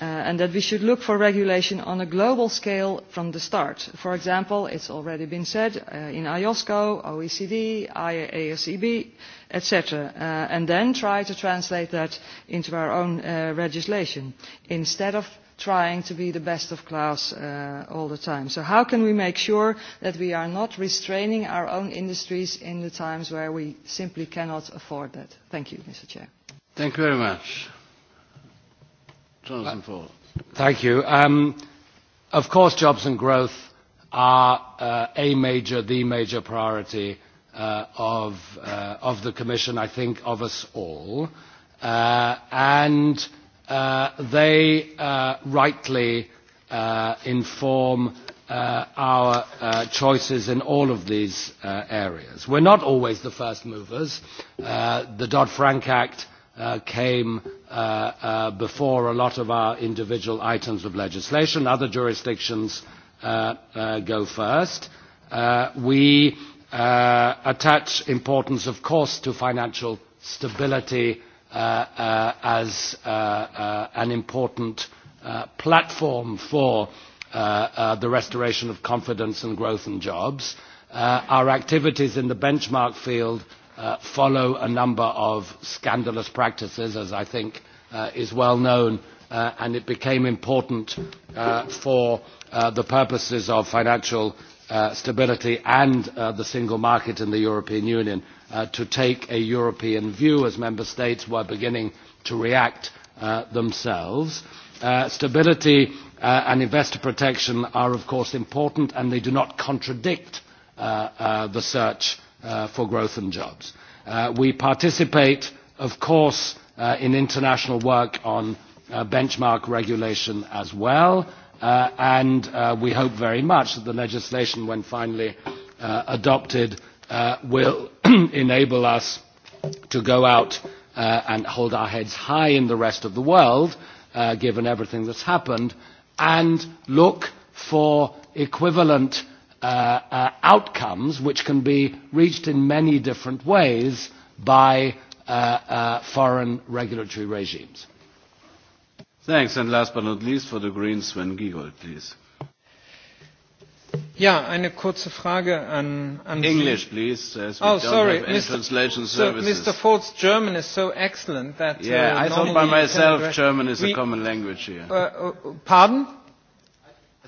uh, and that we should look for regulation on a global scale from the start. For example, it's already been said uh, in IOSCO, OECD, IASEB, etc., uh, and then try to translate that into our own uh, legislation instead of trying to be the best of class uh, all the time. So how can we make sure that we are not restraining our own industries in the times where we simply cannot afford that? Thank you, Mr. Chair. Thank you very much. Um, of course, jobs and growth are uh, a major, the major priority uh, of, uh, of the Commission, I think, of us all. and they rightly inform our choices in all of these uh, areas. We're not always the first movers. the Dodd-Frank Act came Uh, uh, before a lot of our individual items of legislation. Other jurisdictions uh, go first. We attach importance, of course, to financial stability as an important platform for the restoration of confidence and growth and jobs. Our activities in the benchmark field Uh, follow a number of scandalous practices, as I think uh, is well known, uh, and it became important uh, for uh, the purposes of financial uh, stability and uh, the single market in the European Union uh, to take a European view as member states were beginning to react uh, themselves. Uh, stability uh, and investor protection are, of course, important, and they do not contradict uh, uh, the search uh, uh, for growth and jobs. Uh, we participate, of course, uh, in international work on uh, benchmark regulation as well, uh, and uh, we hope very much that the legislation, when finally uh, adopted, uh, will <clears throat> enable us to go out uh, and hold our heads high in the rest of the world, uh, given everything that's happened, and look for equivalent uh, uh, uh, outcomes which can be reached in many different ways by uh, uh, foreign regulatory regimes. Thanks. And last but not least, for the Greens, Sven Giegold, please. Ja, eine kurze Frage an, an English, Sie. please. As we oh, don't sorry, have Mr. Translation so services. Mr. Ford's German is so excellent that. Yeah, uh, I thought by myself German is we, a common language here. Uh, uh, pardon?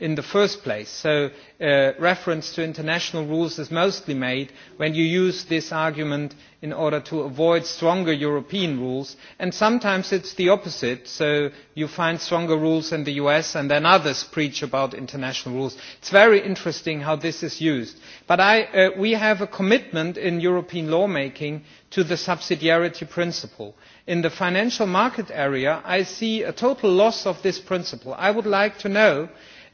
in the first place. So uh, reference to international rules is mostly made when you use this argument in order to avoid stronger European rules. And sometimes it's the opposite. So you find stronger rules in the US and then others preach about international rules. It's very interesting how this is used. But I, uh, we have a commitment in European lawmaking to the subsidiarity principle. In the financial market area, I see a total loss of this principle. I would like to know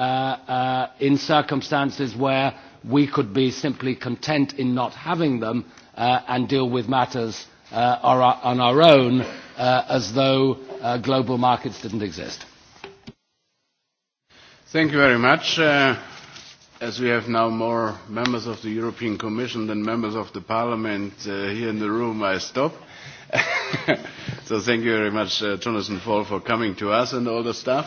Uh, uh, in circumstances where we could be simply content in not having them uh, and deal with matters on our own as though global markets didn't exist. Thank you very much. Uh, as we have now more members of the European Commission than members of the Parliament uh, here in the room, I stop. <laughs> so thank you very much, uh, Jonathan Fall, for coming to us and all the stuff